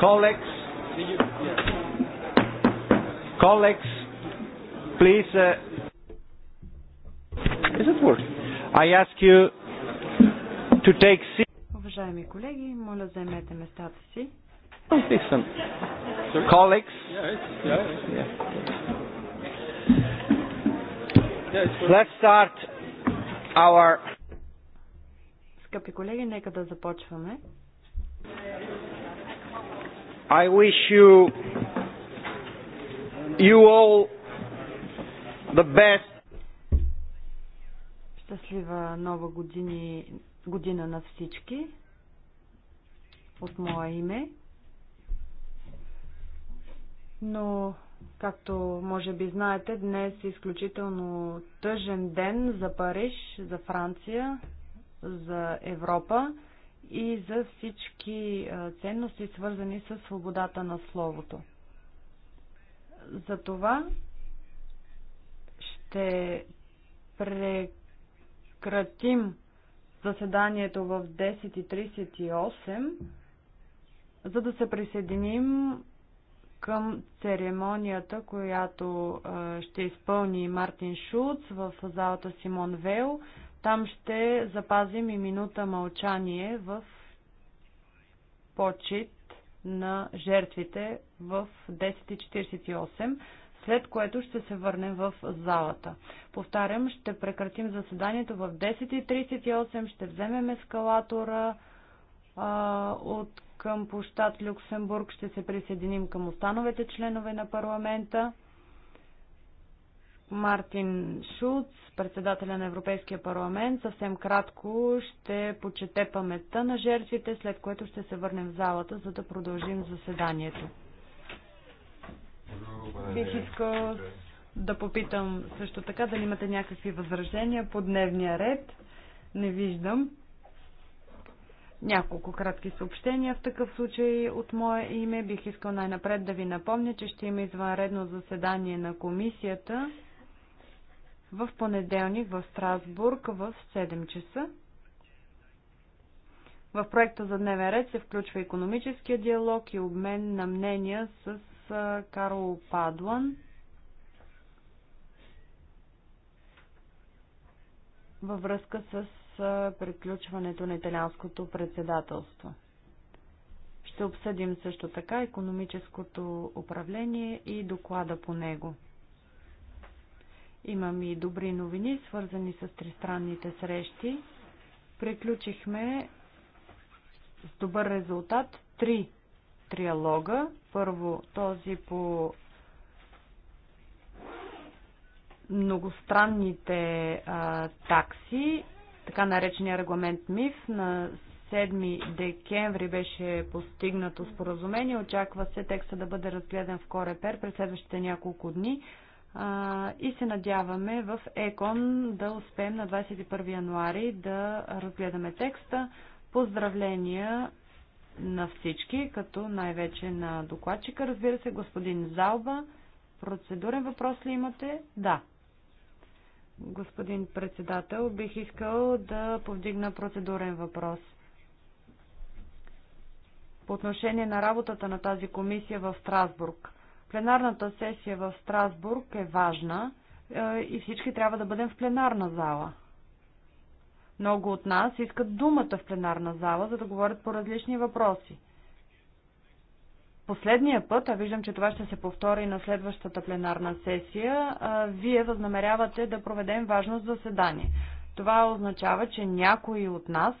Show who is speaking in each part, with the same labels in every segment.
Speaker 1: Colleagues, colleagues, please. is it working? I ask you to take seat.
Speaker 2: Уважаеми колеги, моля заемете местата си. Listen. Colleagues.
Speaker 1: Let's start our
Speaker 2: Скъпи колеги, нека да започваме. I wish you, you
Speaker 1: all the best.
Speaker 2: Щастлива нова години, година на всички от мое име. Но, както може би знаете, днес е изключително тъжен ден за Париж, за Франция, за Европа и за всички ценности, свързани с свободата на словото. Затова ще прекратим заседанието в 10.38, за да се присъединим към церемонията, която ще изпълни Мартин Шулц в залата Симон Вейл. Там ще запазим и минута мълчание в почет на жертвите в 10.48, след което ще се върнем в залата. Повтарям, ще прекратим заседанието в 10.38, ще вземем ескалатора а, от към площад Люксембург, ще се присъединим към остановете членове на парламента. Мартин Шулц, председателя на Европейския парламент, съвсем кратко ще почете паметта на жертвите, след което ще се върнем в залата, за да продължим заседанието. Бих искал да попитам също така дали имате някакви възражения по дневния ред. Не виждам. Няколко кратки съобщения в такъв случай от мое име. Бих искал най-напред да ви напомня, че ще има извънредно заседание на комисията в понеделник в Страсбург в 7 часа. В проекта за дневен ред се включва економическия диалог и обмен на мнения с Карл Падлан. във връзка с приключването на италианското председателство. Ще обсъдим също така економическото управление и доклада по него. Имам и добри новини, свързани с тристранните срещи. Приключихме с добър резултат три триалога. Първо този по многостранните а, такси, така наречения регламент МИФ на 7 декември беше постигнато споразумение. Очаква се текста да бъде разгледан в Корепер през следващите няколко дни и се надяваме в ЕКОН да успеем на 21 януари да разгледаме текста. Поздравления на всички, като най-вече на докладчика, разбира се, господин Залба. Процедурен въпрос ли имате? Да. Господин председател, бих искал да повдигна процедурен въпрос. По отношение на работата на тази комисия в Страсбург – Пленарната сесия в Страсбург е важна е, и всички трябва да бъдем в пленарна зала. Много от нас искат думата в пленарна зала, за да говорят по различни въпроси. Последния път, а виждам, че това ще се повтори на следващата пленарна сесия, вие възнамерявате да проведем важно заседание. Това означава, че някои от нас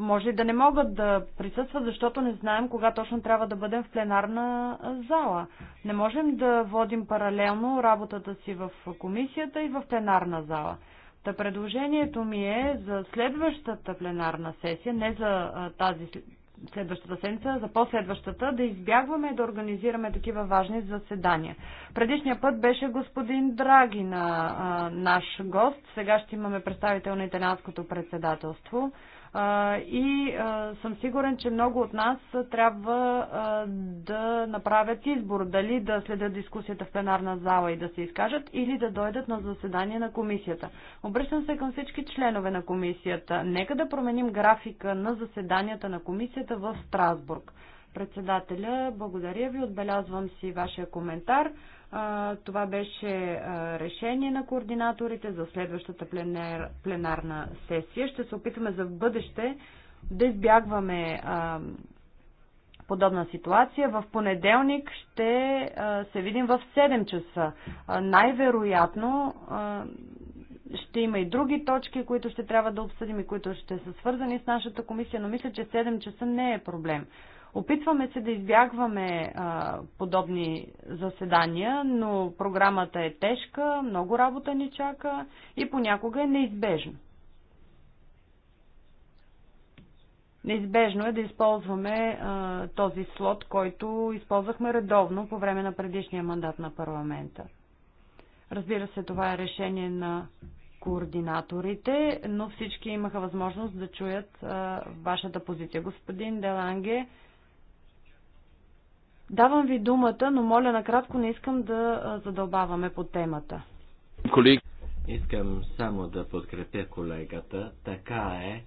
Speaker 2: може и да не могат да присъстват, защото не знаем кога точно трябва да бъдем в пленарна зала. Не можем да водим паралелно работата си в комисията и в пленарна зала. Та предложението ми е за следващата пленарна сесия, не за тази следващата седмица, за последващата, да избягваме да организираме такива важни заседания. Предишния път беше господин Драги на а, наш гост, сега ще имаме представител на италианското председателство. И съм сигурен, че много от нас трябва да направят избор дали да следят дискусията в пленарна зала и да се изкажат или да дойдат на заседание на комисията. Обръщам се към всички членове на комисията. Нека да променим графика на заседанията на комисията в Страсбург. Председателя, благодаря ви, отбелязвам си вашия коментар. Това беше решение на координаторите за следващата пленер, пленарна сесия. Ще се опитаме за в бъдеще да избягваме подобна ситуация. В понеделник ще се видим в 7 часа. Най-вероятно ще има и други точки, които ще трябва да обсъдим и които ще са свързани с нашата комисия, но мисля, че 7 часа не е проблем. Опитваме се да избягваме а, подобни заседания, но програмата е тежка, много работа ни чака и понякога е неизбежно. Неизбежно е да използваме а, този слот, който използвахме редовно по време на предишния мандат на парламента. Разбира се, това е решение на координаторите, но всички имаха възможност да чуят а, вашата позиция. Господин Деланге, Давам ви думата, но моля накратко, не искам да задълбаваме по темата.
Speaker 3: Колег... Искам само да подкрепя колегата. Така е,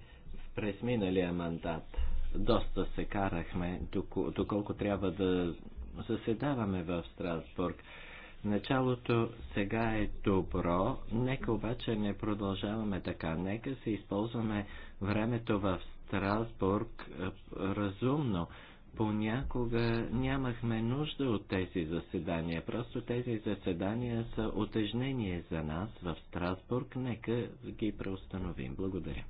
Speaker 3: през миналия мандат доста се карахме, доколко трябва да заседаваме в Страсбург. Началото сега е добро, нека обаче не продължаваме така. Нека се използваме времето в Страсбург разумно понякога нямахме нужда от тези заседания. Просто тези заседания са отежнение за нас в Страсбург. Нека ги преустановим. Благодаря.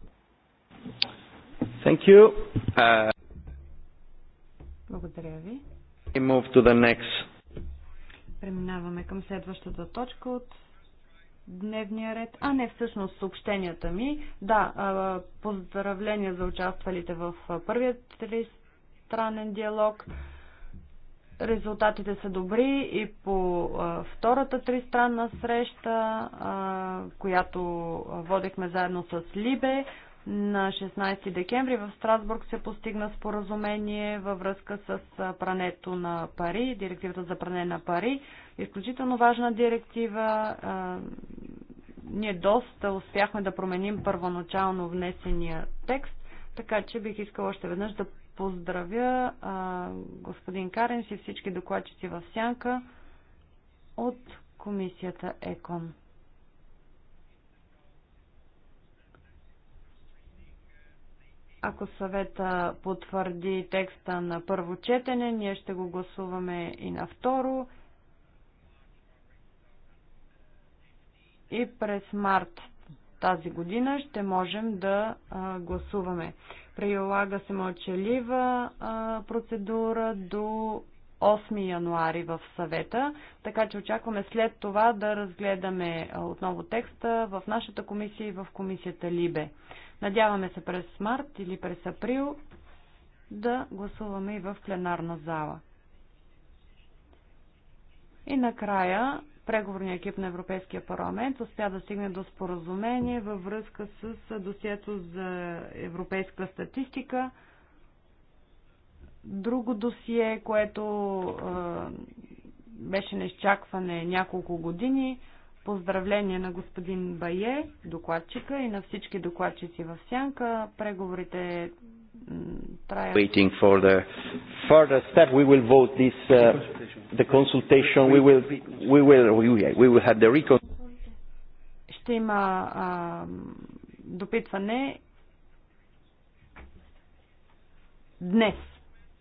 Speaker 3: Thank you. Uh...
Speaker 2: Благодаря ви.
Speaker 3: We
Speaker 1: move to the next.
Speaker 2: Преминаваме към следващата точка от дневния ред, а не всъщност съобщенията ми. Да, поздравления за участвалите в първият лист двустранен диалог. Резултатите са добри и по втората тристранна среща, която водехме заедно с Либе. На 16 декември в Страсбург се постигна споразумение във връзка с прането на пари, директивата за пране на пари. Изключително важна директива. Ние доста успяхме да променим първоначално внесения текст, така че бих искала още веднъж да поздравя а, господин Каренш и всички докладчици в Сянка от комисията ЕКОН. Ако съвета потвърди текста на първо четене, ние ще го гласуваме и на второ. И през март тази година ще можем да гласуваме. Прилага се мълчалива процедура до 8 януари в съвета, така че очакваме след това да разгледаме отново текста в нашата комисия и в комисията Либе. Надяваме се през март или през април да гласуваме и в пленарна зала. И накрая преговорния екип на Европейския парламент успя да стигне до споразумение във връзка с досието за европейска статистика. Друго досие, което беше изчакване няколко години. Поздравление на господин Бае, докладчика и на всички докладчици в Сянка. Преговорите траят.
Speaker 1: Waiting for the further step, we will vote this uh, the consultation we will we will we will have the recon
Speaker 2: ще има а, допитване днес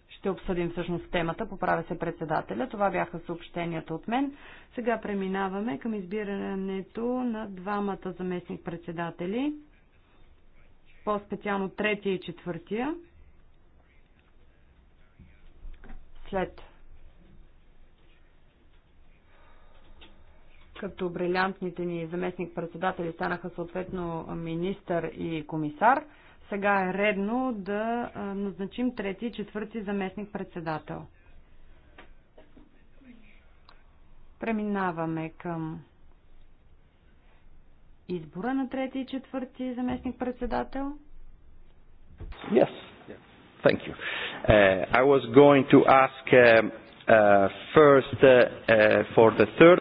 Speaker 2: ще обсъдим всъщност темата, поправя се председателя. Това бяха съобщенията от мен. Сега преминаваме към избирането на двамата заместник-председатели, по-специално третия и четвъртия. След като брилянтните ни заместник-председатели станаха съответно министър и комисар, сега е редно да назначим трети и четвърти заместник-председател. Преминаваме към избора на трети и четвърти заместник-председател. Yes.
Speaker 1: Thank you. Uh, I was going to ask uh, uh, first uh, uh, for the third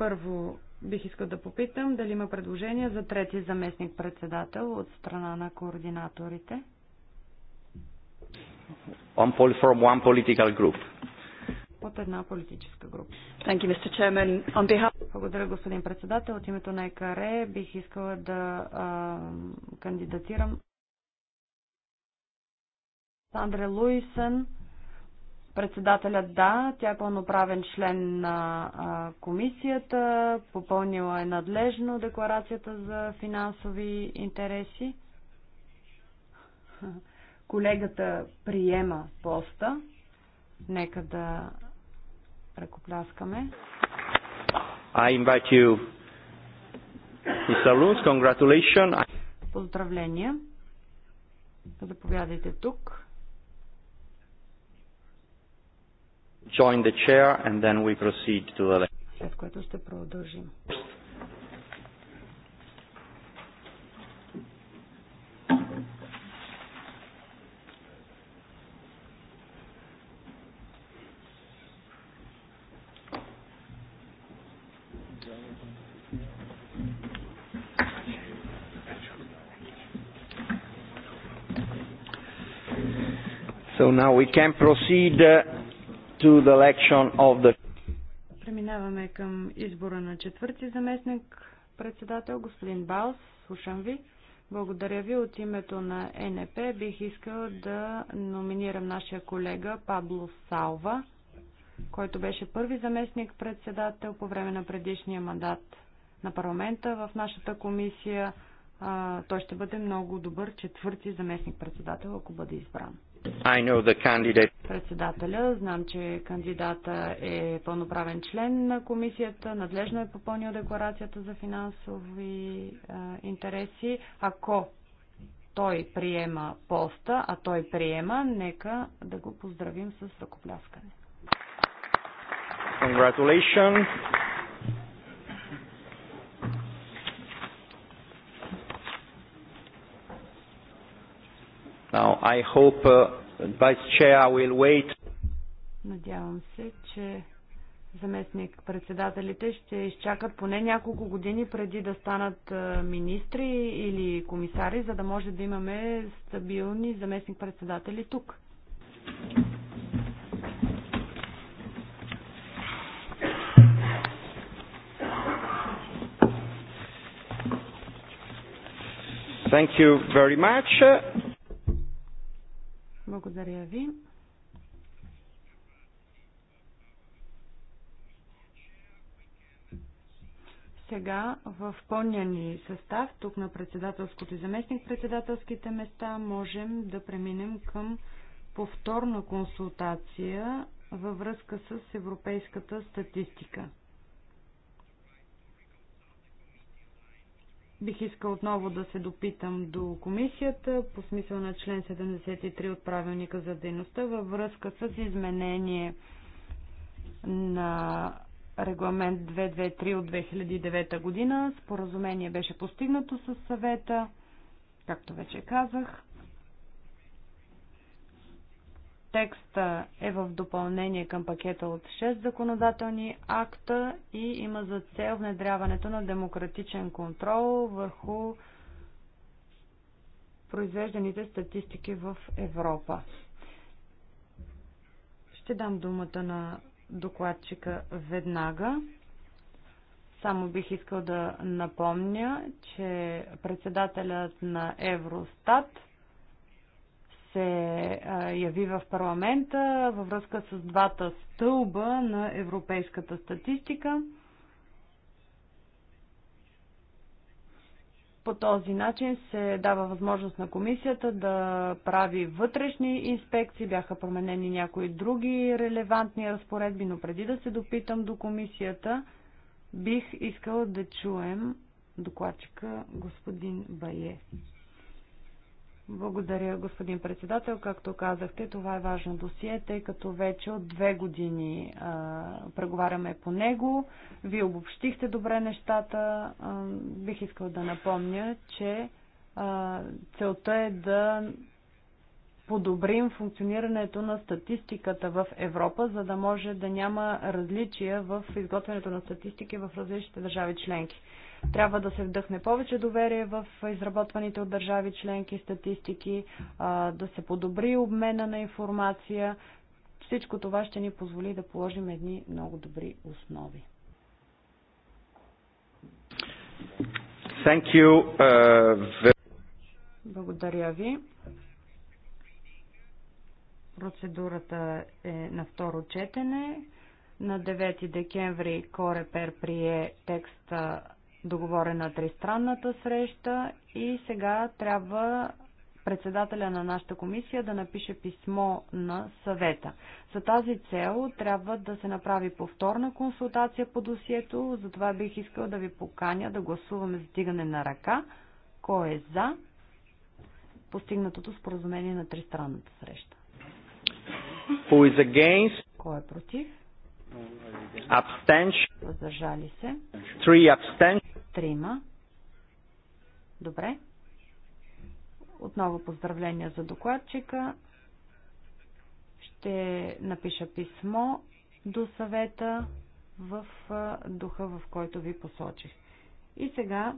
Speaker 2: първо бих искал да попитам дали има предложение за трети заместник председател от страна на координаторите.
Speaker 4: From one political group.
Speaker 2: От една политическа група. Thank you, Mr. Chairman. On behalf... Благодаря, господин председател. От името на ЕКАРЕ бих искала да а, кандидатирам Сандре Луисън Председателят да, тя е пълноправен член на а, комисията, попълнила е надлежно декларацията за финансови интереси. Колегата приема поста. Нека да ръкопляскаме.
Speaker 1: I invite you, Mr. Luns, congratulations.
Speaker 2: Поздравления. Заповядайте тук.
Speaker 1: join the chair and then we proceed to the
Speaker 2: след което ще продължим.
Speaker 1: So now we can proceed uh, to the election of the...
Speaker 2: Преминаваме към избора на четвърти заместник председател, господин Баус. Слушам ви. Благодаря ви. От името на НП бих искал да номинирам нашия колега Пабло Салва, който беше първи заместник председател по време на предишния мандат на парламента в нашата комисия. Той ще бъде много добър четвърти заместник председател, ако бъде избран.
Speaker 1: I know the candidate.
Speaker 2: Председателя, знам, че кандидата е пълноправен член на комисията, надлежно е попълнил декларацията за финансови а, интереси. Ако той приема поста, а той приема, нека да го поздравим с ръкопляскане.
Speaker 1: Congratulations. Now, I hope uh, Vice Chair will wait.
Speaker 2: Надявам се, че заместник председателите ще изчакат поне няколко години преди да станат е, министри или комисари, за да може да имаме стабилни заместник председатели тук. Thank you very much. Благодаря ви. Сега в пълния ни състав, тук на председателското и заместник-председателските места, можем да преминем към повторна консултация във връзка с европейската статистика. Бих искал отново да се допитам до комисията по смисъл на член 73 от правилника за дейността във връзка с изменение на регламент 223 от 2009 година. Споразумение беше постигнато с съвета, както вече казах. Текста е в допълнение към пакета от 6 законодателни акта и има за цел внедряването на демократичен контрол върху произвежданите статистики в Европа. Ще дам думата на докладчика веднага. Само бих искал да напомня, че председателят на Евростат се яви в парламента във връзка с двата стълба на европейската статистика. По този начин се дава възможност на комисията да прави вътрешни инспекции. Бяха променени някои други релевантни разпоредби, но преди да се допитам до комисията, бих искала да чуем докладчика господин Бае. Благодаря, господин председател. Както казахте, това е важно досие, тъй като вече от две години а, преговаряме по него. Вие обобщихте добре нещата. А, бих искал да напомня, че а, целта е да подобрим функционирането на статистиката в Европа, за да може да няма различия в изготвянето на статистики в различните държави членки. Трябва да се вдъхне повече доверие в изработваните от държави членки статистики, да се подобри обмена на информация. Всичко това ще ни позволи да положим едни много добри основи.
Speaker 1: Thank you, uh...
Speaker 2: Благодаря ви. Процедурата е на второ четене. На 9 декември Корепер прие текста договорена тристранната среща и сега трябва председателя на нашата комисия да напише писмо на съвета. За тази цел трябва да се направи повторна консултация по досието, затова бих искал да ви поканя да гласуваме за дигане на ръка. Кой е за постигнатото споразумение на тристранната среща?
Speaker 1: Who is against?
Speaker 2: Кой е против? Абстенш. Въздържали се. Three abstention. Трима. Добре. Отново поздравления за докладчика. Ще напиша писмо до съвета в духа, в който ви посочих. И сега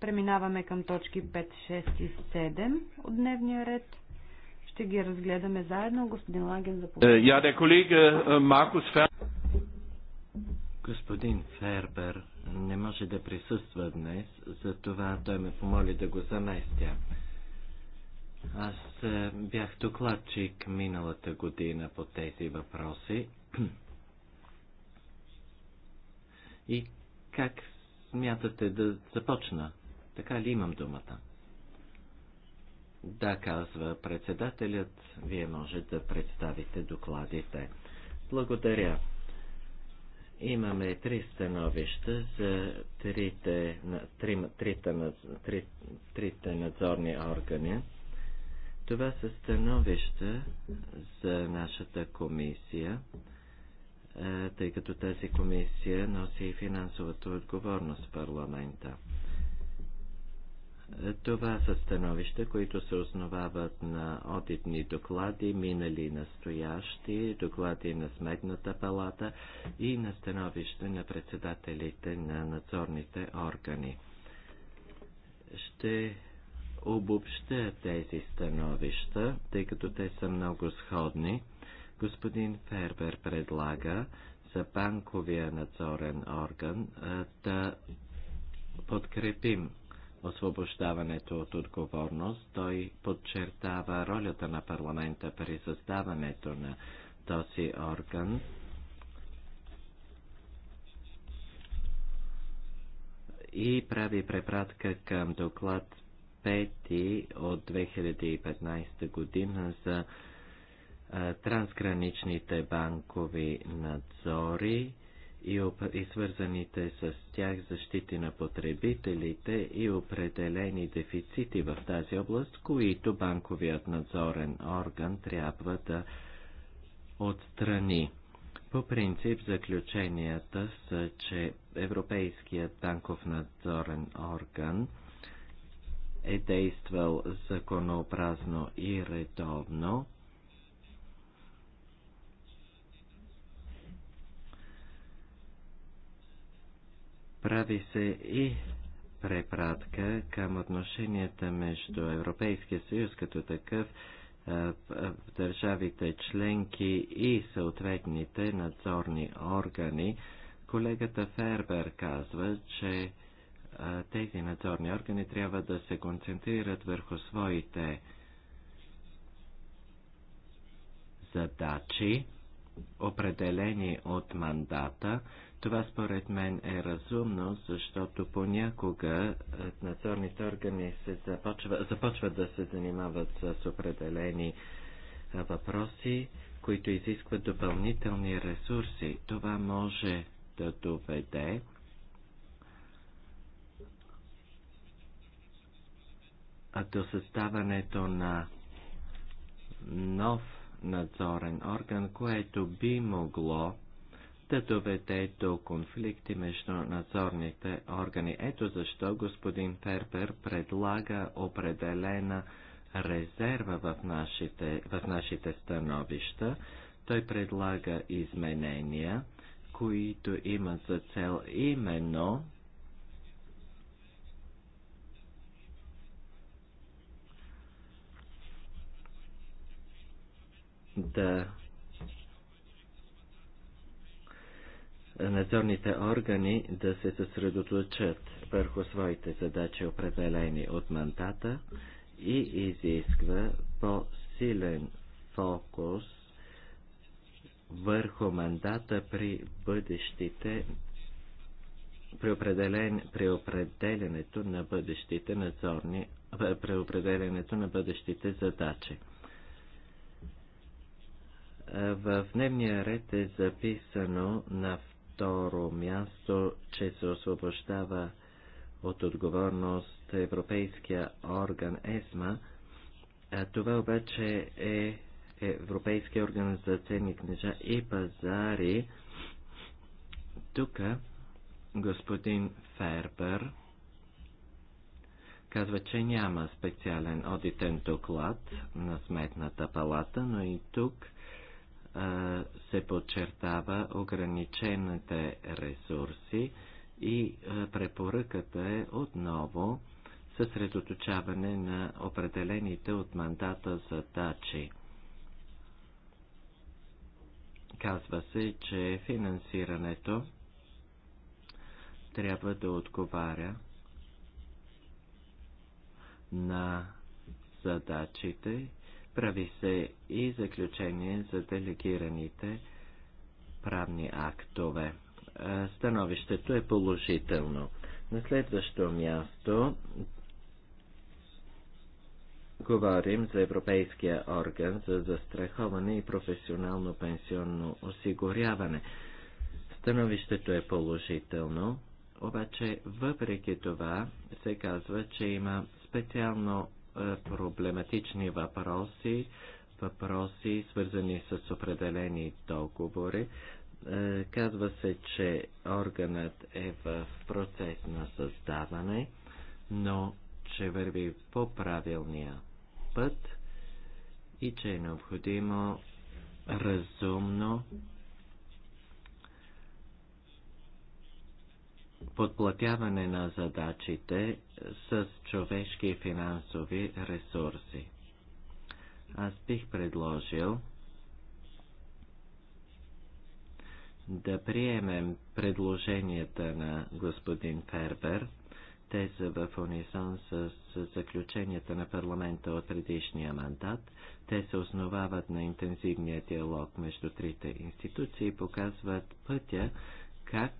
Speaker 2: преминаваме към точки 5, 6 и 7 от дневния ред. Ще ги разгледаме заедно. Господин Лаген, заповядайте. Е, я, колега е,
Speaker 3: Маркус Фербер. Господин Фербер не може да присъства днес, затова той ме помоли да го заместя. Аз е, бях докладчик миналата година по тези въпроси. И как смятате да започна? Така ли имам думата? Да, казва председателят, вие може да представите докладите. Благодаря. Имаме три становища за трите, три, трите, три, трите надзорни органи. Това са становища за нашата комисия, е, тъй като тази комисия носи и финансовата отговорност в парламента. Това са становища, които се основават на одитни доклади, минали и настоящи, доклади на Сметната палата и на становища на председателите на надзорните органи. Ще обобща тези становища, тъй като те са много сходни. Господин Фербер предлага за банковия надзорен орган да подкрепим освобождаването от отговорност. Той подчертава ролята на парламента при създаването на този орган. И прави препратка към доклад 5 от 2015 година за трансграничните банкови надзори и, оп... и свързаните с тях защити на потребителите и определени дефицити в тази област, които банковият надзорен орган трябва да отстрани. По принцип заключенията са, че Европейският банков надзорен орган е действал законообразно и редовно, Прави се и препратка към отношенията между Европейския съюз като такъв, държавите членки и съответните надзорни органи. Колегата Фербер казва, че тези надзорни органи трябва да се концентрират върху своите задачи, определени от мандата, това според мен е разумно, защото понякога е, надзорните органи се започва, да се занимават с определени е, въпроси, които изискват допълнителни ресурси. Това може да доведе до съставането на нов надзорен орган, което би могло да доведе до конфликти между надзорните органи. Ето защо господин Пербер предлага определена резерва в нашите, в нашите становища. Той предлага изменения, които имат за цел именно да надзорните органи да се съсредоточат върху своите задачи, определени от мандата и изисква по-силен фокус върху мандата при бъдещите при, определен, при определенето на бъдещите надзорни, при определенето на бъдещите задачи. Е, в дневния ред е записано на второ място, че се освобождава от отговорност Европейския орган ЕСМА. Това обаче е Европейския орган за ценни книжа и пазари. Тук господин Фербер казва, че няма специален одитен доклад на Сметната палата, но и тук се подчертава ограничените ресурси и препоръката е отново съсредоточаване на определените от мандата задачи. Казва се, че финансирането трябва да отговаря на задачите прави се и заключение за делегираните правни актове. Е, становището е положително. На следващо място говорим за Европейския орган за застраховане и професионално пенсионно осигуряване. Становището е положително, обаче въпреки това се казва, че има специално е, проблематични въпроси, въпроси свързани с определени договори. Е, казва се, че органът е в процес на създаване, но че върви по правилния път и че е необходимо разумно подплатяване на задачите с човешки и финансови ресурси. Аз бих предложил да приемем предложенията на господин Фербер. Те са в унисон с заключенията на парламента от предишния мандат. Те се основават на интензивния диалог между трите институции и показват пътя как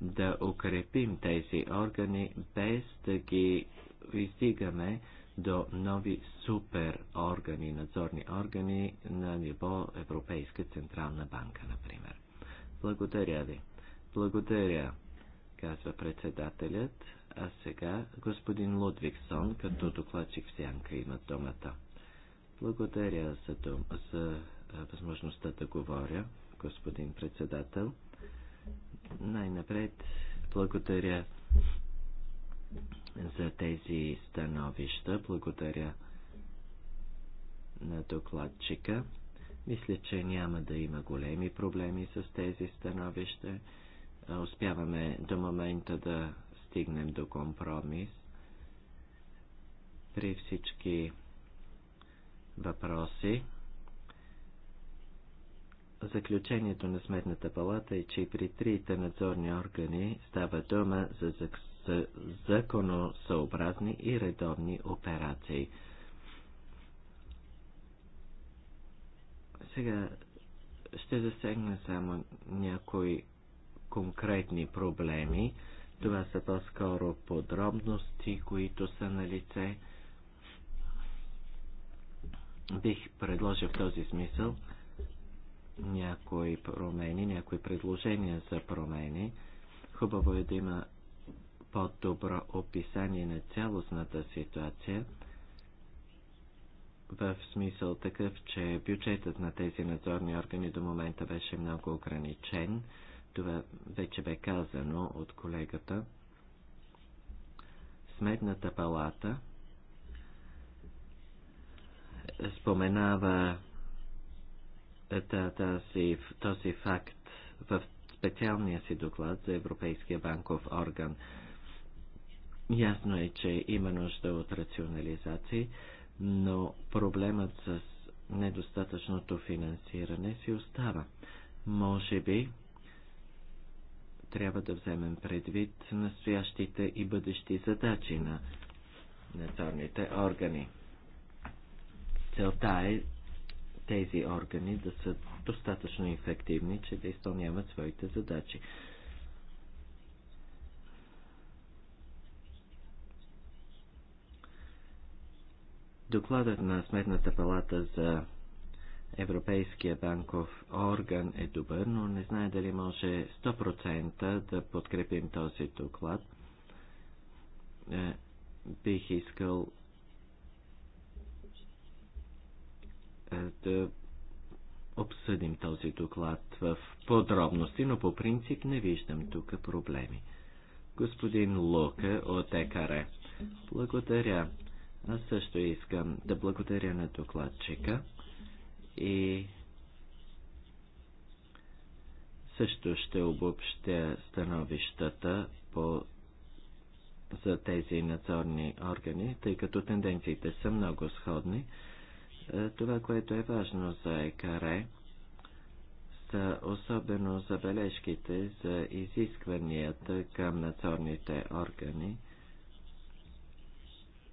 Speaker 3: да укрепим тези органи, без да ги издигаме до нови супер органи, надзорни органи на ниво Европейска Централна банка, например. Благодаря ви. Благодаря, казва председателят. А сега господин Лудвиксон, като докладчик в сянка, има думата. Благодаря за, дум... за възможността да говоря, господин председател. Най-напред благодаря за тези становища. Благодаря на докладчика. Мисля, че няма да има големи проблеми с тези становища. Успяваме до момента да стигнем до компромис. При всички въпроси Заключението на Сметната палата е, че при трите надзорни органи става дума за законосъобразни и редовни операции. Сега ще засегна само някои конкретни проблеми. Това са по-скоро подробности, които са на лице. Бих предложил в този смисъл някои промени, някои предложения за промени. Хубаво е да има по-добро описание на цялостната ситуация, в смисъл такъв, че бюджетът на тези надзорни органи до момента беше много ограничен. Това вече бе казано от колегата. Сметната палата споменава тази, този факт в специалния си доклад за Европейския банков орган. Ясно е, че има нужда от рационализации, но проблемът с недостатъчното финансиране си остава. Може би трябва да вземем предвид настоящите и бъдещи задачи на надзорните органи. Целта е тези органи да са достатъчно ефективни, че да изпълняват своите задачи. Докладът на Сметната палата за Европейския банков орган е добър, но не знае дали може 100% да подкрепим този доклад. Е, бих искал Е, да обсъдим този доклад в подробности, но по принцип не виждам тук проблеми. Господин Лука от ЕКАРЕ. Благодаря. Аз също искам да благодаря на докладчика и също ще обобщя становищата по за тези надзорни органи, тъй като тенденциите са много сходни. Е, това, което е важно за ЕКАРЕ, са особено забележките за изискванията към надзорните органи,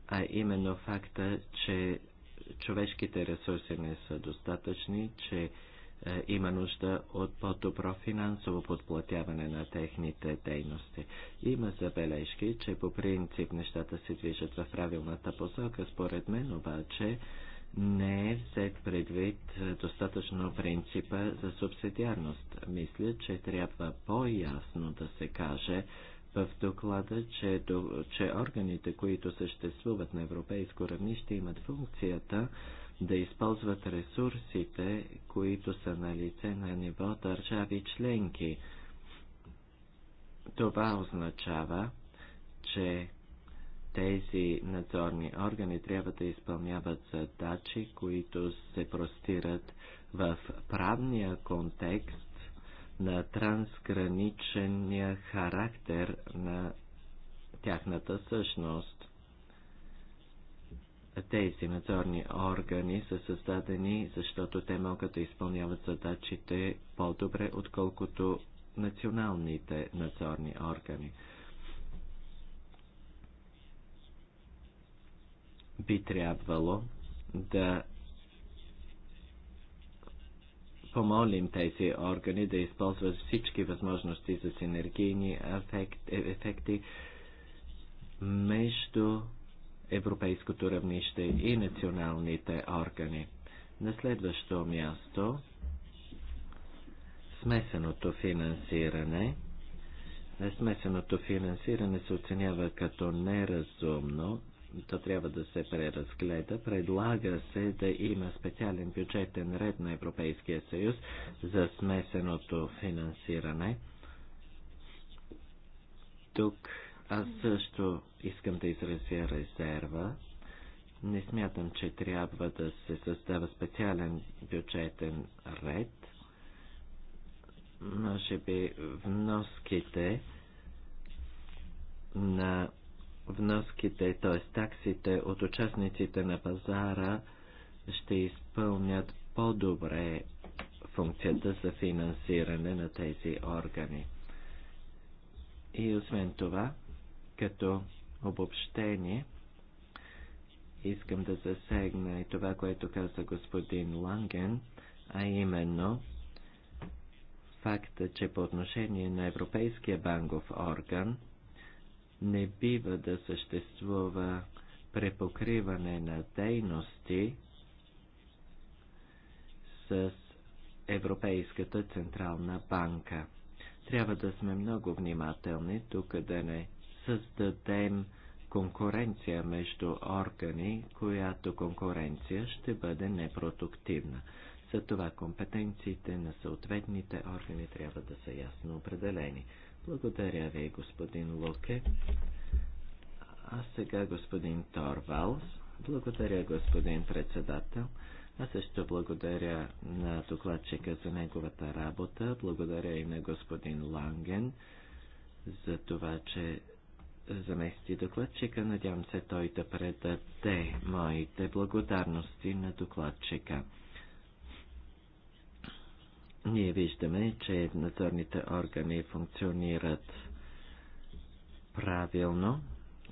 Speaker 3: а именно факта, че човешките ресурси не са достатъчни, че е, има нужда от по-добро финансово подплатяване на техните дейности. Има забележки, че по принцип нещата се движат в правилната посока. Според мен обаче не е взет предвид достатъчно принципа за субсидиарност. Мисля, че трябва по-ясно да се каже в доклада, че, че органите, които съществуват на европейско равнище, имат функцията да използват ресурсите, които са на лице на ниво държави членки. Това означава, че тези надзорни органи трябва да изпълняват задачи, които се простират в правния контекст на трансграничения характер на тяхната същност. Тези надзорни органи са създадени, защото те могат да изпълняват задачите по-добре, отколкото националните надзорни органи. би трябвало да помолим тези органи да използват всички възможности за синергийни ефекти между европейското равнище и националните органи. На следващо място смесеното финансиране. Смесеното финансиране се оценява като неразумно то трябва да се преразгледа. Предлага се да има специален бюджетен ред на Европейския съюз за смесеното финансиране. Тук аз също искам да изразя резерва. Не смятам, че трябва да се създава специален бюджетен ред. Може би вноските на вноските, т.е. таксите от участниците на пазара ще изпълнят по-добре функцията за финансиране на тези органи. И освен това, като обобщение, искам да засегна и това, което каза господин Ланген, а именно факта, че по отношение на Европейския банков орган, не бива да съществува препокриване на дейности с Европейската Централна банка. Трябва да сме много внимателни тук да не създадем конкуренция между органи, която конкуренция ще бъде непродуктивна. Затова компетенциите на съответните органи трябва да са ясно определени. Благодаря ви, господин Луке. А сега господин Торвалс. Благодаря, господин председател. Аз също благодаря на докладчика за неговата работа. Благодаря и на господин Ланген за това, че замести докладчика. Надявам се той да предаде моите благодарности на докладчика ние виждаме, че надзорните органи функционират правилно.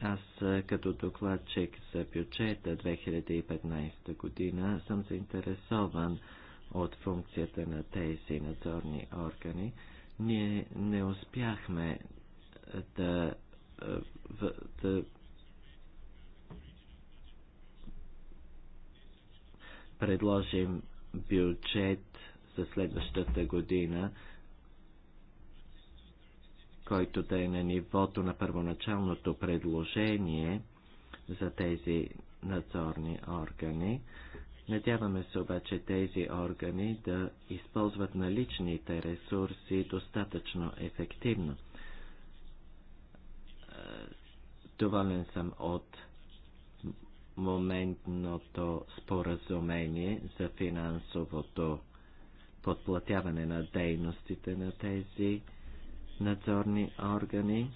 Speaker 3: Аз като докладчик за бюджета 2015 година съм заинтересован от функцията на тези надзорни органи. Ние не успяхме да, да предложим бюджет за следващата година, който да е на нивото на първоначалното предложение за тези надзорни органи. Надяваме се обаче тези органи да използват наличните ресурси достатъчно ефективно. Доволен съм от моментното споразумение за финансовото подплатяване на дейностите на тези надзорни органи.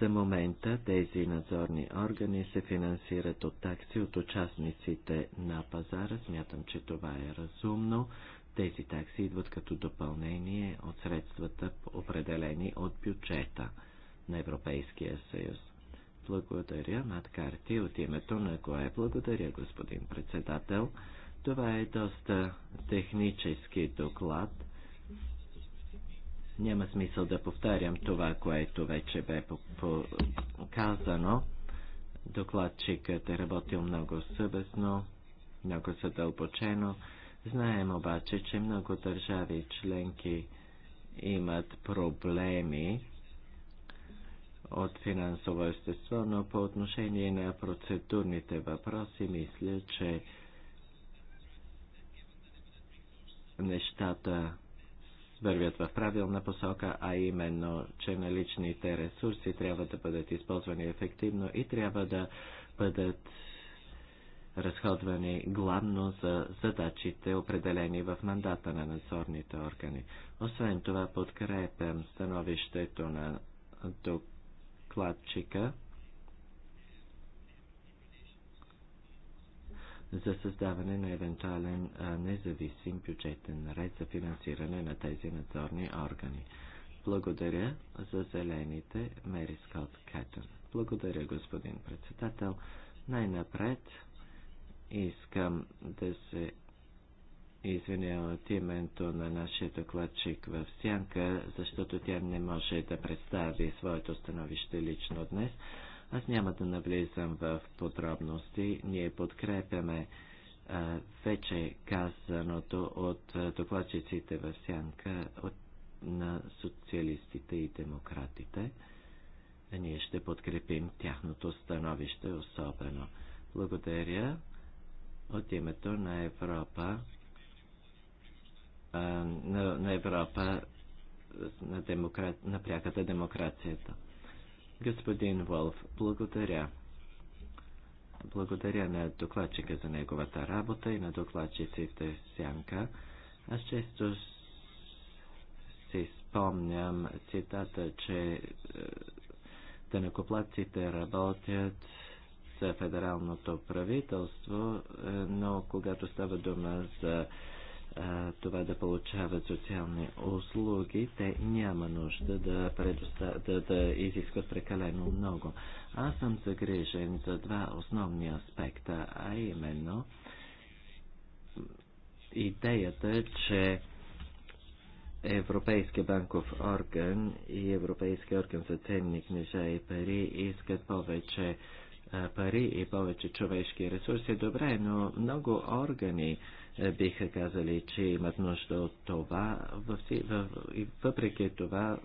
Speaker 3: За момента тези надзорни органи се финансират от такси от участниците на пазара. Смятам, че това е разумно. Тези такси идват като допълнение от средствата, определени от бюджета на Европейския съюз. Благодаря, Маткарти, от името на кое благодаря, господин председател. Това е доста технически доклад. Няма смисъл да повтарям това, което вече бе показано. Докладчикът е работил много съвестно, много задълбочено. Знаем обаче, че много държави членки имат проблеми от финансово естество, но по отношение на процедурните въпроси мисля, че нещата вървят в правилна посока, а именно, че наличните ресурси трябва да бъдат използвани ефективно и трябва да бъдат разходвани главно за задачите, определени в мандата на надзорните органи. Освен това, подкрепям становището на докладчика за създаване на евентуален независим бюджетен ред за финансиране на тези надзорни органи. Благодаря за зелените, Мери Скот Кетън. Благодаря, господин председател. Най-напред искам да се извиня от името на нашия докладчик в Сянка, защото тя не може да представи своето становище лично днес. Аз няма да навлизам в подробности. Ние подкрепяме а, вече казаното от докладчиците в сянка от, на социалистите и демократите. Ние ще подкрепим тяхното становище особено. Благодаря от името на Европа на, на Европа на, демократ, на пряката демокрацията. Господин Волф, благодаря. Благодаря на докладчика за неговата работа и на докладчиците Сянка. Аз често си спомням цитата, че е, тънакоплатците работят за федералното правителство, е, но когато става дума за а, това да получават социални услуги, те няма нужда да, предоста... да, да изискват прекалено много. Аз съм загрижен за два основни аспекта, а именно идеята, че Европейския банков орган и Европейския орган за ценни книжа и пари искат повече пари и повече човешки ресурси. Добре, но много органи биха казали, че имат нужда от това. Въпреки това,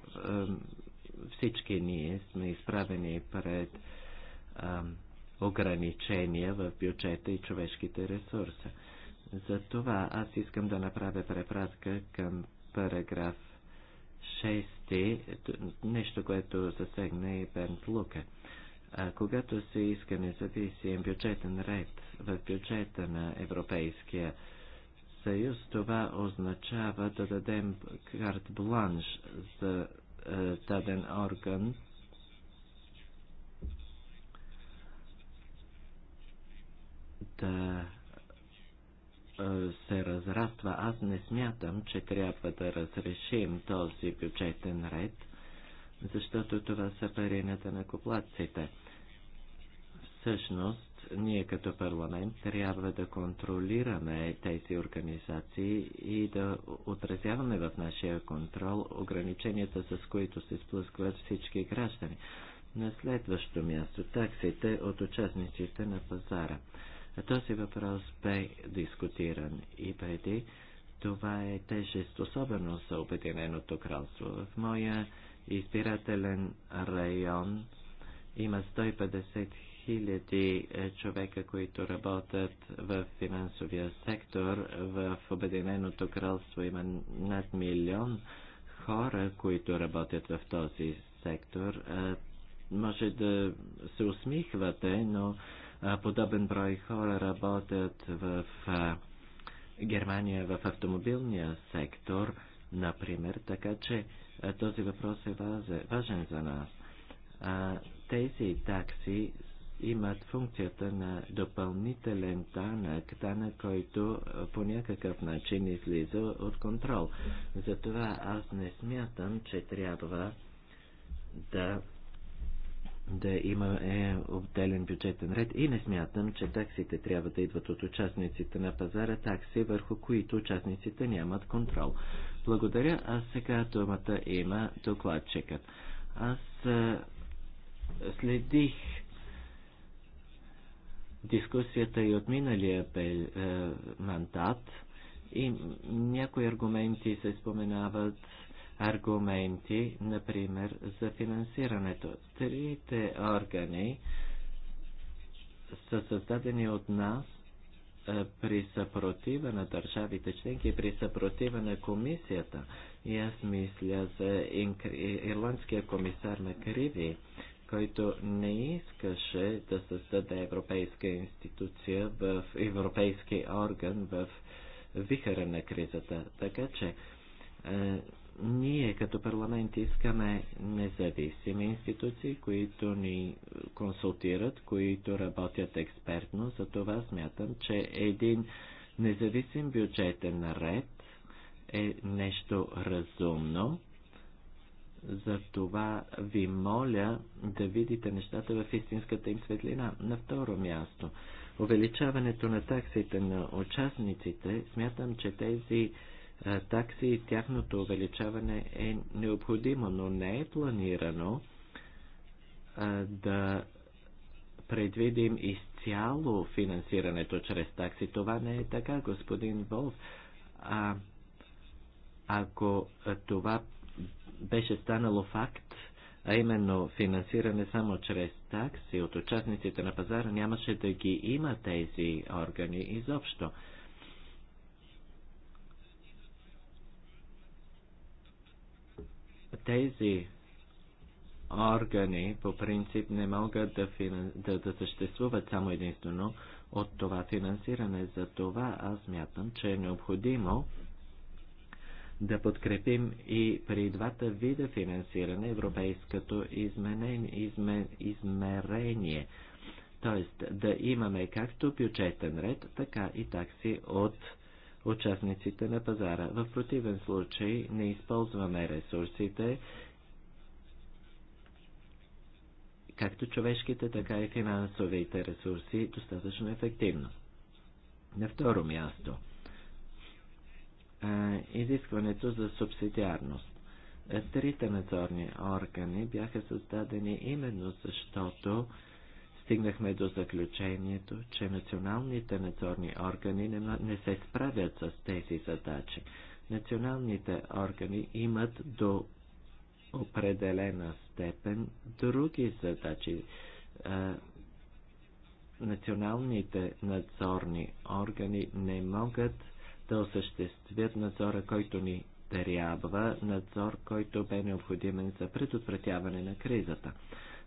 Speaker 3: всички ние сме изправени пред ограничения в бюджета и човешките ресурса. За това аз искам да направя препратка към параграф 6, нещо, което засегна и Бент Лука. А, когато се иска независим бюджетен ред в бюджета на Европейския съюз, това означава да дадем карт бланш за е, даден орган. Да е, се разраства. Аз не смятам, че трябва да разрешим този бюджетен ред, защото това са пари на накоплаците. Всъщност, ние като парламент трябва да контролираме тези организации и да отразяваме в нашия контрол ограниченията, с които се сплъскват всички граждани. На следващо място таксите от участниците на пазара. Този въпрос бе дискутиран и преди. Това е тежест, особено за Обединеното кралство. В моя избирателен район има 150 хиляди е, човека, които работят в финансовия сектор. В Обединеното кралство има над милион хора, които работят в този сектор. Е, може да се усмихвате, но е, подобен брой хора работят в Германия в автомобилния сектор, например, така че този въпрос е важен за нас. Тези такси имат функцията на допълнителен данък, данък, който по някакъв начин излиза от контрол. Затова аз не смятам, че трябва да, да има е, отделен бюджетен ред и не смятам, че таксите трябва да идват от участниците на пазара, такси върху които участниците нямат контрол. Благодаря, а сега думата има докладчикът. Аз следих дискусията и от миналия пел, е, мандат и някои аргументи се споменават аргументи, например, за финансирането. Трите органи са създадени от нас е, при съпротива на държавите членки и при съпротива на комисията. И аз мисля за ирландския комисар Макриви който не искаше да създаде европейска институция в европейски орган в вихъра на кризата. Така че е, ние като парламент искаме независими институции, които ни консултират, които работят експертно. За това смятам, че един независим бюджетен ред е нещо разумно за това ви моля да видите нещата в истинската им светлина. На второ място, увеличаването на таксите на участниците, смятам, че тези а, е, такси и тяхното увеличаване е необходимо, но не е планирано а, е, да предвидим изцяло финансирането чрез такси. Това не е така, господин Волф. А, ако това беше станало факт, а именно финансиране само чрез такси от участниците на пазара, нямаше да ги има тези органи изобщо. Тези органи по принцип не могат да, финан... да, да съществуват само единствено от това финансиране. За това аз мятам, че е необходимо да подкрепим и при двата вида финансиране европейското измен, измерение. т.е. да имаме както бюджетен ред, така и такси от участниците на пазара. В противен случай не използваме ресурсите, както човешките, така и финансовите ресурси достатъчно ефективно. На второ място – изискването за субсидиарност. Трите надзорни органи бяха създадени именно защото стигнахме до заключението, че националните надзорни органи не, не се справят с тези задачи. Националните органи имат до определена степен други задачи. Националните надзорни органи не могат да осъществят надзора, който ни трябва, надзор, който бе необходимен за предотвратяване на кризата.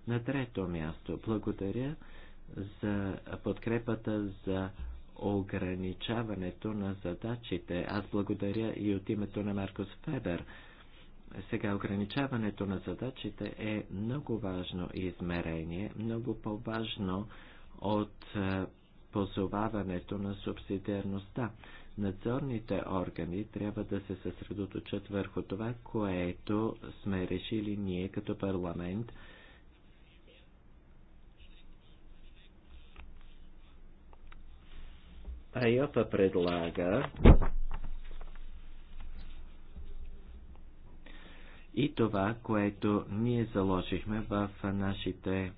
Speaker 3: На трето място, благодаря за подкрепата за ограничаването на задачите. Аз благодаря и от името на Маркус Фебер. Сега ограничаването на задачите е много важно измерение, много по-важно от е, позоваването на субсидиарността надзорните органи трябва да се съсредоточат върху това, което сме решили ние като парламент Айота предлага и това, което ние заложихме в нашите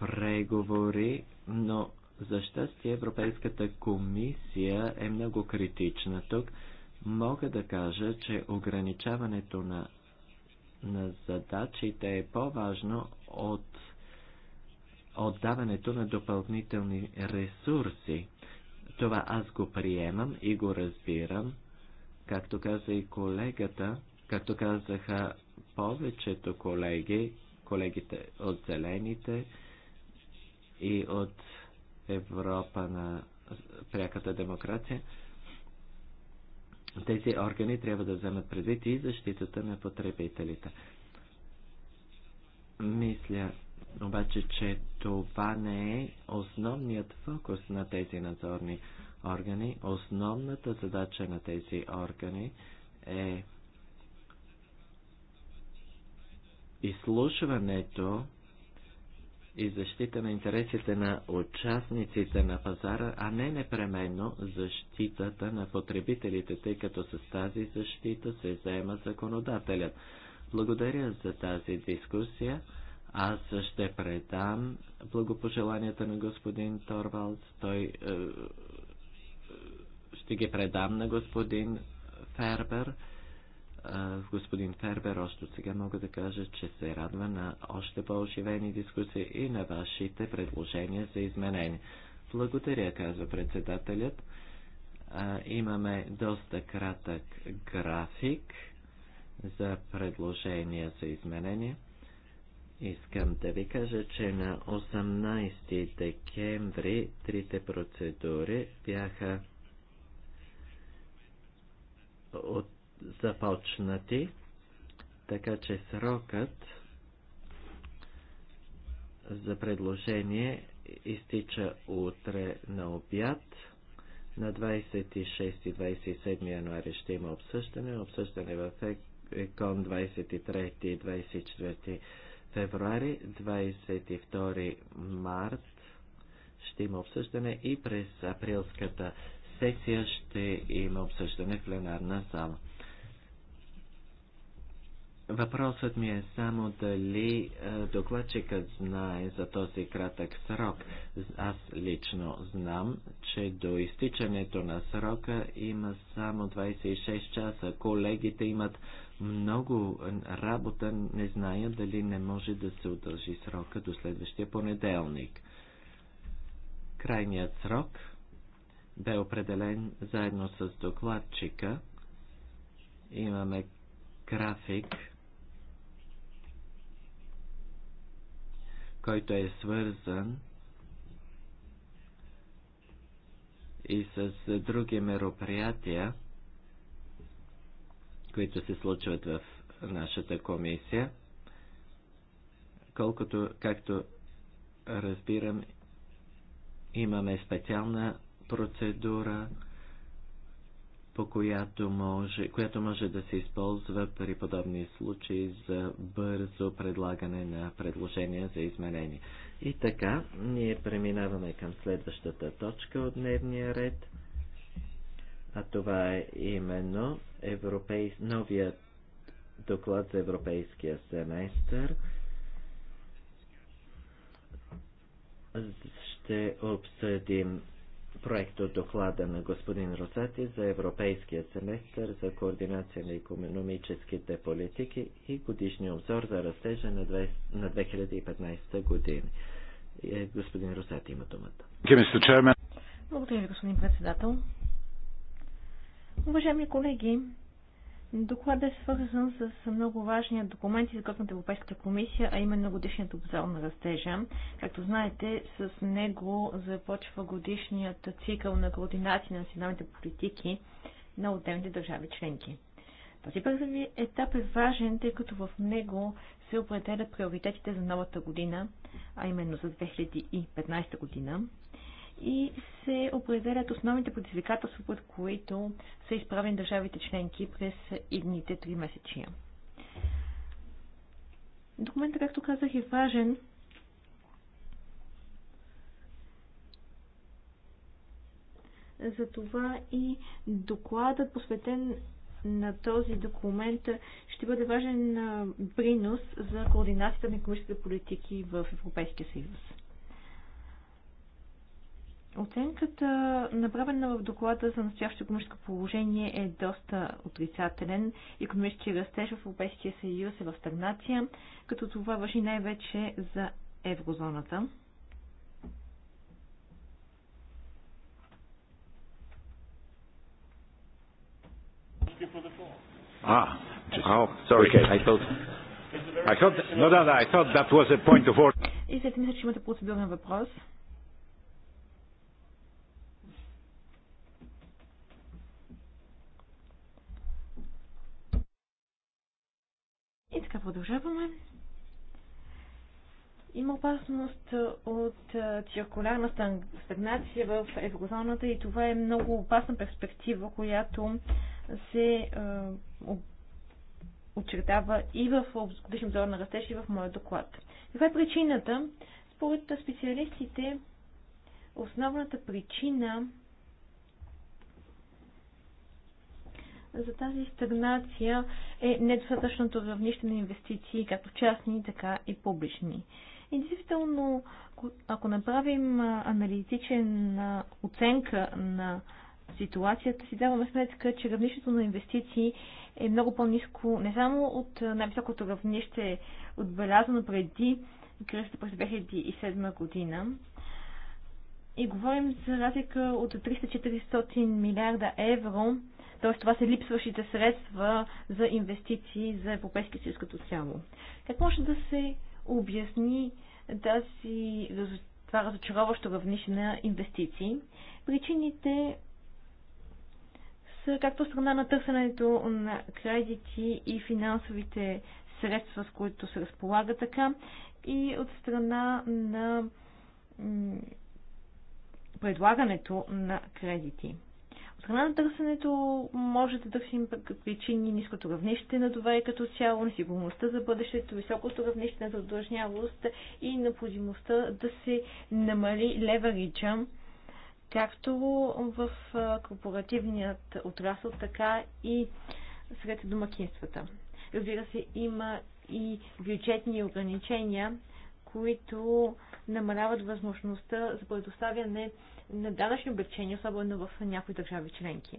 Speaker 3: преговори, но за щастие, Европейската комисия е много критична тук. Мога да кажа, че ограничаването на, на задачите е по-важно от отдаването на допълнителни ресурси. Това аз го приемам и го разбирам. Както каза и колегата, както казаха повечето колеги, колегите от зелените и от Европа на пряката демокрация, тези органи трябва да вземат предвид и защитата на потребителите. Мисля обаче, че това не е основният фокус на тези надзорни органи. Основната задача на тези органи е изслушването и защита на интересите на участниците на пазара, а не непременно защитата на потребителите, тъй като с тази защита се заема законодателят. Благодаря за тази дискусия. Аз ще предам благопожеланията на господин Торвалд. Той е, е, ще ги предам на господин Фербер господин Фербер още от сега мога да кажа, че се радва на още по-оживени дискусии и на вашите предложения за изменения. Благодаря, казва председателят. А, имаме доста кратък график за предложения за изменение. Искам да ви кажа, че на 18 декември трите процедури бяха от започнати, така че срокът за предложение изтича утре на обяд. На 26 и 27 януари ще има обсъждане. Обсъждане в е- ЕКОН 23 и 24 февруари, 22 март ще има обсъждане и през априлската сесия ще има обсъждане в пленарна зала. Въпросът ми е само дали е, докладчикът знае за този кратък срок. Аз лично знам, че до изтичането на срока има само 26 часа. Колегите имат много работа, не знаят дали не може да се удължи срока до следващия понеделник. Крайният срок бе определен заедно с докладчика. Имаме график който е свързан и с други мероприятия, които се случват в нашата комисия. Колкото, както разбирам, имаме специална процедура по която може, която може да се използва при подобни случаи за бързо предлагане на предложения за изменение. И така, ние преминаваме към следващата точка от дневния ред, а това е именно европейс... новият доклад за европейския семестър. Ще обсъдим от доклада на господин Росати за Европейския семестър за координация на економическите политики и годишния обзор за растежа на 2015 години. Е, господин Росати има
Speaker 1: думата.
Speaker 4: Благодаря ви, господин председател. Уважаеми колеги, Докладът е свързан с много важния документ, изготвен от Европейската комисия, а именно годишният обзор на растежа. Както знаете, с него започва годишният цикъл на координация на националните политики на отделните държави членки. Този първи етап е важен, тъй като в него се определят приоритетите за новата година, а именно за 2015 година, и се определят основните предизвикателства, под които са изправени държавите членки през идните три месечия. Документът, както казах, е важен, Затова и докладът, посветен на този документ, ще бъде важен принос за координацията на економическите политики в Европейския съюз. Оценката, направена в доклада за настоящото економическо положение, е доста отрицателен. Економическия растеж в Европейския съюз е в стагнация, като това важи най-вече за еврозоната. И след мисля, че имате процедурен въпрос. И така продължаваме. Има опасност от циркулярна стагнация в еврозоната и това е много опасна перспектива, която се очертава и в годишния обзор на растеж и в моят доклад. Каква е причината? Според специалистите, основната причина за тази стагнация е недостатъчното равнище на инвестиции, както частни, така и публични. И действително, ако направим аналитичен оценка на ситуацията, си даваме сметка, че равнището на инвестиции е много по-низко не само от най-високото равнище, отбелязано преди кризата през 2007 година. И говорим за разлика от 300-400 милиарда евро т.е. това са липсващите средства за инвестиции за Европейския съюз като цяло. Как може да се обясни тази, това разочароващо равнище на инвестиции? Причините са както страна на търсенето на кредити и финансовите средства, с които се разполага така, и от страна на предлагането на кредити страна на търсенето може да търсим причини ниското равнище на доверие като цяло, несигурността за бъдещето, високото равнище на задължнявост и необходимостта да се намали леверича, както в корпоративният отрасъл, така и сред домакинствата. Разбира се, има и бюджетни ограничения, които намаляват възможността за предоставяне на данъчни облегчения, особено в някои държави членки.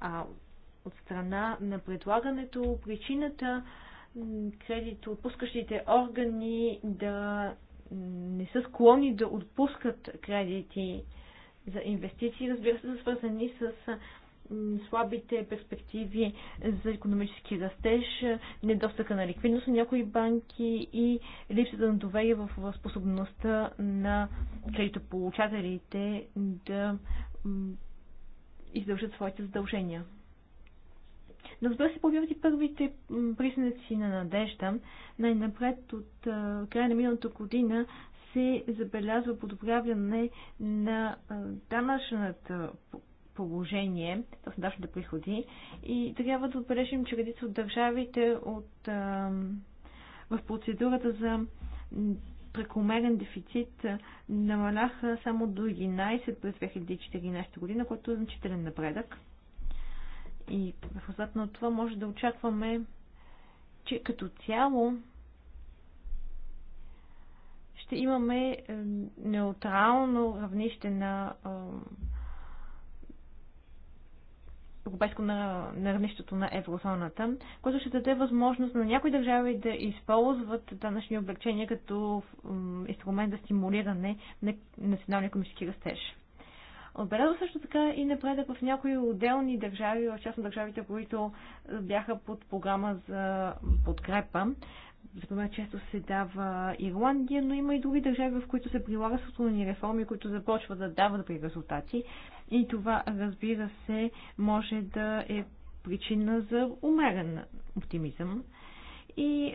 Speaker 4: А от страна на предлагането, причината кредито отпускащите органи да не са склонни да отпускат кредити за инвестиции, разбира се, са свързани с слабите перспективи за економически растеж, недостъка на ликвидност на някои банки и липсата на доверие в способността на кредитополучателите да издължат своите задължения. Но разбира се, появяват и първите признаци на надежда. Най-напред от края на миналата година се забелязва подобряване на данъчната положение в нашите приходи и трябва да отбележим, че редица от държавите от, в процедурата за прекомерен дефицит намаляха само до 11 през 2014 година, което е значителен напредък. И в резултат на това може да очакваме, че като цяло ще имаме е, неутрално равнище на е, европейско на, на равнището на еврозоната, което ще даде възможност на някои държави да използват данъчни облегчения като инструмент за стимулиране на националния економически растеж. Отбелязва също така и напредък в някои отделни държави, в на държавите, които бяха под програма за подкрепа. Например, често се дава Ирландия, но има и други държави, в които се прилагат структурни реформи, които започват да дават при резултати. И това, разбира се, може да е причина за умерен оптимизъм. И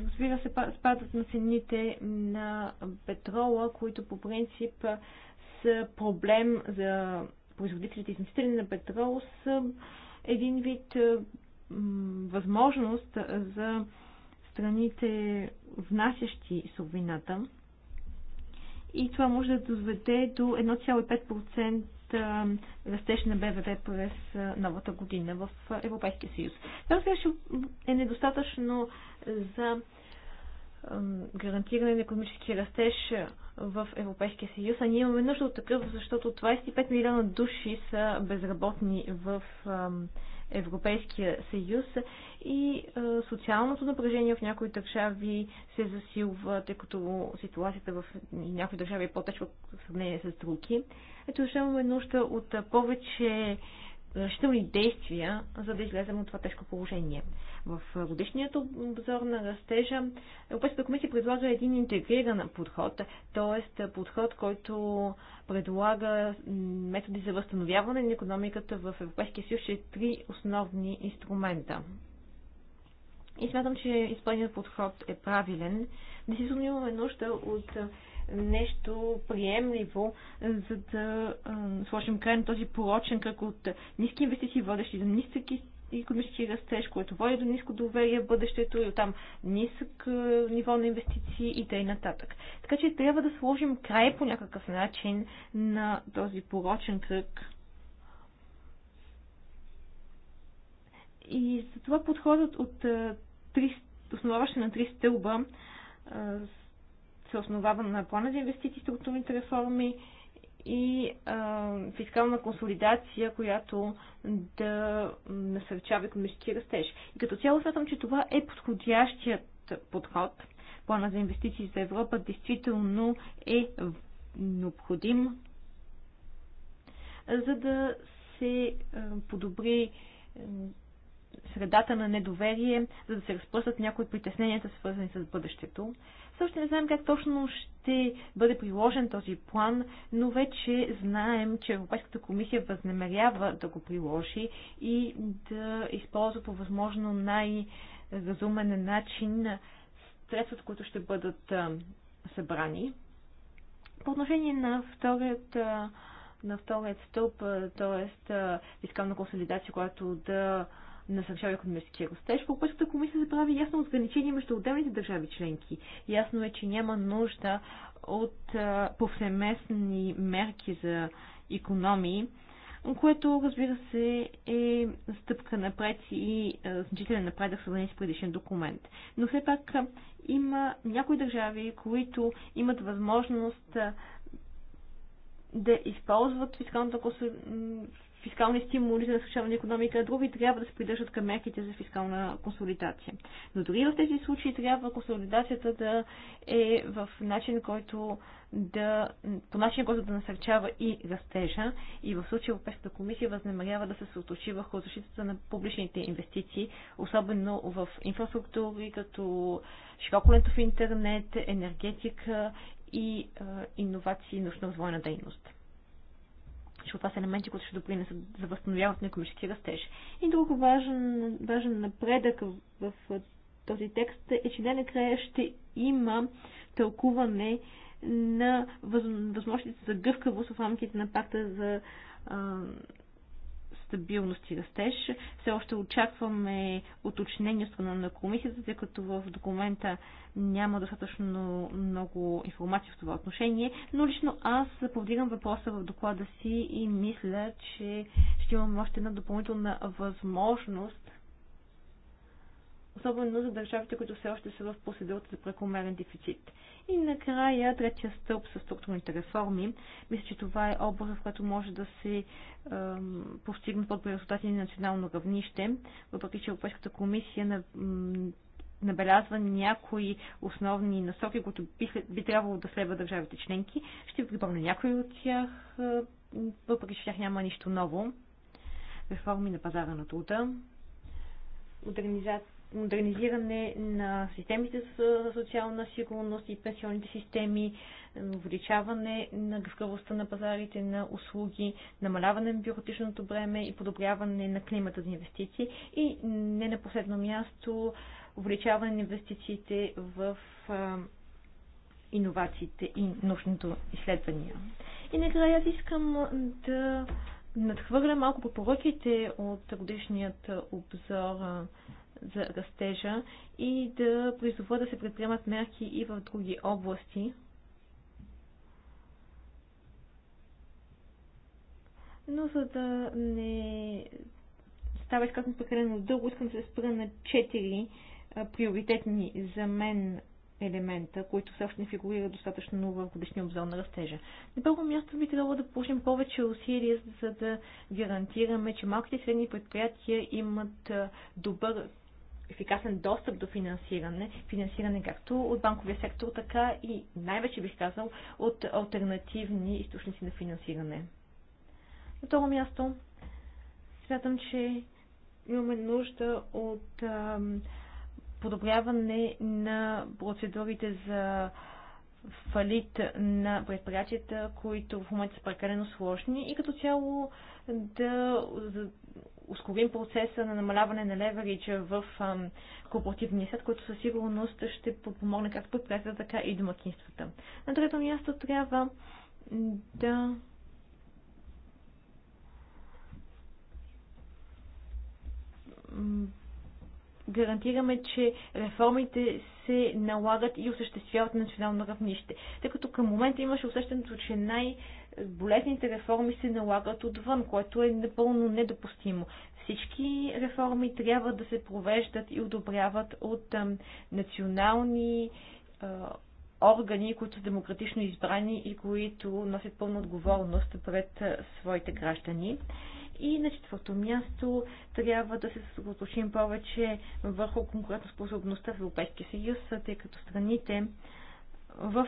Speaker 4: разбира се, спадат на цените на петрола, които по принцип са проблем за производителите и износители на петрол, са един вид възможност за страните внасящи суровината и това може да доведе до 1,5% растеж на БВП през новата година в Европейския съюз. Това сега е недостатъчно за гарантиране на економически растеж в Европейския съюз, а ние имаме нужда от такъв, защото 25 милиона души са безработни в Европейския съюз и социалното напрежение в някои държави се засилва, тъй като ситуацията в някои държави е по-тежка в сравнение с други. Ето защо имаме нужда от повече решителни действия, за да излезем от това тежко положение. В годишният обзор на растежа Европейската комисия предлага един интегриран подход, т.е. подход, който предлага методи за възстановяване на економиката в Европейския съюз, че три основни инструмента. И смятам, че изпълненият подход е правилен. Действително имаме нужда от нещо приемливо, за да сложим край на този порочен кръг от ниски инвестиции, водещи до ниски економически растеж, което води до ниско доверие в бъдещето и оттам нисък ниво на инвестиции и т.н. Така че трябва да сложим край по някакъв начин на този порочен кръг. И затова подходът от основаващи на три стълба се основава на плана за инвестиции, структурните реформи и а, фискална консолидация, която да насърчава економически растеж. И като цяло смятам, че това е подходящият подход. Плана за инвестиции за Европа действително е необходим, за да се подобри средата на недоверие, за да се разпръснат някои притесненията, свързани с бъдещето. Също не знаем как точно ще бъде приложен този план, но вече знаем, че Европейската комисия възнамерява да го приложи и да използва по възможно най-разумен начин средствата, които ще бъдат събрани. По отношение на вторият на вторият стълб, т.е. фискална консолидация, която да насърчава економическия растеж, Европейската комисия се прави ясно разграничение между отделните държави членки. Ясно е, че няма нужда от повсеместни мерки за економии, което, разбира се, е стъпка напред и е, значителен напредък, свързан с предишен документ. Но все пак има някои държави, които имат възможност да използват фискалната фискални стимули за насърчаване на економика, а други трябва да се придържат към мерките за фискална консолидация. Но дори в тези случаи трябва консолидацията да е в начин, който да, по начин, който да насърчава и растежа. И в случая Европейската комисия възнамерява да се съоточи върху защитата на публичните инвестиции, особено в инфраструктури, като широколентов интернет, енергетика и е, иновации и научно-развойна дейност че това са елементи, които ще допринесат за възстановяването на економически растеж. И друг важен, важен напредък в, в този текст е, че най-накрая ще има тълкуване на възможностите за гъвкавост в рамките на пакта за стабилност и растеж. Все още очакваме уточнението на комисията, тъй като в документа няма достатъчно много информация в това отношение, но лично аз повдигам въпроса в доклада си и мисля, че ще имам още една допълнителна възможност особено за държавите, които все още са в процедурата за прекомерен дефицит. И накрая третия стълб с структурните реформи. Мисля, че това е област, в която може да се е, под по-добри резултати на национално равнище, въпреки че Европейската комисия на набелязва някои основни насоки, които би, би трябвало да следва държавите членки. Ще ви припомня някои от тях, въпреки че в тях няма нищо ново. Реформи на пазара на труда, модернизация модернизиране на системите за социална сигурност и пенсионните системи, увеличаване на гъвкавостта на пазарите на услуги, намаляване на бюрократичното бреме и подобряване на климата за инвестиции и не на последно място увеличаване на инвестициите в иновациите и научното изследвания. И накрая аз искам да надхвърля малко по от годишният обзор за растежа и да призова да се предприемат мерки и в други области. Но за да не става изказано прекалено дълго, искам да се спра на четири приоритетни за мен елемента, които все още не фигурират достатъчно в годишния обзор на растежа. На първо място би трябвало да положим повече усилия, за да гарантираме, че малките и средни предприятия имат добър ефикасен достъп до финансиране, финансиране както от банковия сектор, така и най-вече бих казал от альтернативни източници на финансиране. На това място, смятам, че имаме нужда от подобряване на процедурите за фалит на предприятията, които в момента са прекалено сложни и като цяло да ускорим процеса на намаляване на леверича в корпоративния свят, който със сигурност ще помогне както предприятията, така и домакинствата. На трето място трябва да гарантираме, че реформите се налагат и осъществяват на национално равнище. Тъй като към момента имаше усещането, че най- болезните реформи се налагат отвън, което е напълно недопустимо. Всички реформи трябва да се провеждат и одобряват от национални органи, които са демократично избрани и които носят пълна отговорност пред своите граждани. И на четвърто място трябва да се съсредоточим повече върху конкурентоспособността в Европейския съюз, тъй като страните в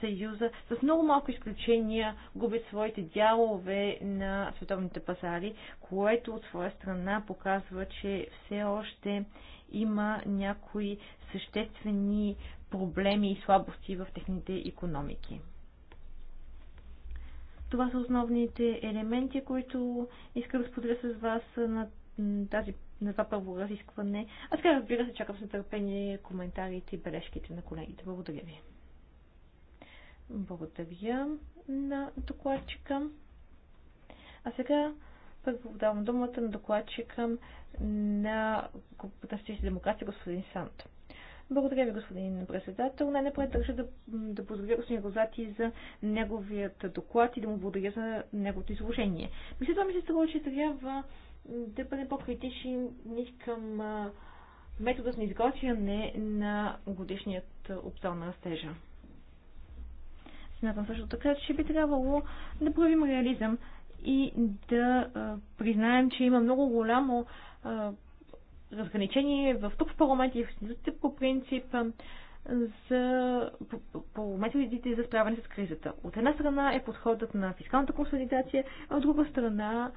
Speaker 4: Съюза, с много малко изключения, губят своите дялове на световните пазари, което от своя страна показва, че все още има някои съществени проблеми и слабости в техните економики. Това са основните елементи, които искам да споделя с вас на тази на това първо разискване. А сега, разбира се, чакам с нетърпение коментарите и бележките на колегите. Благодаря ви. Благодаря на докладчика. А сега пък давам думата на докладчика на групата Стиси демокрация господин Сант. Благодаря ви, господин председател. Най-напред държа да, да благодаря господин Розати за неговият доклад и да му благодаря за неговото изложение. Мисля, това ми се струва, че трябва да бъдем по-критични към метода на изготвяне на годишният обзор на растежа. Смятам също така, че би трябвало да проявим реализъм и да а, признаем, че има много голямо а, разграничение в тук в парламент и в институциите по принцип за, по, по методите за справяне с кризата. От една страна е подходът на фискалната консолидация, а от друга страна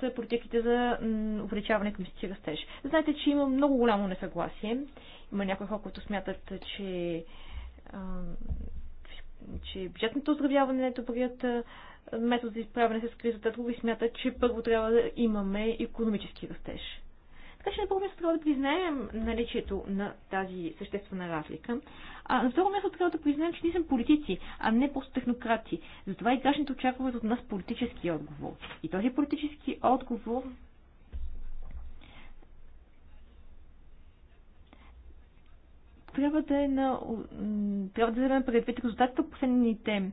Speaker 4: са политиките за увеличаване към си растеж. Знаете, че има много голямо несъгласие. Има някои хора, които смятат, че че бюджетното оздравяване е добрият метод за изправяне с кризата, други смятат, че първо трябва да имаме економически растеж. Така че на първо място трябва да признаем наличието на тази съществена разлика. А на второ място трябва да признаем, че ние сме политици, а не просто технократи. Затова и гражданите очакват от нас политически отговор. И този политически отговор трябва да е на, трябва да вземем предвид резултатите от последните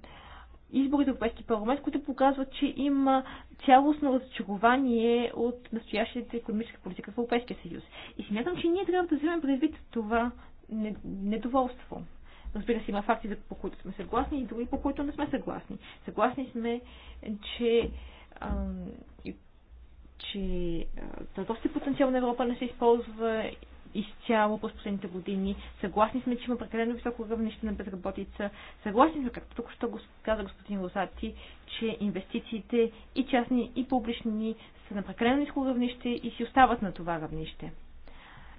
Speaker 4: избори за Европейски парламент, които показват, че има цялостно разочарование от настоящата економическа политика в Европейския съюз. И смятам, че ние трябва да вземем предвид това недоволство. Разбира се, има факти, по които сме съгласни и други, по които не сме съгласни. Съгласни сме, че че търговски потенциал на Европа не се използва изцяло през последните години. Съгласни сме, че има прекалено високо равнище на безработица. Съгласни сме, както току що каза господин Лозати, че инвестициите и частни, и публични са на прекалено ниско равнище и си остават на това равнище.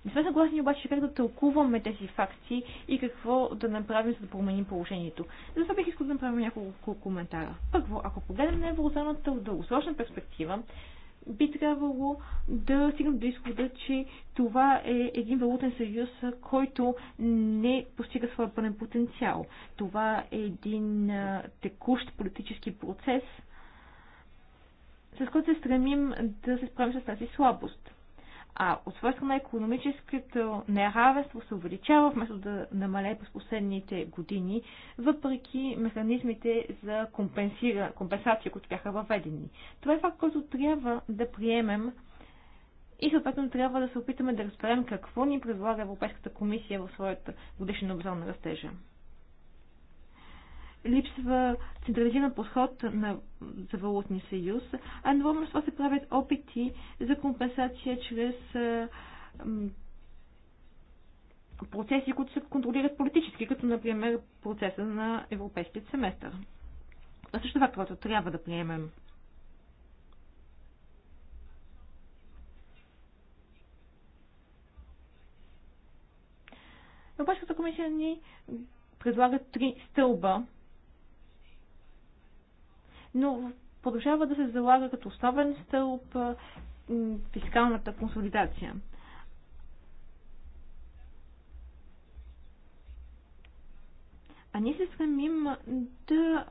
Speaker 4: Не сме съгласни обаче как да тълкуваме тези факти и какво да направим, за да променим положението. Затова бих искал да направим няколко коментара. Първо, ако погледнем на еврозоната в дългосрочна перспектива, би трябвало да стигнем до изхода, че това е един валутен съюз, който не постига своя пълен потенциал. Това е един текущ политически процес, с който се стремим да се справим с тази слабост. А от своя на економическото неравенство се увеличава, вместо да намалее през последните години, въпреки механизмите за компенсация, които бяха въведени. Това е факт, който трябва да приемем и съответно трябва да се опитаме да разберем какво ни предлага Европейската комисия в своята годишна обзор на растежа липсва централизиран подход на, за валутния съюз, а едновременно с това се правят опити за компенсация чрез процеси, които се контролират политически, като например процеса на европейският семестър. А също това, което трябва да приемем. Европейската комисия ни предлага три стълба но продължава да се залага като особен стълб фискалната консолидация. А ние се стремим да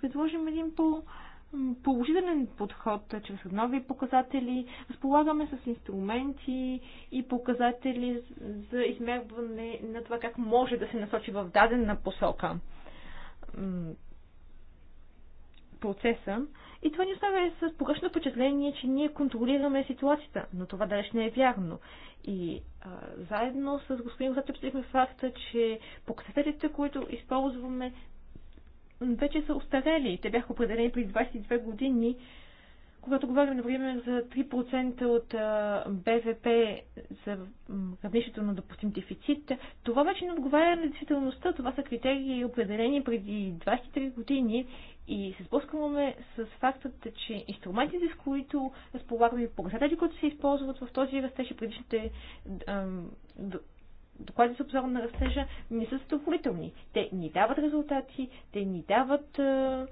Speaker 4: предложим един по- положителен подход чрез нови показатели. Разполагаме с инструменти и показатели за измерване на това как може да се насочи в дадена посока процеса и това ни оставя с погрешно впечатление, че ние контролираме ситуацията, но това далеч не е вярно. И а, заедно с господин Гусат обсъдихме факта, че показателите, които използваме, вече са устарели. Те бяха определени при 22 години, когато говорим, например, за 3% от БВП за равнището на допустим дефицит, това вече не отговаря на действителността. Това са критерии, определени преди 23 години и се сблъскваме с фактът, че инструментите, с които разполагаме, показатели, които се използват в този растеж и предишните доклади за обзор на растежа, не са задоволителни. Те ни дават резултати, те ни дават а,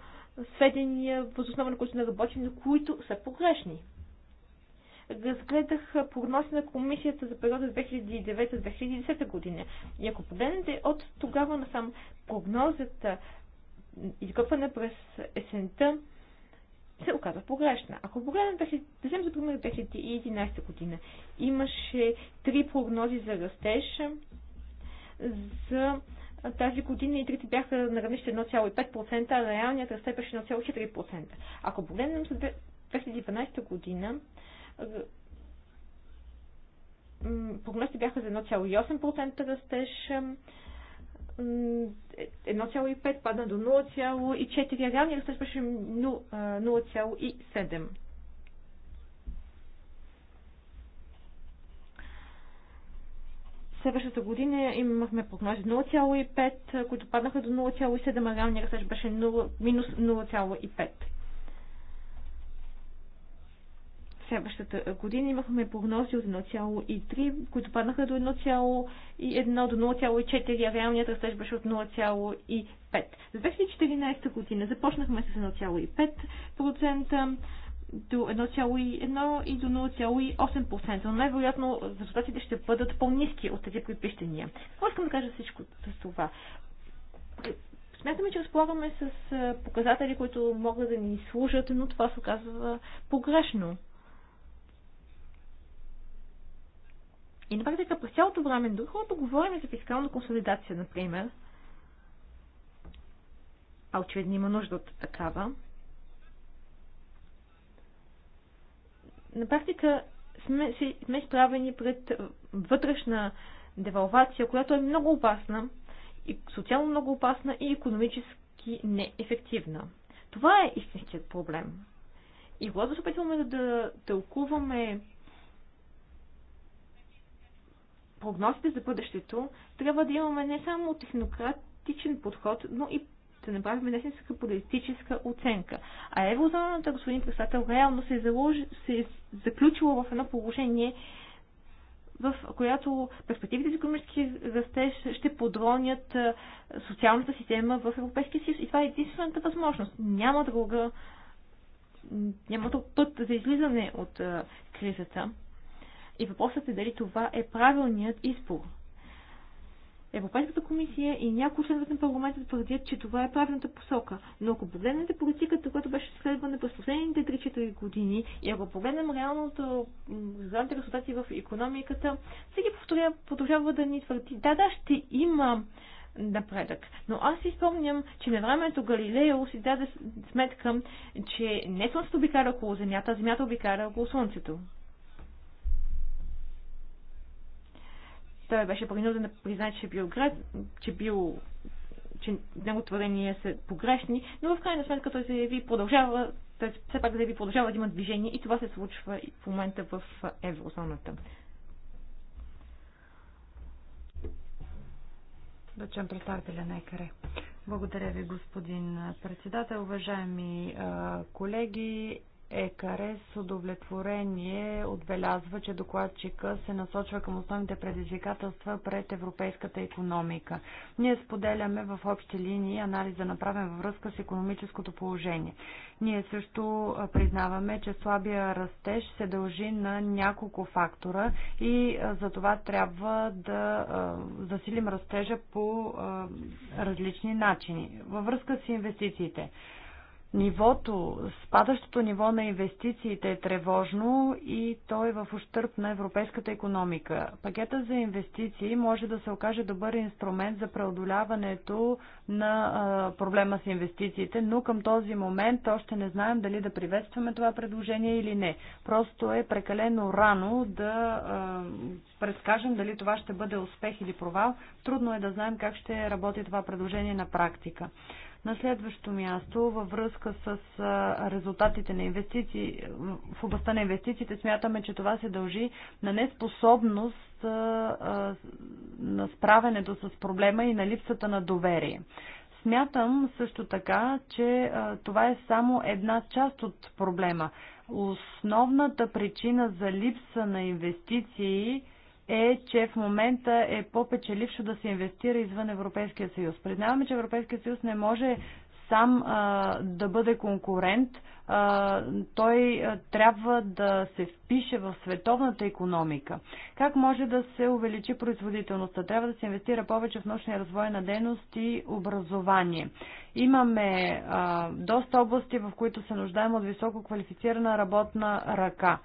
Speaker 4: сведения, основа на които не работим, но които са погрешни. Разгледах прогнози на комисията за периода 2009-2010 година. И ако погледнете от тогава насам прогнозата изготвена през есента, се оказа погрешна. Ако погледнем, да вземем за пример 2011 година, имаше три прогнози за растеж за тази година и трите бяха на равнище 1,5%, а реалният растеж беше 1,4%. Ако погледнем за 2012 година, прогнозите бяха за 1,8% растеж, 1,5 падна до 0,4, а реалният растеж беше 0,7. Следващата година имахме прогнози 0,5, които паднаха до 0,7, а реалният растеж беше 0, минус 0,5. следващата година. Имахме прогнози от 1,3, които паднаха до 1,1 до 0,4, а реалният растеж беше от 0,5. За 2014 година започнахме с 1,5% до 1,1 и до 0,8%, но най-вероятно резултатите ще бъдат по-низки от тези припищения. Какво искам да кажа всичко с това? Смятаме, че разполагаме с показатели, които могат да ни служат, но това се оказва погрешно. И на практика през цялото време, докато говорим за фискална консолидация, например, а очевидно има нужда от такава, на практика сме, сме изправени пред вътрешна девалвация, която е много опасна, и социално много опасна и економически неефективна. Това е истинският проблем. И когато се опитваме да, да тълкуваме прогнозите за бъдещето, трябва да имаме не само технократичен подход, но и да направим днесненска политическа оценка. А еврозоната, господин председател, реално се, залож... се е заключила в едно положение, в която перспективите за економически растеж ще подронят социалната система в Европейския съюз. И това е единствената възможност. Няма друга няма друг път за излизане от кризата. И въпросът е дали това е правилният избор. Европейската комисия и някои членове на парламента твърдят, че това е правилната посока. Но ако погледнете политиката, която беше следвана през последните 3-4 години и ако погледнем реалното, реалните резултати в економиката, всеки повторя, продължава да ни твърди, да, да, ще има напредък. Но аз си спомням, че на времето Галилео си даде сметка, че не Слънцето обикаля около Земята, а Земята обикаля около Слънцето. Той беше принуден да признае, че бил, град, че бил че него творения са погрешни, но в крайна сметка той се яви продължава, той все пак заяви, продължава да има движение и това се случва в момента в еврозоната.
Speaker 2: Дочен представителя на ЕКРЕ. Благодаря ви, господин председател. Уважаеми колеги, ЕКАРЕ с удовлетворение отбелязва, че докладчика се насочва към основните предизвикателства пред европейската економика. Ние споделяме в общи линии анализа направен във връзка с економическото положение. Ние също признаваме, че слабия растеж се дължи на няколко фактора и за това трябва да засилим растежа по различни начини. Във връзка с инвестициите нивото, спадащото ниво на инвестициите е тревожно и то е в ущърп на европейската економика. Пакета за инвестиции може да се окаже добър инструмент за преодоляването на проблема с инвестициите, но към този момент още не знаем дали да приветстваме това предложение или не. Просто е прекалено рано да предскажем дали това ще бъде успех или провал. Трудно е да знаем как ще работи това предложение на практика. На следващо място, във връзка с резултатите на инвестиции, в областта на инвестициите, смятаме, че това се дължи на неспособност на справенето с проблема и на липсата на доверие. Смятам също така, че това е само една част от проблема. Основната причина за липса на инвестиции е, че в момента е по-печелившо да се инвестира извън Европейския съюз. Признаваме, че Европейския съюз не може сам а, да бъде конкурент, а, той а, трябва да се впише в световната економика. Как може да се увеличи производителността? Трябва да се инвестира повече в научния развой на дейност и образование. Имаме а, доста области, в които се нуждаем от високо квалифицирана работна ръка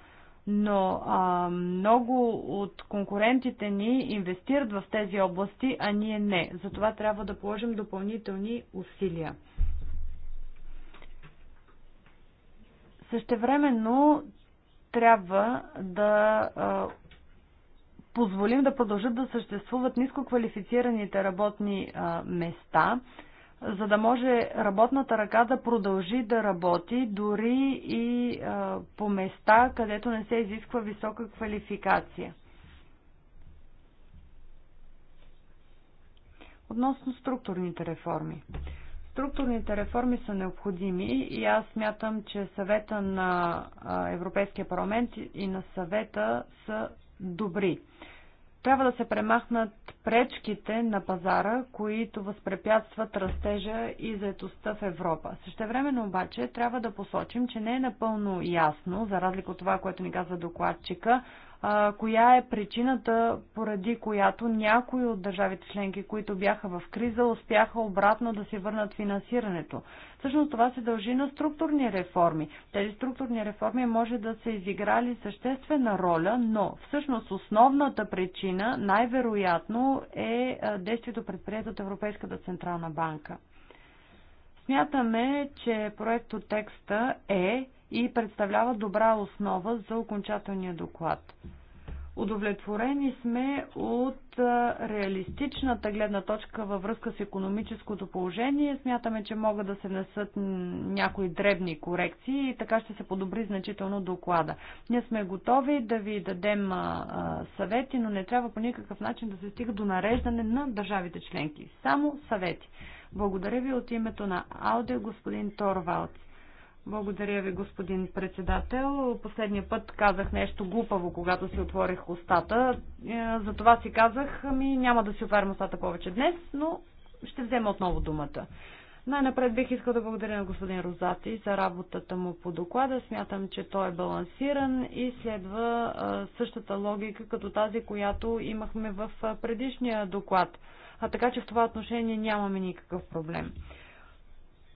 Speaker 2: но а, много от конкурентите ни инвестират в тези области, а ние не. Затова трябва да положим допълнителни усилия. Същевременно трябва да а, позволим да продължат да съществуват нискоквалифицираните работни а, места, за да може работната ръка да продължи да работи дори и а, по места, където не се изисква висока квалификация. Относно структурните реформи. Структурните реформи са необходими и аз смятам, че съвета на Европейския парламент и на съвета са добри. Трябва да се премахнат пречките на пазара, които възпрепятстват растежа и заетостта в Европа. Същевременно обаче трябва да посочим, че не е напълно ясно, за разлика от това, което ни казва докладчика, а, коя е причината, поради която някои от държавите членки, които бяха в криза, успяха обратно да се върнат финансирането. Всъщност това се дължи на структурни реформи. Тези структурни реформи може да са изиграли съществена роля, но всъщност основната причина най-вероятно е действието предприят от Европейската централна банка. Смятаме, че проектотекста е и представлява добра основа за окончателния доклад. Удовлетворени сме от реалистичната гледна точка във връзка с економическото положение. Смятаме, че могат да се несат някои дребни корекции и така ще се подобри значително доклада. Ние сме готови да ви дадем съвети, но не трябва по никакъв начин да се стига до нареждане на държавите членки. Само съвети. Благодаря ви от името на Ауде, господин Торвалц. Благодаря ви, господин председател. Последния път казах нещо глупаво, когато си отворих устата. Е, за това си казах, ми няма да си отварям устата повече днес, но ще взема отново думата. Най-напред бих искал да благодаря на господин Розати за работата му по доклада. Смятам, че той е балансиран и следва е, същата логика като тази, която имахме в е, предишния доклад. А така че в това отношение нямаме никакъв проблем.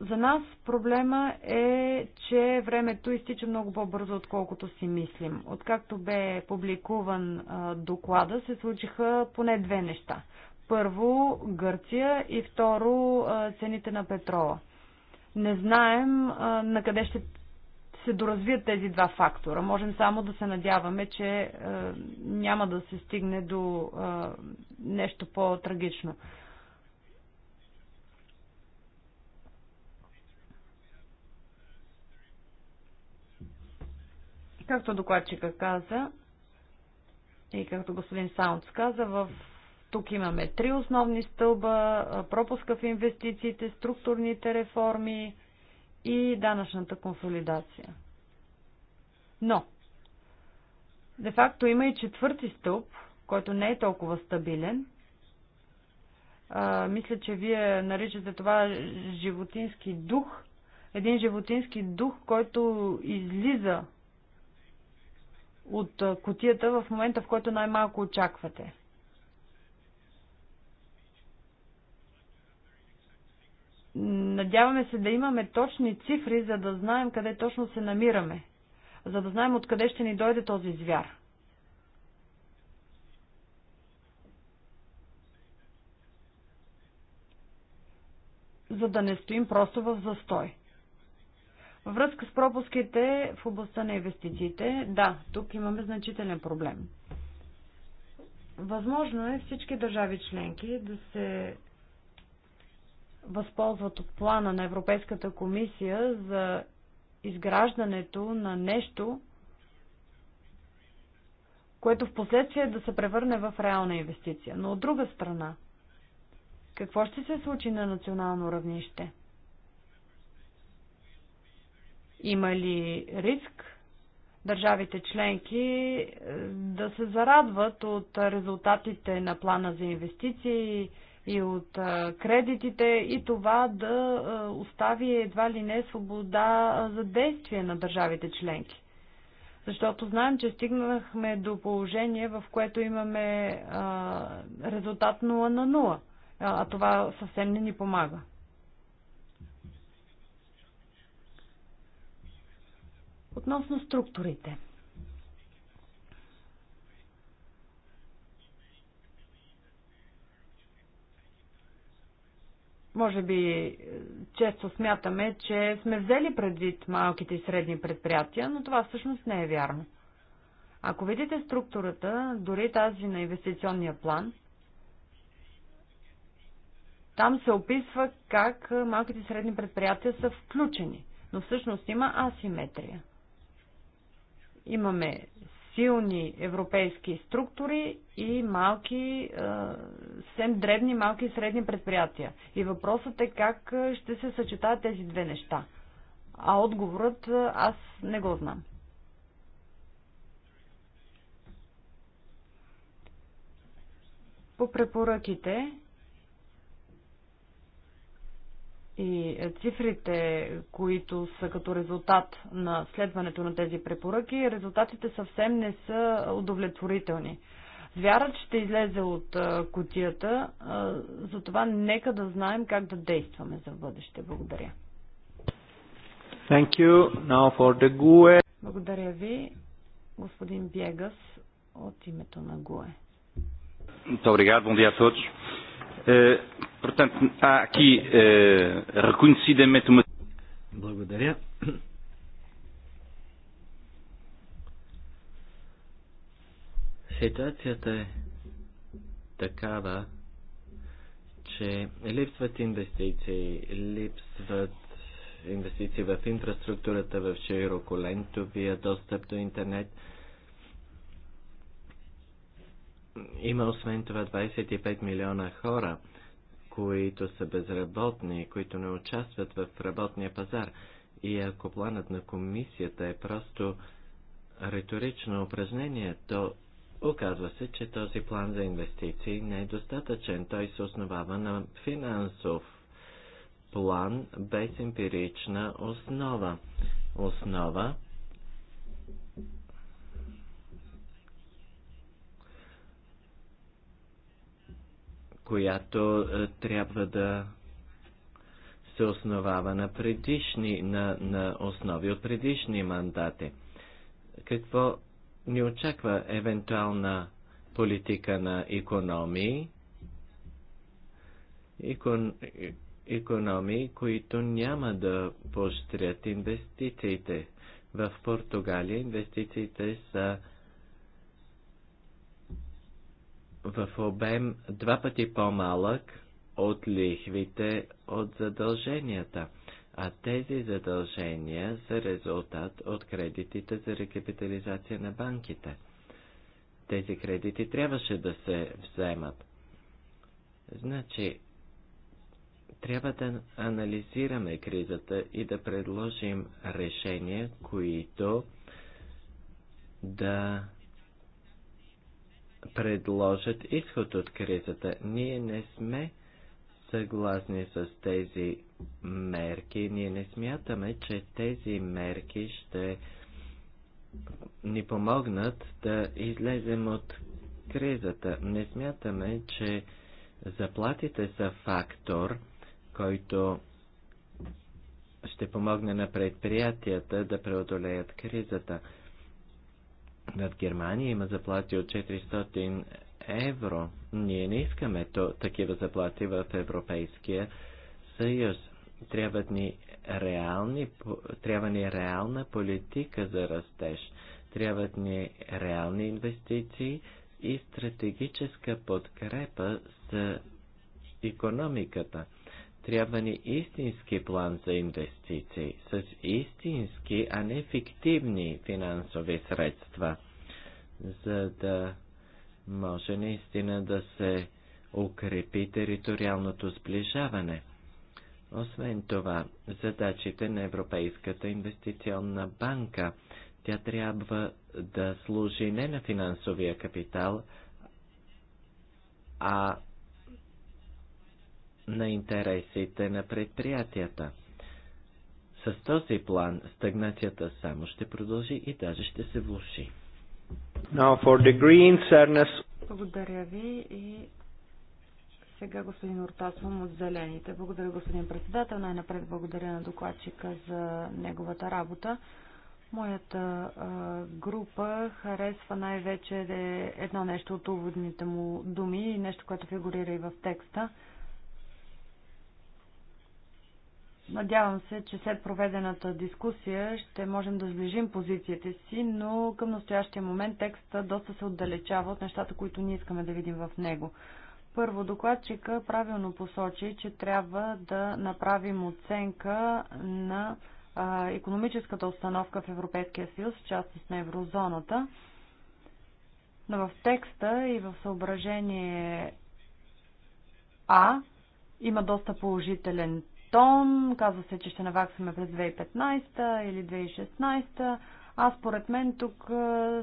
Speaker 2: За нас проблема е, че времето изтича много по-бързо, отколкото си мислим. Откакто бе публикуван доклада, се случиха поне две неща. Първо Гърция и второ цените на петрола. Не знаем на къде ще се доразвият тези два фактора. Можем само да се надяваме, че няма да се стигне до нещо по-трагично. Както докладчика каза, и както господин Саундс каза, в тук имаме три основни стълба пропуска в инвестициите, структурните реформи и данъчната консолидация. Но, де факто има и четвърти стълб, който не е толкова стабилен. А, мисля, че вие наричате това животински дух. Един животински дух, който излиза от котията в момента, в който най-малко очаквате. Надяваме се да имаме точни цифри, за да знаем къде точно се намираме, за да знаем откъде ще ни дойде този звяр. За да не стоим просто в застой връзка с пропуските в областта на инвестициите, да, тук имаме значителен проблем. Възможно е всички държави членки да се възползват от плана на Европейската комисия за изграждането на нещо, което в последствие да се превърне в реална инвестиция. Но от друга страна, какво ще се случи на национално равнище? Има ли риск държавите членки е, да се зарадват от резултатите на плана за инвестиции и от е, кредитите и това да е, остави едва ли не свобода за действие на държавите членки? защото знаем, че стигнахме до положение, в което имаме резултат 0 на 0, а това съвсем не ни помага. Относно структурите. Може би е, често смятаме, че сме взели предвид малките и средни предприятия, но това всъщност не е вярно. Ако видите структурата, дори тази на инвестиционния план, там се описва как е, малките и средни предприятия са включени, но всъщност има асиметрия. Имаме силни европейски структури и малки, съвсем дребни, малки и средни предприятия. И въпросът е как ще се съчетаят тези две неща. А отговорът аз не го знам. По препоръките и цифрите, които са като резултат на следването на тези препоръки, резултатите съвсем не са удовлетворителни. Звярат ще излезе от котията, затова нека да знаем как да действаме за бъдеще. Благодаря.
Speaker 1: Thank you. Now for the GUE.
Speaker 2: Благодаря ви, господин Бегас, от името на ГУЕ.
Speaker 1: Добре, e. obrigado, bom Portanto, há aqui uh, reconhecidamente uma.
Speaker 3: Благодаря. Ситуацията е такава, че липсват инвестиции, липсват инвестиции в инфраструктурата, в широколентовия достъп до интернет. Има освен това 25 милиона хора – които са безработни, които не участват в работния пазар. И ако планът на комисията е просто риторично упражнение, то оказва се, че този план за инвестиции не е достатъчен. Той се основава на финансов план без емпирична основа. Основа, която е, трябва да се основава на предишни, на, на основи от предишни мандати. Какво ни очаква евентуална политика на економии, Икон, економии, които няма да поощрят инвестициите. В Португалия инвестициите са в обем два пъти по-малък от лихвите от задълженията, а тези задължения са резултат от кредитите за рекапитализация на банките. Тези кредити трябваше да се вземат. Значи, трябва да анализираме кризата и да предложим решения, които да предложат изход от кризата. Ние не сме съгласни с тези мерки. Ние не смятаме, че тези мерки ще ни помогнат да излезем от кризата. Не смятаме, че заплатите са фактор, който ще помогне на предприятията да преодолеят кризата над Германия има заплати от 400 евро. Ние не искаме то, такива заплати в Европейския съюз. Трябват ни реални, трябва ни реална политика за растеж. Трябват ни реални инвестиции и стратегическа подкрепа за економиката. Трябва ни истински план за инвестиции, с истински, а не фиктивни финансови средства, за да може наистина да се укрепи териториалното сближаване. Освен това, задачите на Европейската инвестиционна банка, тя трябва да служи не на финансовия капитал, а на интересите на предприятията. С този план стагнацията само ще продължи и даже ще се влуши. Now for the
Speaker 2: Благодаря ви и сега господин Ортасвам от Зелените. Благодаря господин председател. Най-напред благодаря на докладчика за неговата работа. Моята а, група харесва най-вече е едно нещо от уводните му думи и нещо, което фигурира и в текста – Надявам се, че след проведената дискусия ще можем да сближим позициите си, но към настоящия момент текста доста се отдалечава от нещата, които ние искаме да видим в него. Първо, докладчика правилно посочи, че трябва да направим оценка на а, економическата установка в Европейския съюз, в частност на еврозоната. Но в текста и в съображение А има доста положителен Тон, казва се, че ще наваксаме през 2015 или 2016. А според мен тук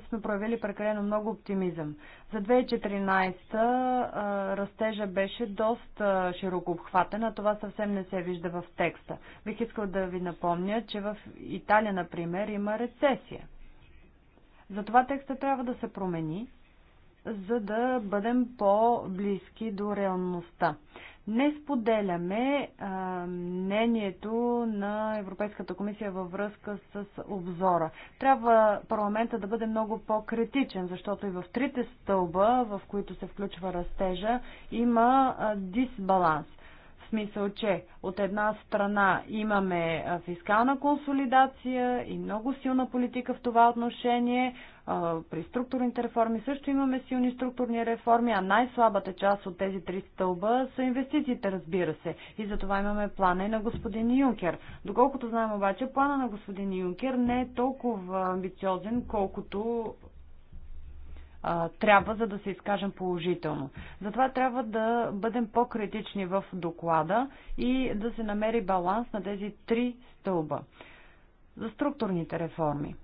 Speaker 2: сме проявили прекалено много оптимизъм. За 2014 растежа беше доста широко обхватен, а това съвсем не се вижда в текста. Бих искал да ви напомня, че в Италия, например, има рецесия. Затова текста трябва да се промени, за да бъдем по-близки до реалността. Не споделяме а, мнението на Европейската комисия във връзка с обзора. Трябва парламента да бъде много по-критичен, защото и в трите стълба, в които се включва растежа, има а, дисбаланс смисъл, че от една страна имаме фискална консолидация и много силна политика в това отношение. При структурните реформи също имаме силни структурни реформи, а най-слабата част от тези три стълба са инвестициите, разбира се. И за това имаме плана и на господин Юнкер. Доколкото знаем обаче, плана на господин Юнкер не е толкова амбициозен, колкото а, трябва, за да се изкажем положително. Затова трябва да бъдем по-критични в доклада и да се намери баланс на тези три стълба. За структурните реформи.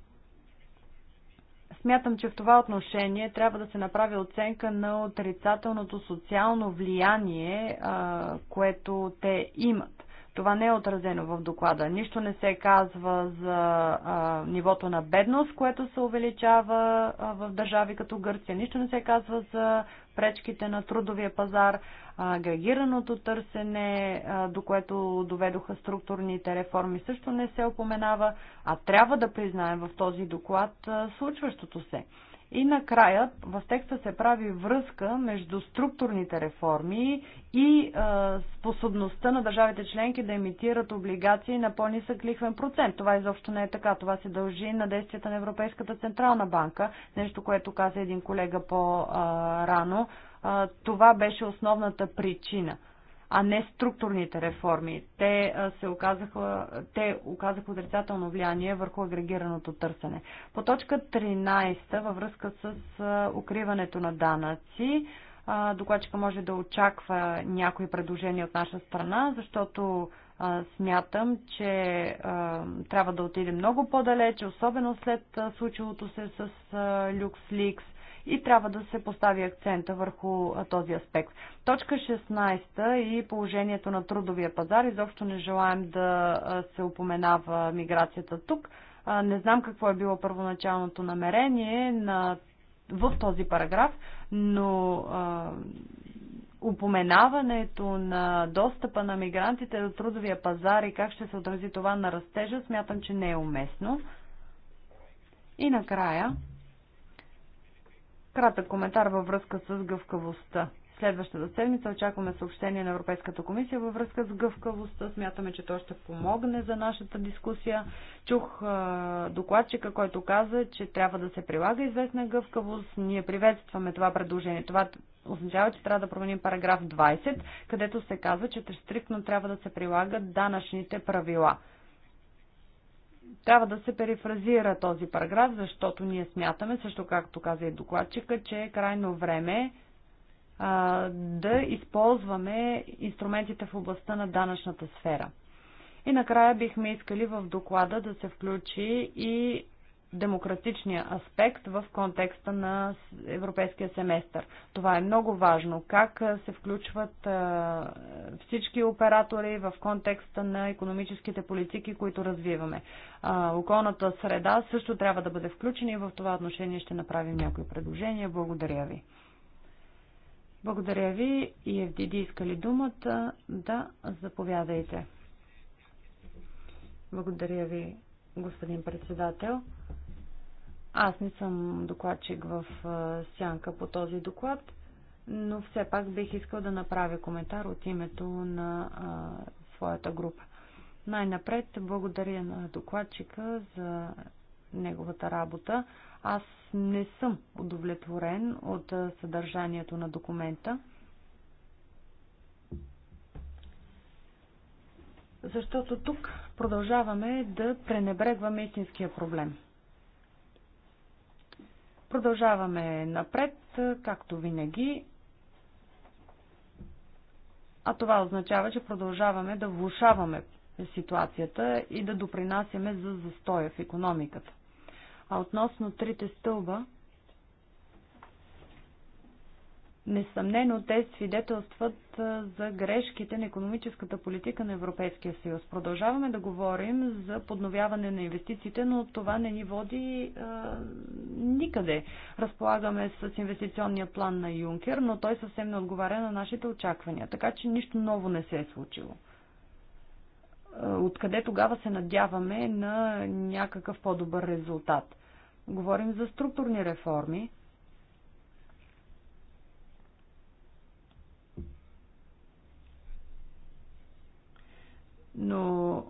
Speaker 2: Смятам, че в това отношение трябва да се направи оценка на отрицателното социално влияние, което те имат. Това не е отразено в доклада. Нищо не се казва за а, нивото на бедност, което се увеличава а, в държави като Гърция. Нищо не се казва за пречките на трудовия пазар, агрегираното търсене, а, до което доведоха структурните реформи, също не се опоменава, а трябва да признаем в този доклад а, случващото се. И накрая в текста се прави връзка между структурните реформи и а, способността на държавите членки да емитират облигации на по-нисък лихвен процент. Това изобщо не е така. Това се дължи на действията на Европейската централна банка, нещо, което каза един колега по-рано. Това беше основната причина а не структурните реформи. Те, се оказаха, те оказаха отрицателно влияние върху агрегираното търсене. По точка 13 във връзка с укриването на данъци, докладчика може да очаква някои предложения от наша страна, защото смятам, че трябва да отиде много по-далече, особено след случилото се с LuxLeaks и трябва да се постави акцента върху този аспект. Точка 16 и положението на трудовия пазар. Изобщо не желаем да се упоменава миграцията тук. Не знам какво е било първоначалното намерение на, в този параграф, но а, упоменаването на достъпа на мигрантите до трудовия пазар и как ще се отрази това на растежа, смятам, че не е уместно. И накрая, Кратък коментар във връзка с гъвкавостта. Следващата седмица очакваме съобщение на Европейската комисия във връзка с гъвкавостта. Смятаме, че то ще помогне за нашата дискусия. Чух е, докладчика, който каза, че трябва да се прилага известна гъвкавост. Ние приветстваме това предложение. Това означава, че трябва да променим параграф 20, където се казва, че стриктно трябва да се прилагат данъчните правила трябва да се перифразира този параграф, защото ние смятаме, също както каза и докладчика, че е крайно време а, да използваме инструментите в областта на данъчната сфера. И накрая бихме искали в доклада да се включи и демократичния аспект в контекста на европейския семестър. Това е много важно. Как се включват всички оператори в контекста на економическите политики, които развиваме. Околната среда също трябва да бъде включена и в това отношение ще направим някои предложения. Благодаря ви. Благодаря ви. И Евдиди искали думата. Да, заповядайте. Благодаря ви, господин председател. Аз не съм докладчик в сянка по този доклад, но все пак бих искал да направя коментар от името на а, своята група. Най-напред благодаря на докладчика за неговата работа. Аз не съм удовлетворен от съдържанието на документа. Защото тук продължаваме да пренебрегваме истинския проблем. Продължаваме напред, както винаги. А това означава, че продължаваме да влушаваме ситуацията и да допринасяме за застоя в економиката. А относно трите стълба, Несъмнено те свидетелстват за грешките на економическата политика на Европейския съюз. Продължаваме да говорим за подновяване на инвестициите, но това не ни води а, никъде. Разполагаме с инвестиционния план на Юнкер, но той съвсем не отговаря на нашите очаквания, така че нищо ново не се е случило. Откъде тогава се надяваме на някакъв по-добър резултат? Говорим за структурни реформи, но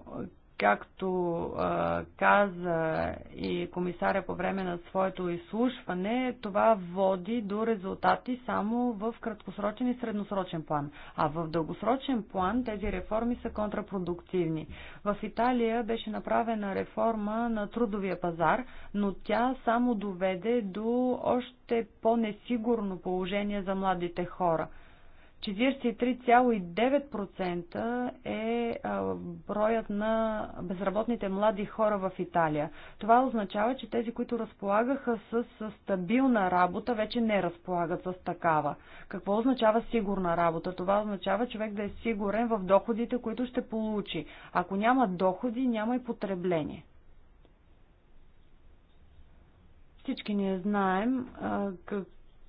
Speaker 2: както а, каза и комисаря по време на своето изслушване, това води до резултати само в краткосрочен и средносрочен план. А в дългосрочен план тези реформи са контрапродуктивни. В Италия беше направена реформа на трудовия пазар, но тя само доведе до още по-несигурно положение за младите хора – 43,9% е броят на безработните млади хора в Италия. Това означава, че тези, които разполагаха с стабилна работа, вече не разполагат с такава. Какво означава сигурна работа? Това означава човек да е сигурен в доходите, които ще получи. Ако няма доходи, няма и потребление. Всички ние знаем как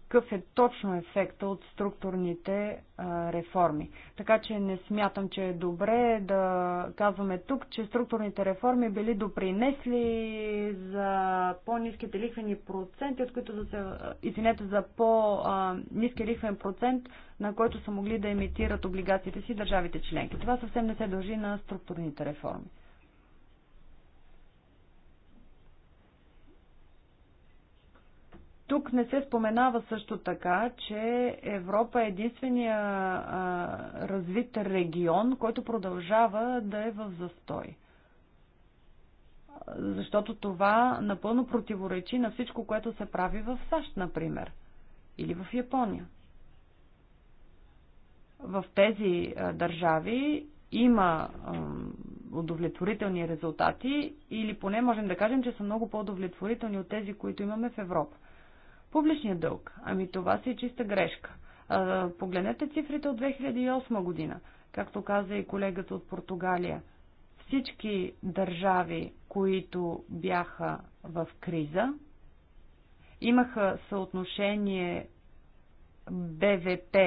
Speaker 2: какъв е точно ефекта от структурните а, реформи. Така че не смятам, че е добре да казваме тук, че структурните реформи били допринесли за по-низките лихвени проценти, от които да се, извинете, за по-низки лихвен процент, на който са могли да емитират облигациите си държавите членки. Това съвсем не се дължи на структурните реформи. Тук не се споменава също така, че Европа е единствения а, развит регион, който продължава да е в застой. Защото това напълно противоречи на всичко, което се прави в САЩ, например, или в Япония. В тези а, държави има а, удовлетворителни резултати, или поне можем да кажем, че са много по-удовлетворителни от тези, които имаме в Европа. Публичният дълг. Ами това си е чиста грешка. А, погледнете цифрите от 2008 година. Както каза и колегата от Португалия, всички държави, които бяха в криза, имаха съотношение БВП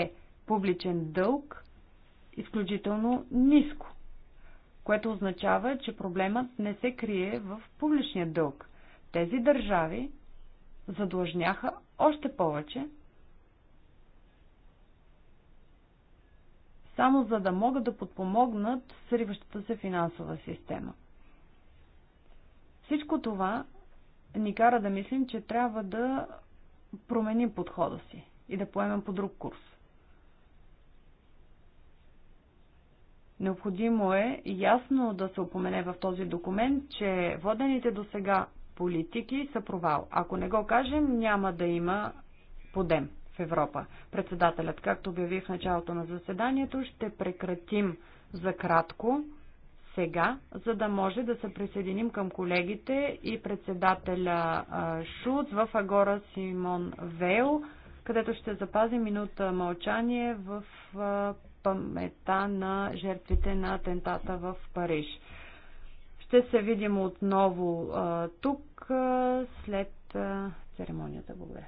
Speaker 2: публичен дълг изключително ниско, което означава, че проблемът не се крие в публичния дълг. Тези държави задлъжняха още повече, само за да могат да подпомогнат сриващата се финансова система. Всичко това ни кара да мислим, че трябва да променим подхода си и да поемем по друг курс. Необходимо е ясно да се упомене в този документ, че водените до сега политики са провал. Ако не го кажем, няма да има подем в Европа. Председателят, както обявих в началото на заседанието, ще прекратим за кратко сега, за да може да се присъединим към колегите и председателя Шуц в Агора Симон Вейл, където ще запази минута мълчание в памета на жертвите на атентата в Париж. Ще се видим отново тук след церемонията. Благодаря.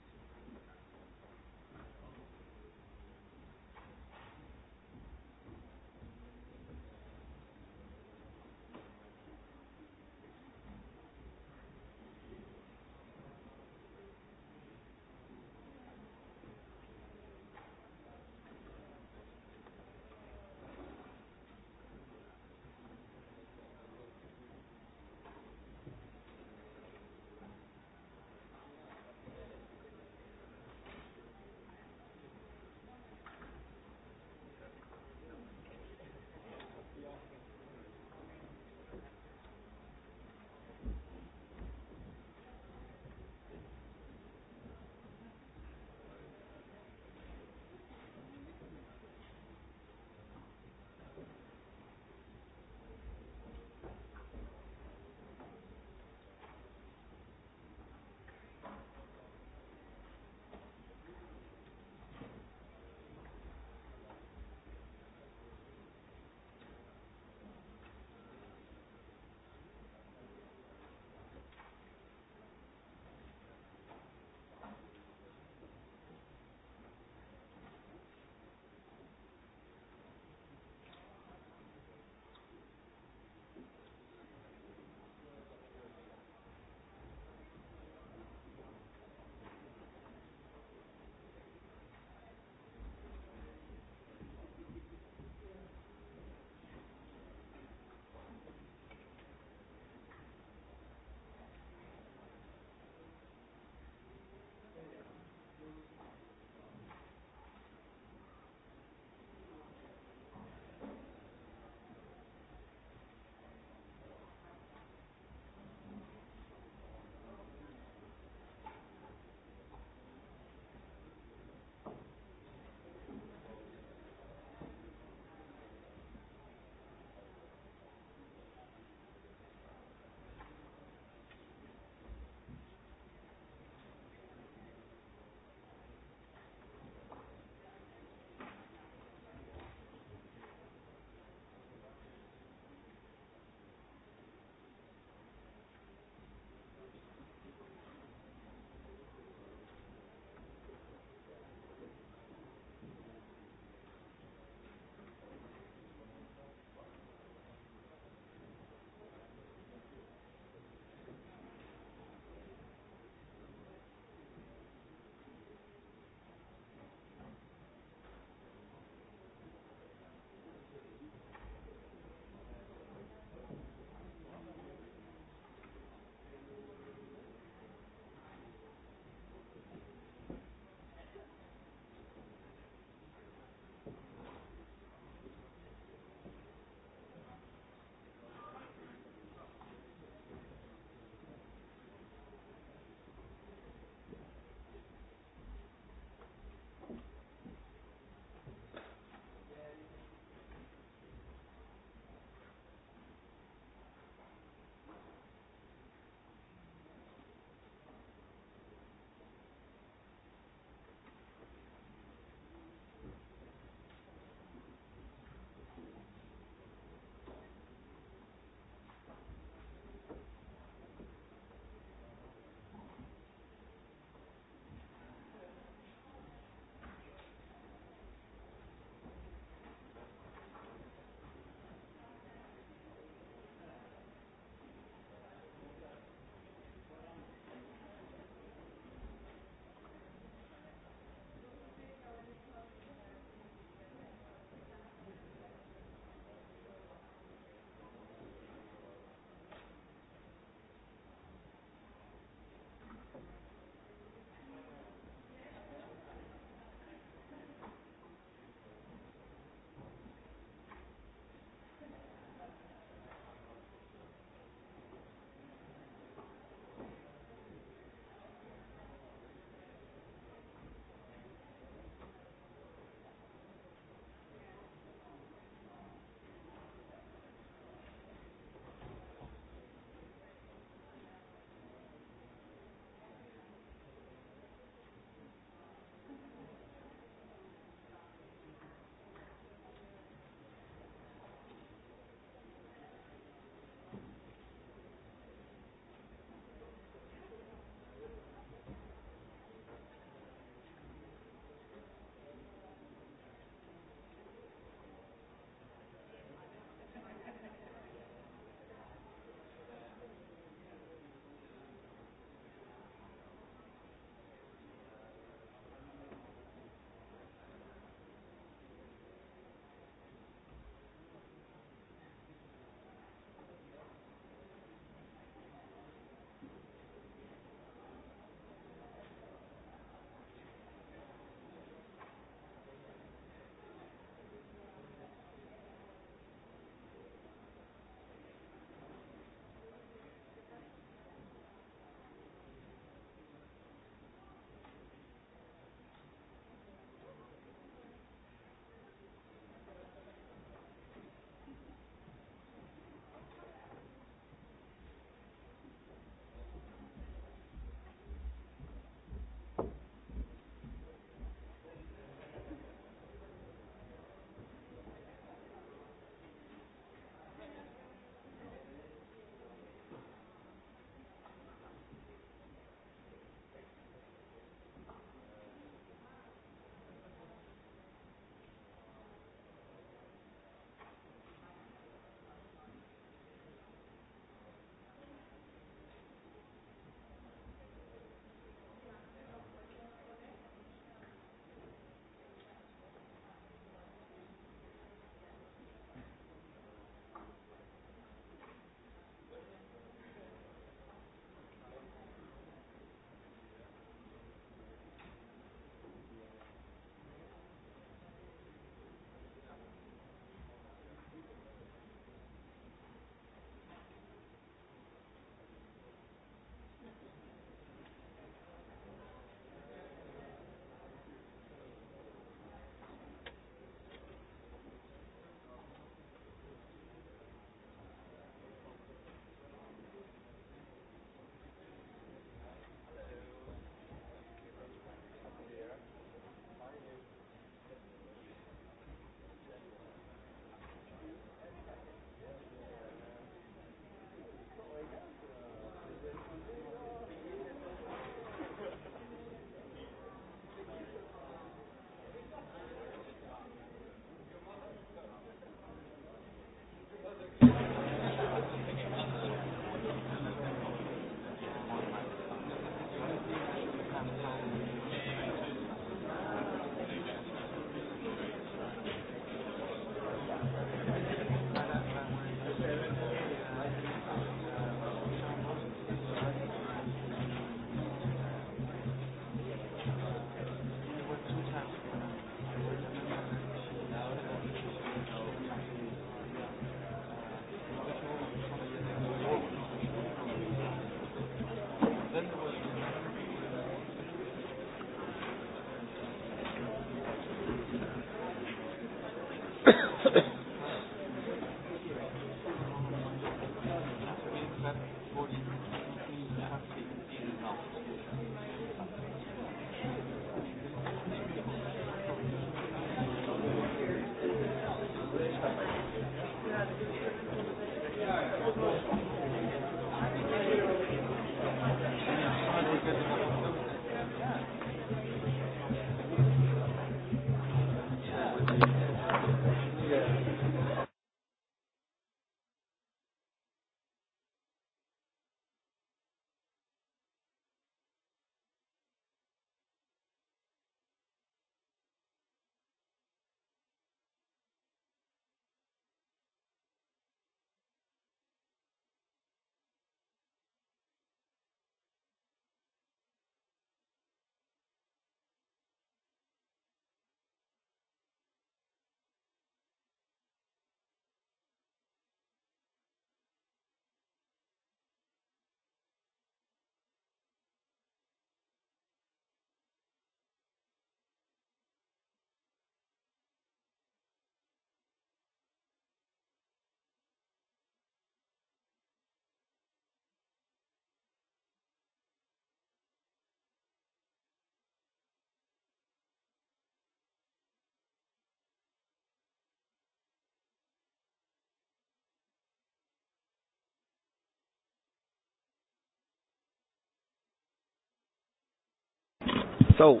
Speaker 1: So,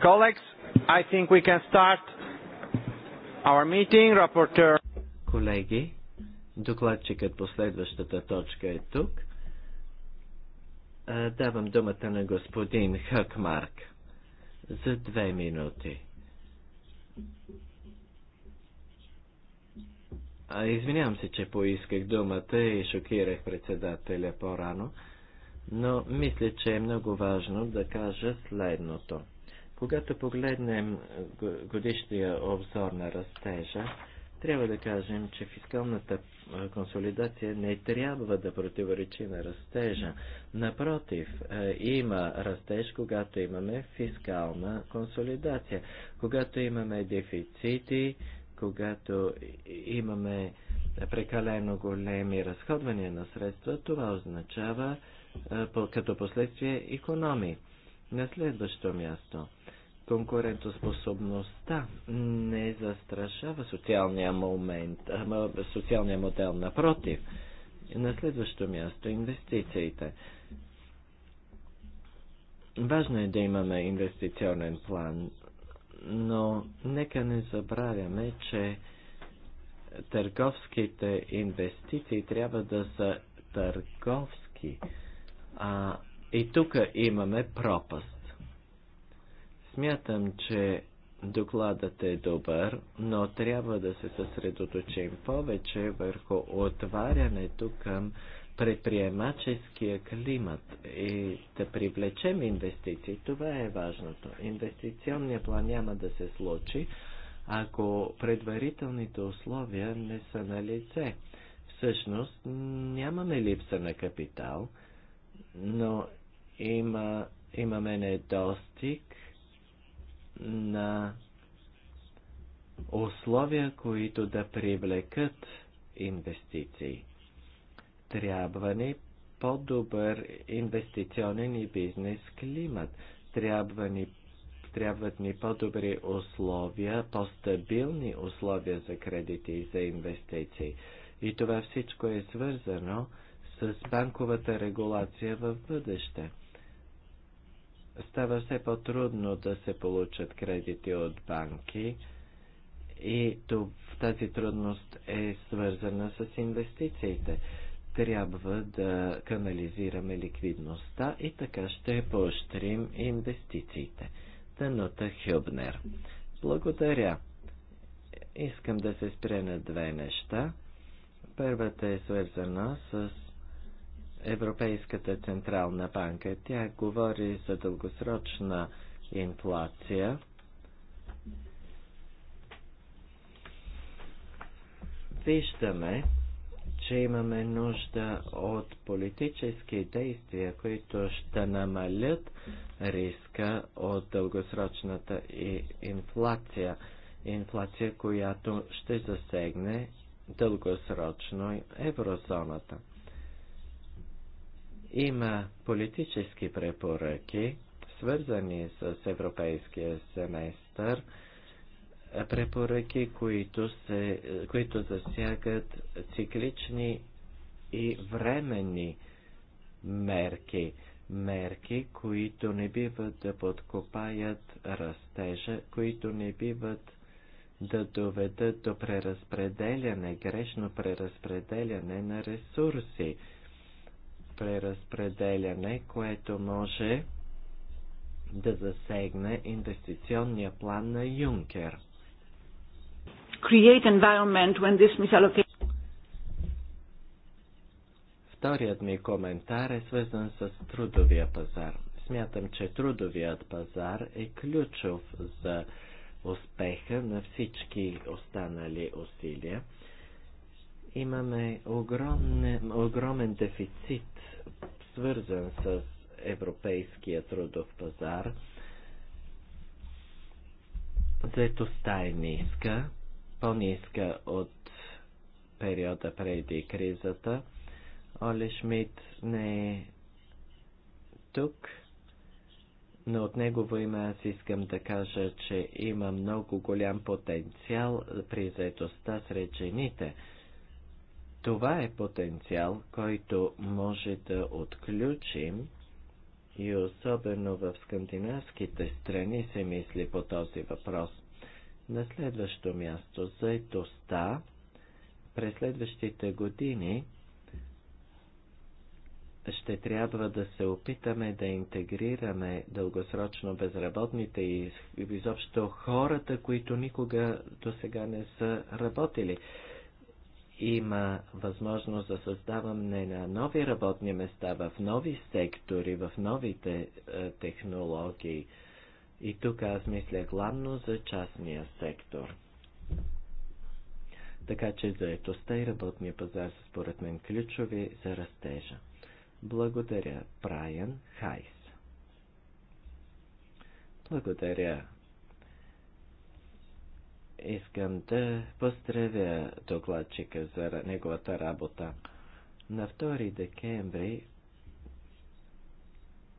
Speaker 3: colleagues, I think we can start our meeting. Rapporteur. Колеги, докладчикът по следващата точка е тук. Давам думата на господин Хакмарк за две минути. Извинявам се, че поисках думата и шокирах председателя по-рано но мисля, че е много важно да кажа следното. Когато погледнем годишния обзор на растежа, трябва да кажем, че фискалната консолидация не трябва да противоречи на растежа. Напротив, има растеж, когато имаме фискална консолидация, когато имаме дефицити, когато имаме прекалено големи разходвания на средства, това означава, е, като последствие економии. На следващо място, конкурентоспособността не застрашава социалния, момент, а, социалния модел, напротив. На следващо място, инвестициите. Важно е да имаме инвестиционен план, но нека не забравяме, че търговските инвестиции трябва да са търговски а, и тук имаме пропаст. Смятам, че докладът е добър, но трябва да се съсредоточим повече върху отварянето към предприемаческия климат и да привлечем инвестиции. Това е важното. Инвестиционният план няма да се случи, ако предварителните условия не са на лице. Всъщност нямаме липса на капитал – но има, имаме недостиг на условия, които да привлекат инвестиции. Трябва ни по-добър инвестиционен и бизнес климат. Трябва ни, трябват ни по-добри условия, по-стабилни условия за кредити и за инвестиции. И това всичко е свързано с с банковата регулация в бъдеще. Става все по-трудно да се получат кредити от банки и тази трудност е свързана с инвестициите. Трябва да канализираме ликвидността и така ще поощрим инвестициите. Тънота Хюбнер. Благодаря. Искам да се спре на две неща. Първата е свързана с Европейската централна банка. Тя говори за дългосрочна инфлация. Виждаме, че имаме нужда от политически действия, които ще намалят риска от дългосрочната и инфлация. Инфлация, която ще засегне дългосрочно еврозоната. Има политически препоръки, свързани с европейския семестър, препоръки, които, се, които засягат циклични и временни мерки. Мерки, които не биват да подкопаят растежа, които не биват да доведат до преразпределяне, грешно преразпределяне на ресурси преразпределяне, което може да засегне инвестиционния план на Юнкер.
Speaker 4: Create environment when this misallocation...
Speaker 3: Вторият ми коментар е свързан с трудовия пазар. Смятам, че трудовият пазар е ключов за успеха на всички останали усилия. Имаме огромен, огромен дефицит свързан с европейския трудов пазар. Заетостта е ниска, по-ниска от периода преди кризата. Оле Шмидт не е тук, но от негово име аз искам да кажа, че има много голям потенциал при заетостта сред жените – това е потенциал, който може да отключим и особено в скандинавските страни се мисли по този въпрос. На следващо място, заетостта през следващите години ще трябва да се опитаме да интегрираме дългосрочно безработните и изобщо хората, които никога до сега не са работили има възможност за създаване на нови работни места в нови сектори, в новите е, технологии. И тук аз мисля главно за частния сектор. Така че заетостта и работния пазар са според мен ключови за растежа. Благодаря, Брайан Хайс. Благодаря, Искам да поздравя докладчика за неговата работа. На 2 декември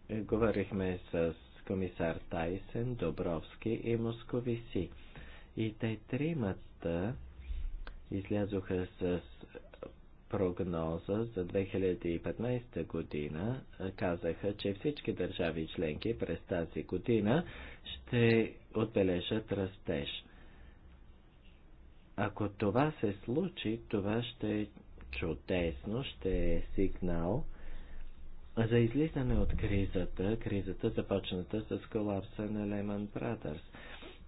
Speaker 3: е, говорихме с комисар Тайсен, Добровски и Московиси. И те тримата излязоха с прогноза за 2015 година. Казаха, че всички държави членки през тази година ще отбележат растеж. Ако това се случи, това ще е чудесно, ще е сигнал за излизане от кризата, кризата започната с колапса на Lehman Brothers.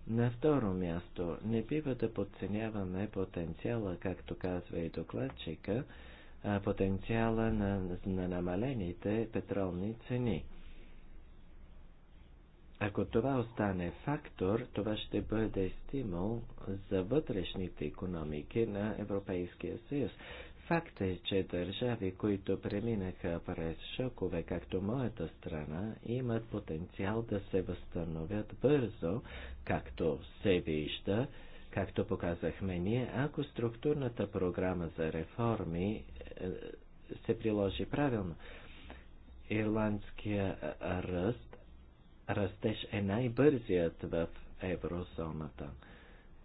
Speaker 3: На второ място, не бива да подценяваме потенциала, както казва и докладчика, потенциала на, на намалените петролни цени. Ако това остане фактор, това ще бъде стимул за вътрешните економики на Европейския съюз. Факт е, че държави, които преминаха през шокове, както моята страна, имат потенциал да се възстановят бързо, както се вижда, както показахме ние, ако структурната програма за реформи е, се приложи правилно. Ирландския ръст растеж е най-бързият в еврозоната.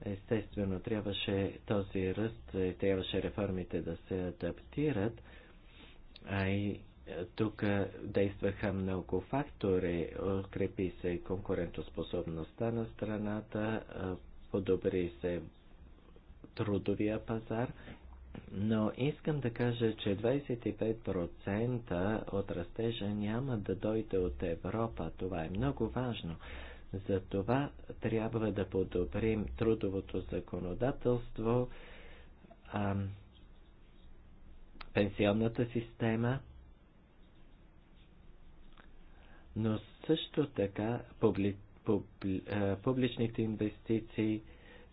Speaker 3: Естествено, трябваше този ръст, е, трябваше реформите да се адаптират, а и е, тук е, действаха много фактори. Укрепи се конкурентоспособността на страната, подобри се трудовия пазар, но искам да кажа, че 25% от растежа няма да дойде от Европа. Това е много важно. За това трябва да подобрим трудовото законодателство, а, пенсионната система, но също така публи, публи, публичните инвестиции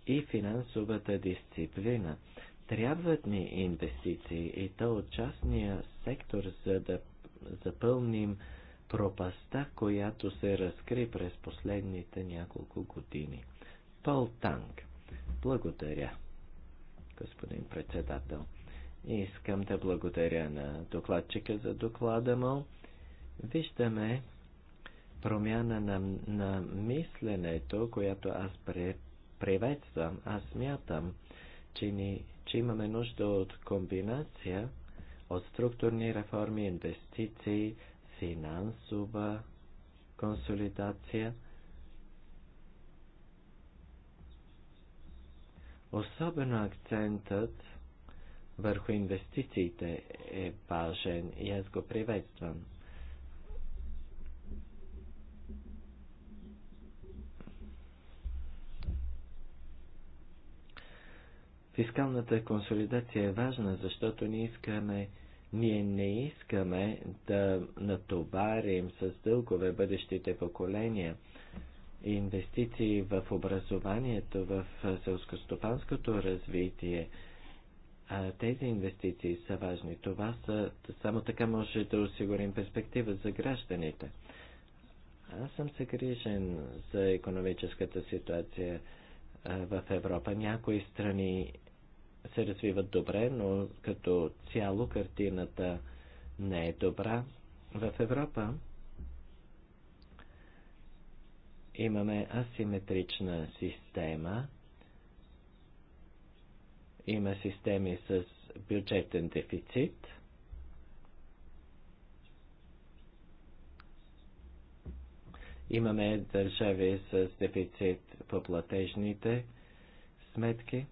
Speaker 3: и финансовата дисциплина. Трябват ни инвестиции и то от частния сектор, за да запълним пропаста, която се разкри през последните няколко години. Пол Танк. Благодаря, господин председател. Искам да благодаря на докладчика за доклада му. Виждаме промяна на, на мисленето, която аз приветствам. Аз мятам, че, че имаме нужда от комбинация от структурни реформи, инвестиции, финансова консолидация. Особено акцентът върху инвестициите е важен и аз го приветствам. Фискалната консолидация е важна, защото ние искаме ние не искаме да натоварим с дългове бъдещите поколения. Инвестиции в образованието, в селскостопанското развитие, а тези инвестиции са важни. Това са, само така може да осигурим перспектива за гражданите. Аз съм съгрижен за економическата ситуация в Европа. Някои страни се развиват добре, но като цяло картината не е добра. В Европа имаме асиметрична система. Има системи с бюджетен дефицит. Имаме държави с дефицит по платежните сметки.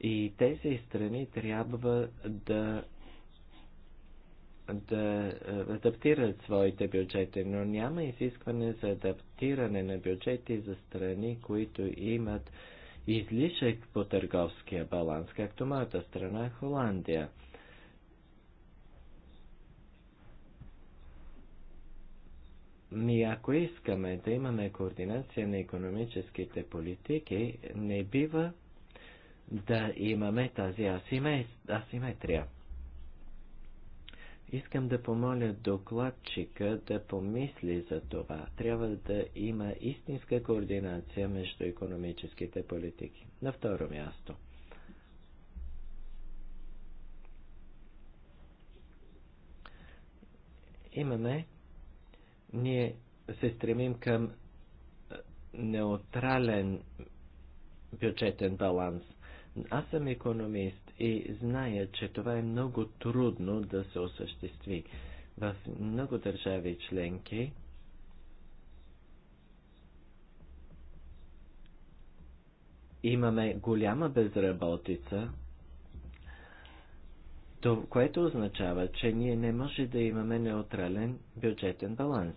Speaker 3: И тези страни трябва да да адаптират своите бюджети, но няма изискване за адаптиране на бюджети за страни, които имат излишък по търговския баланс, както моята страна Холандия. Ми ако искаме да имаме координация на економическите политики, не бива да имаме тази асиметрия. Искам да помоля докладчика да помисли за това. Трябва да има истинска координация между економическите политики. На второ място. Имаме, ние се стремим към неутрален бюджетен баланс. Аз съм економист и зная, че това е много трудно да се осъществи. В много държави членки имаме голяма безработица, което означава, че ние не може да имаме неутрален бюджетен баланс.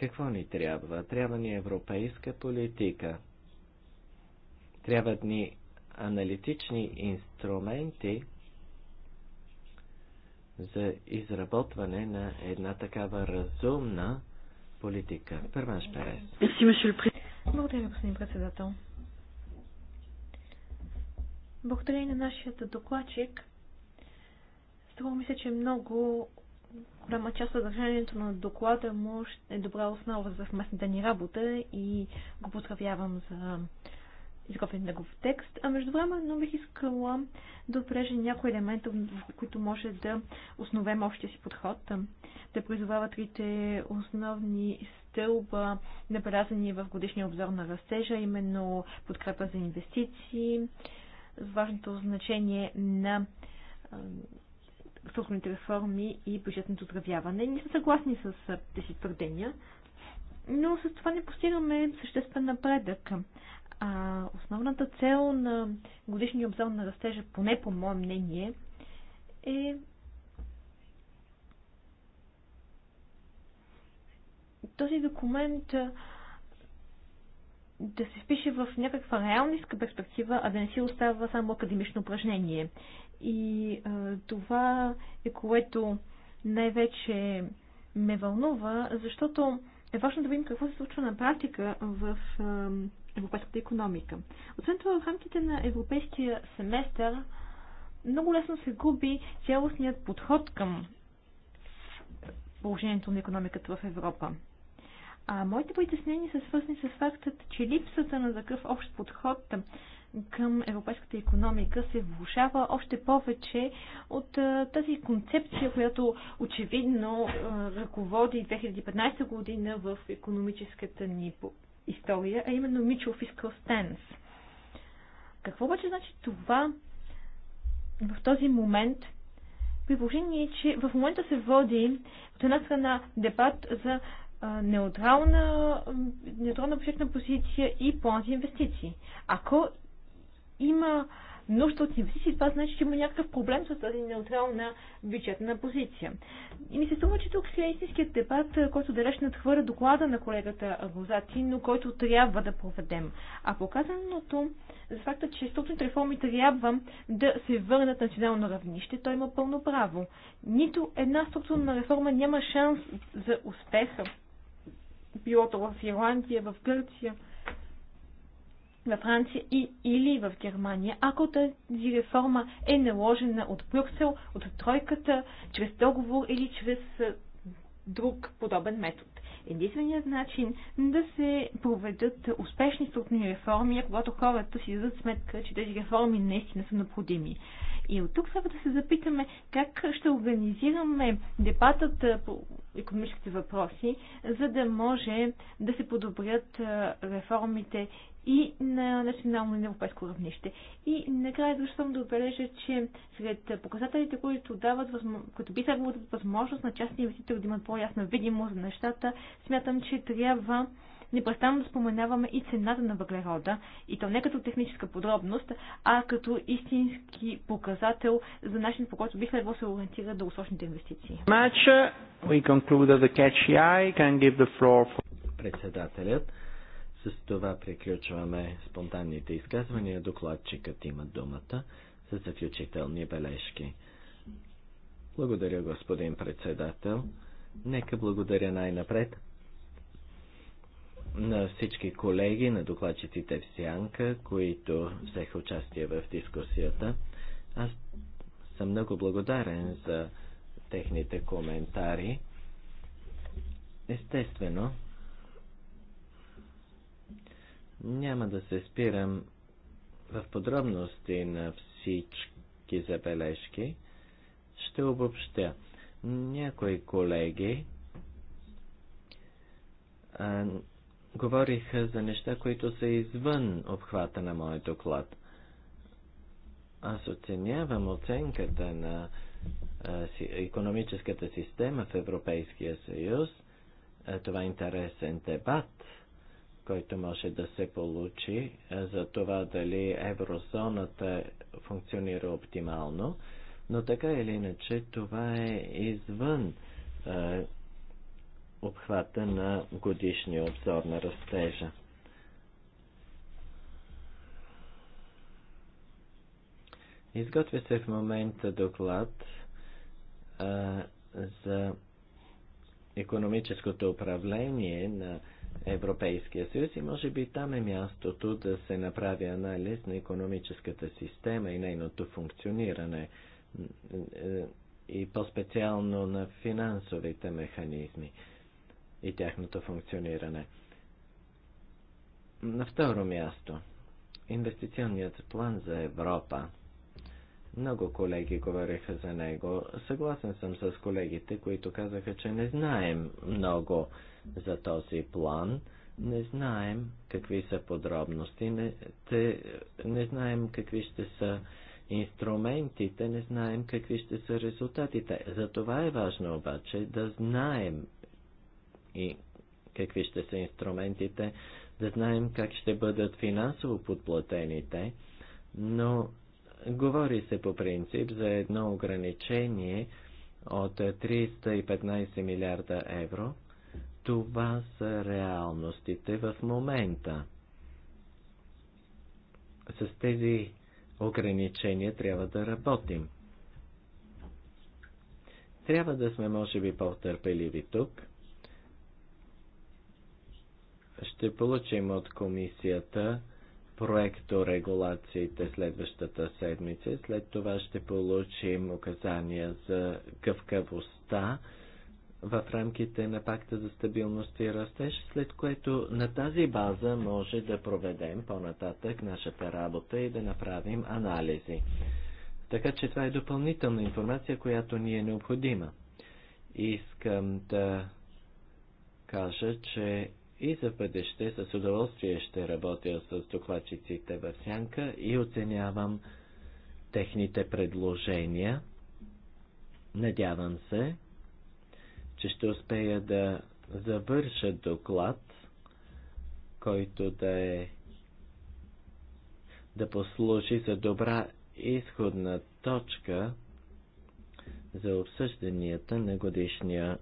Speaker 3: Какво ни трябва? Трябва ни европейска политика. Трябват ни аналитични инструменти за изработване на една такава разумна политика. Първанш Перес.
Speaker 4: Благодаря, господин председател. Благодаря и на нашия докладчик. Струва ми се, че много голяма част от съдържанието на доклада му е добра основа за съвместната ни работа и го поздравявам за изготвен негов текст. А между време, но бих искала да отбележа някои елементи, в които може да основем общия си подход. Да призовава трите основни стълба, набелязани в годишния обзор на растежа, именно подкрепа за инвестиции, важното значение на структурните реформи и бюджетното здравяване. Не сме съгласни с тези твърдения, но с това не постигаме съществен напредък. А основната цел на годишния обзор на растежа, поне по мое мнение, е този документ да се впише в някаква реалнистка перспектива, а да не си остава само академично упражнение. И а, това е което най-вече ме вълнува, защото е важно да видим какво се случва на практика в а, европейската економика. Освен това, в рамките на европейския семестър много лесно се губи цялостният подход към положението на економиката в Европа. А моите притеснения са свързани с фактът, че липсата на такъв общ подход към европейската економика се влушава още повече от тази концепция, която очевидно ръководи 2015 година в економическата ни история, а именно Mitchell Fiscal Stance. Какво обаче значи това в този момент, при положение, че в момента се води от една страна дебат за неутрална, неутрална бюджетна позиция и план за инвестиции. Ако има нужда от инвестиции, това значи, че има някакъв проблем с тази неутрална бюджетна позиция. И ми се струва, че тук е истинският дебат, който далеч надхвърля доклада на колегата Розати, но който трябва да проведем. А показаното за факта, че структурните реформи трябва да се върнат на национално равнище, той има пълно право. Нито една структурна реформа няма шанс за успеха, било то в Ирландия, в Гърция, във Франция и, или в Германия, ако тази реформа е наложена от Брюксел, от тройката, чрез договор или чрез друг подобен метод. Единственият начин да се проведат успешни структурни реформи е когато хората си дадат сметка, че тези реформи наистина са необходими. И от тук трябва да се запитаме как ще организираме дебатът по економическите въпроси, за да може да се подобрят реформите и на национално и на европейско равнище. И накрая дошвам да отбележа, че сред показателите, които дават, възм... които би трябвало възможност на частни инвеститори да имат по-ясна видимост за нещата, смятам, че трябва непрестанно да споменаваме и цената на въглерода, и то не като техническа подробност, а като истински показател за начин по който би следвало се ориентира дългосрочните инвестиции.
Speaker 3: Председателят. С това приключваме спонтанните изказвания. Докладчикът има думата за заключителни бележки. Благодаря, господин председател. Нека благодаря най-напред на всички колеги, на докладчиците в Сянка, които взеха участие в дискусията. Аз съм много благодарен за техните коментари. Естествено, няма да се спирам в подробности на всички забележки. Ще обобщя. Някои колеги говорих за неща, които са извън обхвата на моят доклад. Аз оценявам оценката на економическата система в Европейския съюз. Това е интересен дебат, който може да се получи за това дали еврозоната функционира оптимално, но така или иначе това е извън обхвата на годишния обзор на растежа. Изготвя се в момента доклад а, за економическото управление на Европейския съюз и може би там е мястото да се направи анализ на економическата система и нейното функциониране е, и по-специално на финансовите механизми и тяхното функциониране. На второ място, инвестиционният план за Европа. Много колеги говориха за него. Съгласен съм с колегите, които казаха, че не знаем много за този план. Не знаем какви са подробности, не, те, не знаем какви ще са инструментите, не знаем какви ще са резултатите. За това е важно обаче да знаем и какви ще са инструментите, да знаем как ще бъдат финансово подплатените, но говори се по принцип за едно ограничение от 315 милиарда евро. Това са реалностите в момента. С тези ограничения трябва да работим. Трябва да сме, може би, по-търпеливи тук – ще получим от комисията проекторегулациите следващата седмица. След това ще получим указания за гъвкавостта в рамките на пакта за стабилност и растеж, след което на тази база може да проведем по-нататък нашата работа и да направим анализи. Така че това е допълнителна информация, която ни е необходима. Искам да кажа, че и за бъдеще с удоволствие ще работя с докладчиците в Сянка и оценявам техните предложения. Надявам се, че ще успея да завърша доклад, който да е да послужи за добра изходна точка за обсъжданията на годишния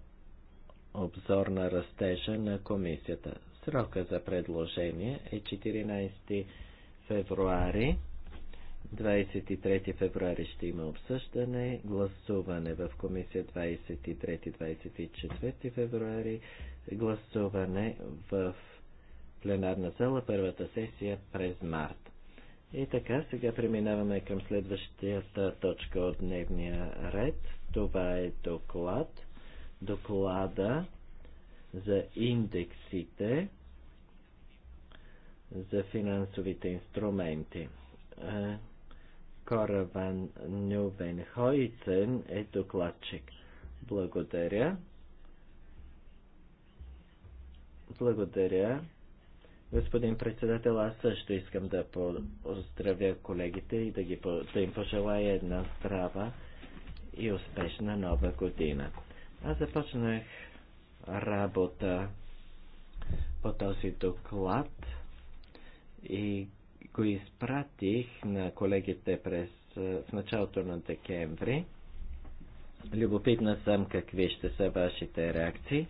Speaker 3: обзор на растежа на комисията. Срока за предложение е 14 февруари. 23 февруари ще има обсъждане, гласуване в комисия 23-24 февруари, гласуване в пленарна зала, първата сесия през март. И така, сега преминаваме към следващата точка от дневния ред. Това е доклад доклада за индексите за финансовите инструменти. Е, Кораван Нювен Хойцен е докладчик. Благодаря. Благодаря. Господин председател, аз също искам да поздравя колегите и да, ги, да им пожелая една здрава и успешна нова година. Аз започнах работа по този доклад и го изпратих на колегите през, в началото на декември. Любопитна съм какви ще са вашите реакции.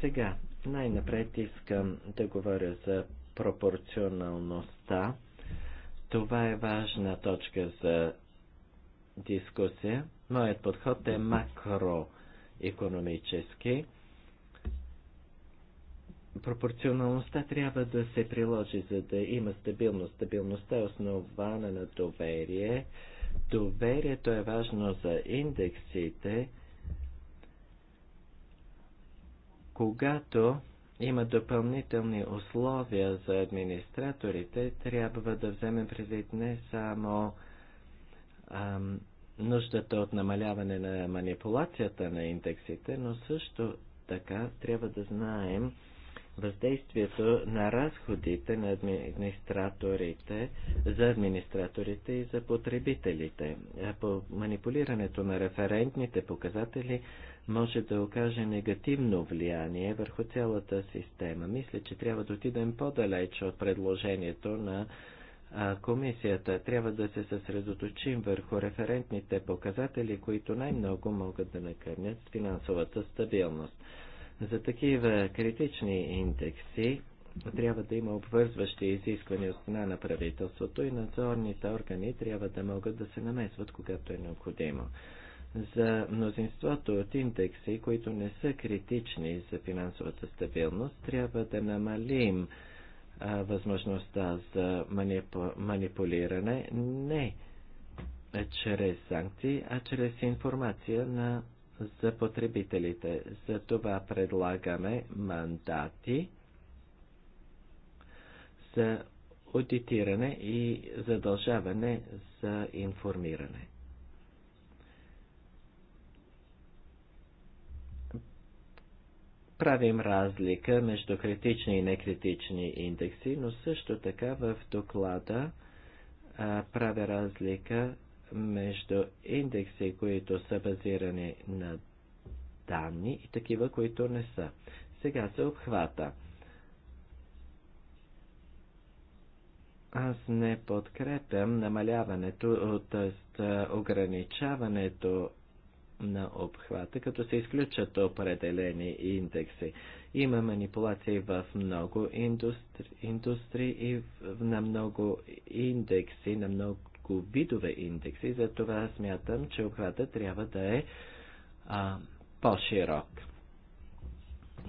Speaker 3: Сега, най-напред искам да говоря за пропорционалността. Това е важна точка за дискусия. Моят подход е макроекономически. Пропорционалността трябва да се приложи, за да има стабилност. Стабилността е основана на доверие. Доверието е важно за индексите, когато има допълнителни условия за администраторите, трябва да вземем предвид не само ам, нуждата от намаляване на манипулацията на индексите, но също така трябва да знаем въздействието на разходите на администраторите, за администраторите и за потребителите. По манипулирането на референтните показатели може да окаже негативно влияние върху цялата система. Мисля, че трябва да отидем по-далеч от предложението на комисията. Трябва да се съсредоточим върху референтните показатели, които най-много могат да накърнят финансовата стабилност. За такива критични индекси трябва да има обвързващи изисквания от страна на правителството и надзорните органи трябва да могат да се намесват, когато е необходимо. За мнозинството от индекси, които не са критични за финансовата стабилност, трябва да намалим възможността за манипу... манипулиране не чрез санкции, а чрез информация на, за потребителите. За това предлагаме мандати за аудитиране и задължаване за информиране. правим разлика между критични и некритични индекси, но също така в доклада а, правя разлика между индекси, които са базирани на данни и такива, които не са. Сега се обхвата. Аз не подкрепям намаляването, т.е. ограничаването на обхвата, като се изключат определени индекси. Има манипулации в много индустри, индустри и на много индекси, на много видове индекси, затова смятам, че обхвата трябва да е по-широк.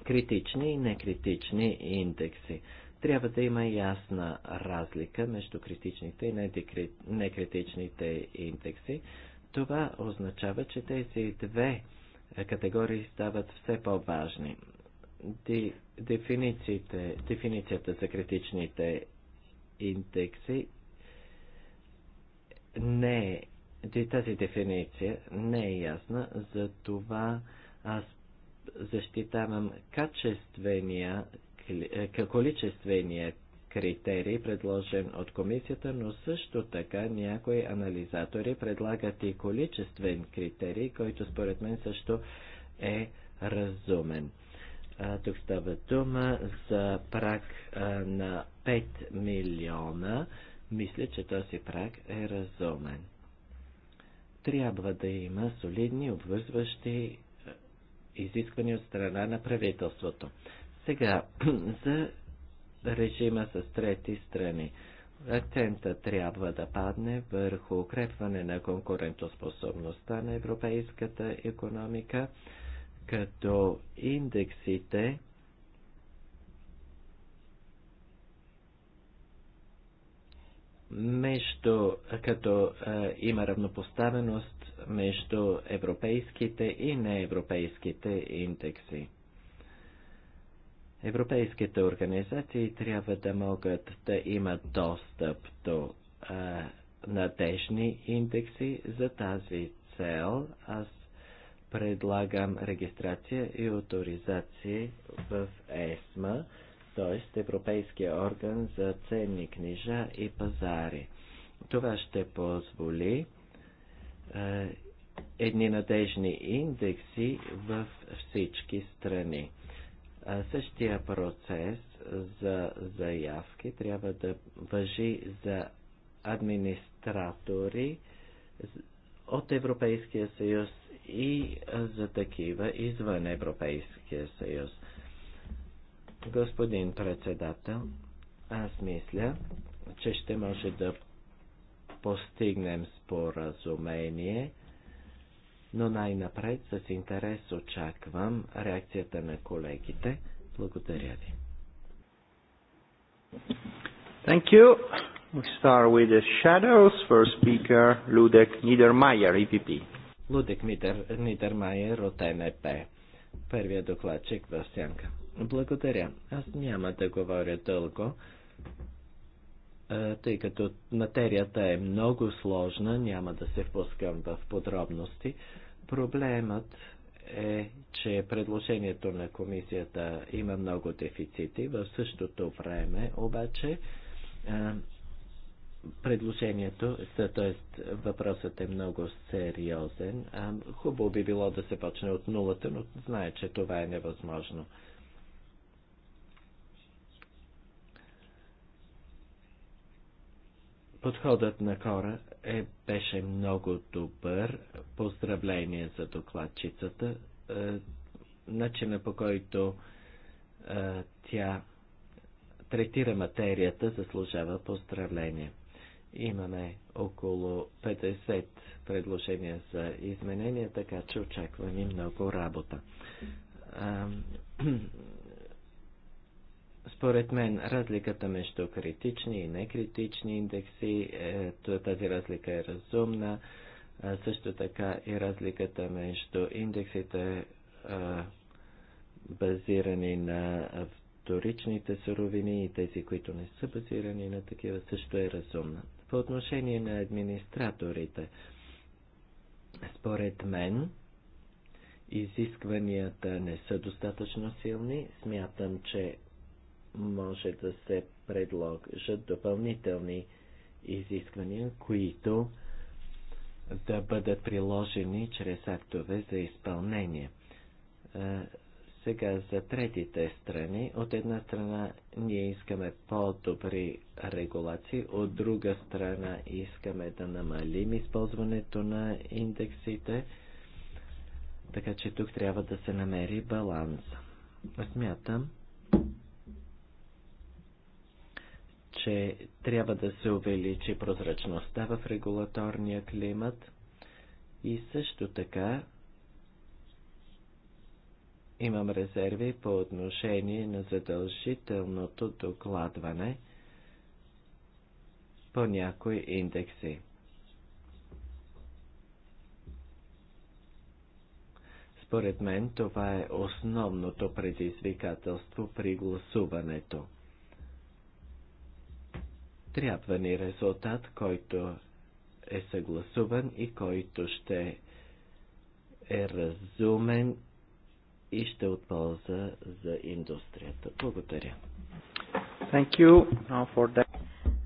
Speaker 3: Критични и некритични индекси трябва да има ясна разлика между критичните и некритичните индекси. Това означава, че тези две е, категории стават все по-важни. Дефиницията за критичните индекси не е тази дефиниция не е ясна, за това аз защитавам качествения, е, количествения критерий, предложен от комисията, но също така някои анализатори предлагат и количествен критерий, който според мен също е разумен. А, тук става дума за прак а, на 5 милиона. Мисля, че този прак е разумен. Трябва да има солидни, обвързващи изисквания от страна на правителството. Сега, за режима с трети страни. Акцента трябва да падне върху укрепване на конкурентоспособността на европейската економика, като индексите между, като е, има равнопоставеност между европейските и неевропейските индекси. Европейските организации трябва да могат да имат достъп до а, надежни индекси за тази цел. Аз предлагам регистрация и авторизация в ЕСМА, т.е. Европейския орган за ценни книжа и пазари. Това ще позволи а, едни надежни индекси в всички страни. Същия процес за заявки трябва да въжи за администратори от Европейския съюз и за такива извън Европейския съюз. Господин председател, аз мисля, че ще може да постигнем споразумение но най-напред с интерес очаквам реакцията на колегите. Благодаря ви.
Speaker 1: Thank you. We start with the shadows. First speaker, Ludek Niedermayer, EPP.
Speaker 3: Ludek Niedermayer от НП. Първият докладчик в сянка. Благодаря. Аз няма да говоря дълго, тъй като материята е много сложна, няма да се впускам в подробности. Проблемът е, че предложението на комисията има много дефицити. В същото време обаче предложението, т.е. въпросът е много сериозен. Хубаво би било да се почне от нулата, но знае, че това е невъзможно. Подходът на хора е, беше много добър. Поздравление за докладчицата. Е, начина по който е, тя третира материята заслужава поздравление. Имаме около 50 предложения за изменения, така че очаквам и много работа. Според мен разликата между критични и некритични индекси, е, тази разлика е разумна. Също така и разликата между индексите, е, базирани на вторичните суровини и тези, които не са базирани на такива, също е разумна. По отношение на администраторите, според мен, изискванията не са достатъчно силни. Смятам, че може да се предложат допълнителни изисквания, които да бъдат приложени чрез актове за изпълнение. Е, сега за третите страни. От една страна ние искаме по-добри регулации, от друга страна искаме да намалим използването на индексите, така че тук трябва да се намери баланс. Смятам, че трябва да се увеличи прозрачността в регулаторния климат и също така имам резерви по отношение на задължителното докладване по някои индекси. Според мен това е основното предизвикателство при гласуването. Трябва ни резултат, който е съгласуван и който ще е разумен и ще от за индустрията. Благодаря. Thank you for that.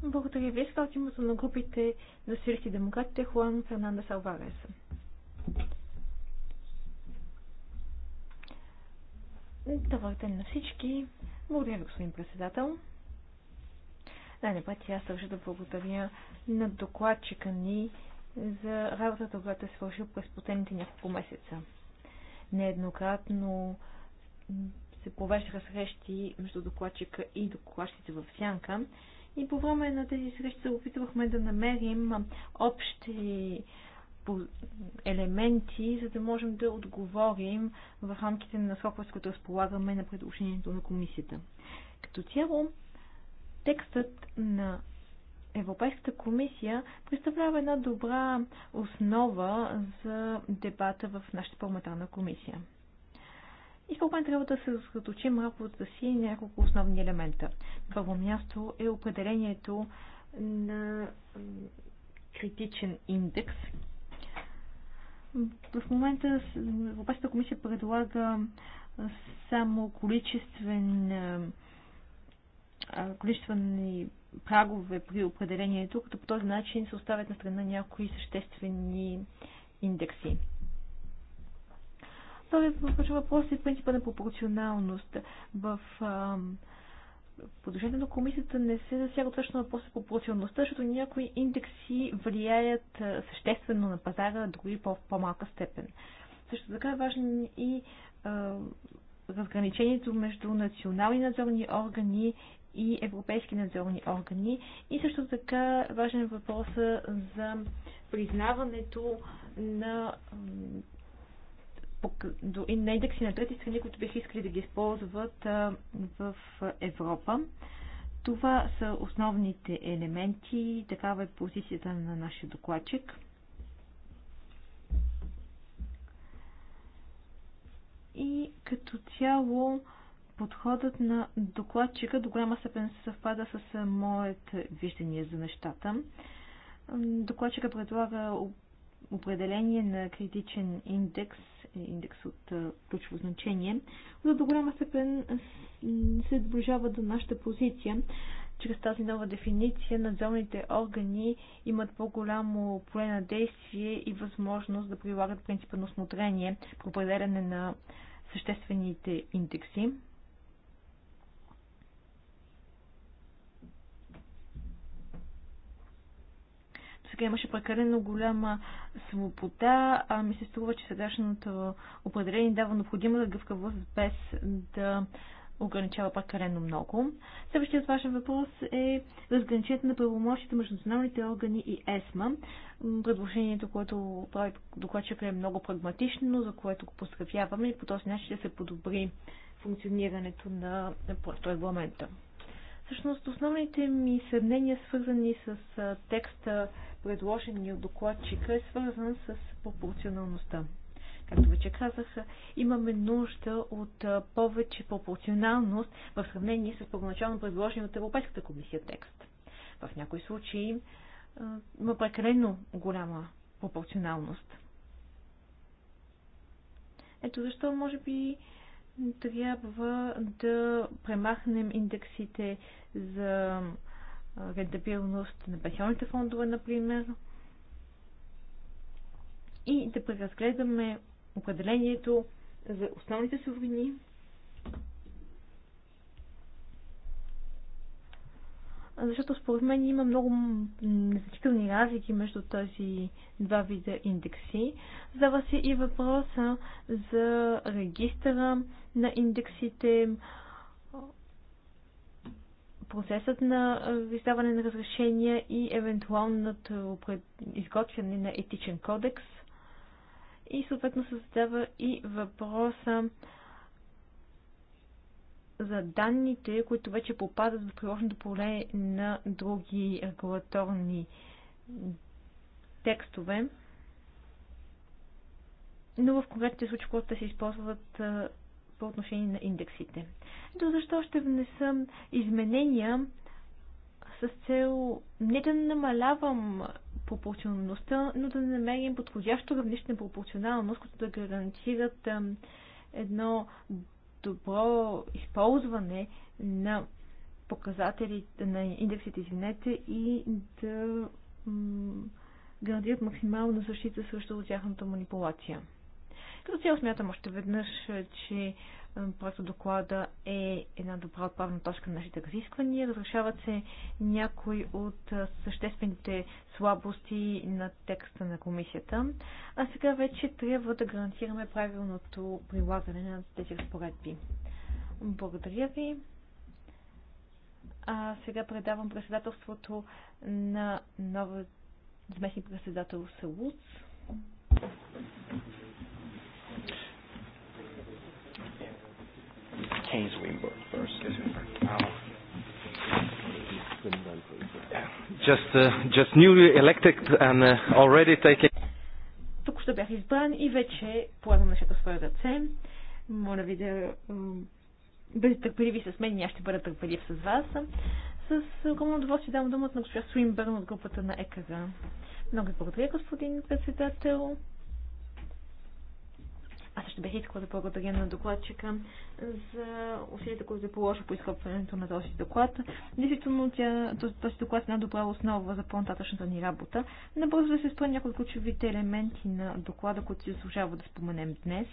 Speaker 4: Благодаря ви. Сега от името на групите на Сирийски демократите Хуан Фернанда Алварес. Добър ден на всички. Благодаря ви, господин председател най път аз държа да благодаря на докладчика ни за работата, която е свършил през последните няколко месеца. Нееднократно се провеждаха срещи между докладчика и докладчиците в сянка. И по време на тези срещи се опитвахме да намерим общи елементи, за да можем да отговорим в рамките на срока, с които разполагаме на предложението на комисията. Като цяло, Текстът на Европейската комисия представлява една добра основа за дебата в нашата парламентарна комисия. И според мен трябва да се съсредоточим работата си няколко основни елемента. Първо място е определението на критичен индекс. В момента Европейската комисия предлага само количествен количествени прагове при определението, като по този начин се оставят на страна някои съществени индекси. Вторият въпрос е принципа на пропорционалност. В Подложението на комисията не се засяга точно въпроса по пропорционалността, защото някои индекси влияят съществено на пазара, други по- по-малка степен. Също така е важен и разграничението между национални надзорни органи и европейски надзорни органи. И също така важен е въпрос за признаването на на индекси на трети страни, които биха искали да ги използват в Европа. Това са основните елементи. Такава е позицията на нашия докладчик. И като цяло Подходът на докладчика до голяма степен съвпада с моят виждание за нещата. Докладчика предлага определение на критичен индекс, е, индекс от ключово значение, но до голяма степен се доближава до нашата позиция. Чрез тази нова дефиниция надзорните органи имат по-голямо поле на действие и възможност да прилагат принципа на осмотрение при определяне на съществените индекси. сега имаше прекалено голяма свобода, а ми се струва, че сегашното определение дава необходимата да гъвкавост без да ограничава прекалено много. Следващият важен въпрос е разграничението на правомощите между националните органи и ЕСМА. Предложението, което прави докладчик е много прагматично, за което го поздравяваме и по този начин ще се подобри функционирането на регламента. Всъщност основните ми съмнения, свързани с текста, предложен ни от докладчика, е свързан с пропорционалността. Както вече казах, имаме нужда от повече пропорционалност в сравнение с първоначално предложен от Европейската комисия текст. В някои случаи има прекалено голяма пропорционалност. Ето защо, може би, трябва да премахнем индексите за рентабилност на пенсионните фондове, например, и да преразгледаме определението за основните суровини, защото според мен има много незначителни разлики между тези два вида индекси. Задава се и въпроса за регистъра на индексите, процесът на издаване на разрешения и евентуалното изготвяне на етичен кодекс. И съответно се задава и въпроса за данните, които вече попадат в приложното поле на други регулаторни текстове. Но в конкретните случаи, когато се използват по отношение на индексите. Ето защо ще внесам изменения с цел не да намалявам пропорционалността, но да намерим подходящо равнище на пропорционалност, като да гарантират едно добро използване на показателите, на индексите, извинете, и да гарантират максимална защита срещу тяхната манипулация. Като цяло смятам още веднъж, че е, просто доклада е една добра отправна точка на нашите разисквания. Разрешават се някои от е, съществените слабости на текста на комисията. А сега вече трябва да гарантираме правилното прилагане на тези разпоредби. Благодаря ви. А сега предавам председателството на нова заместник председател Салуц.
Speaker 1: Thank you. Case Winburn first. Just, uh, just newly elected and uh, already taking...
Speaker 4: Тук ще бях избран и вече полагам нещата в своя ръце. Моля ви да бъдете търпеливи с мен и аз ще бъда търпелив с вас. С огромно удоволствие давам думата на госпожа Суинбърн от групата на ЕКР. Много благодаря, господин председател. Аз също бих искала да благодаря на докладчика за усилията, които е положи по изкопването на този доклад. Действително, тя, този доклад е една добра основа за по-нататъчната ни работа. Набързо да се спра някои от ключовите елементи на доклада, които се заслужава да споменем днес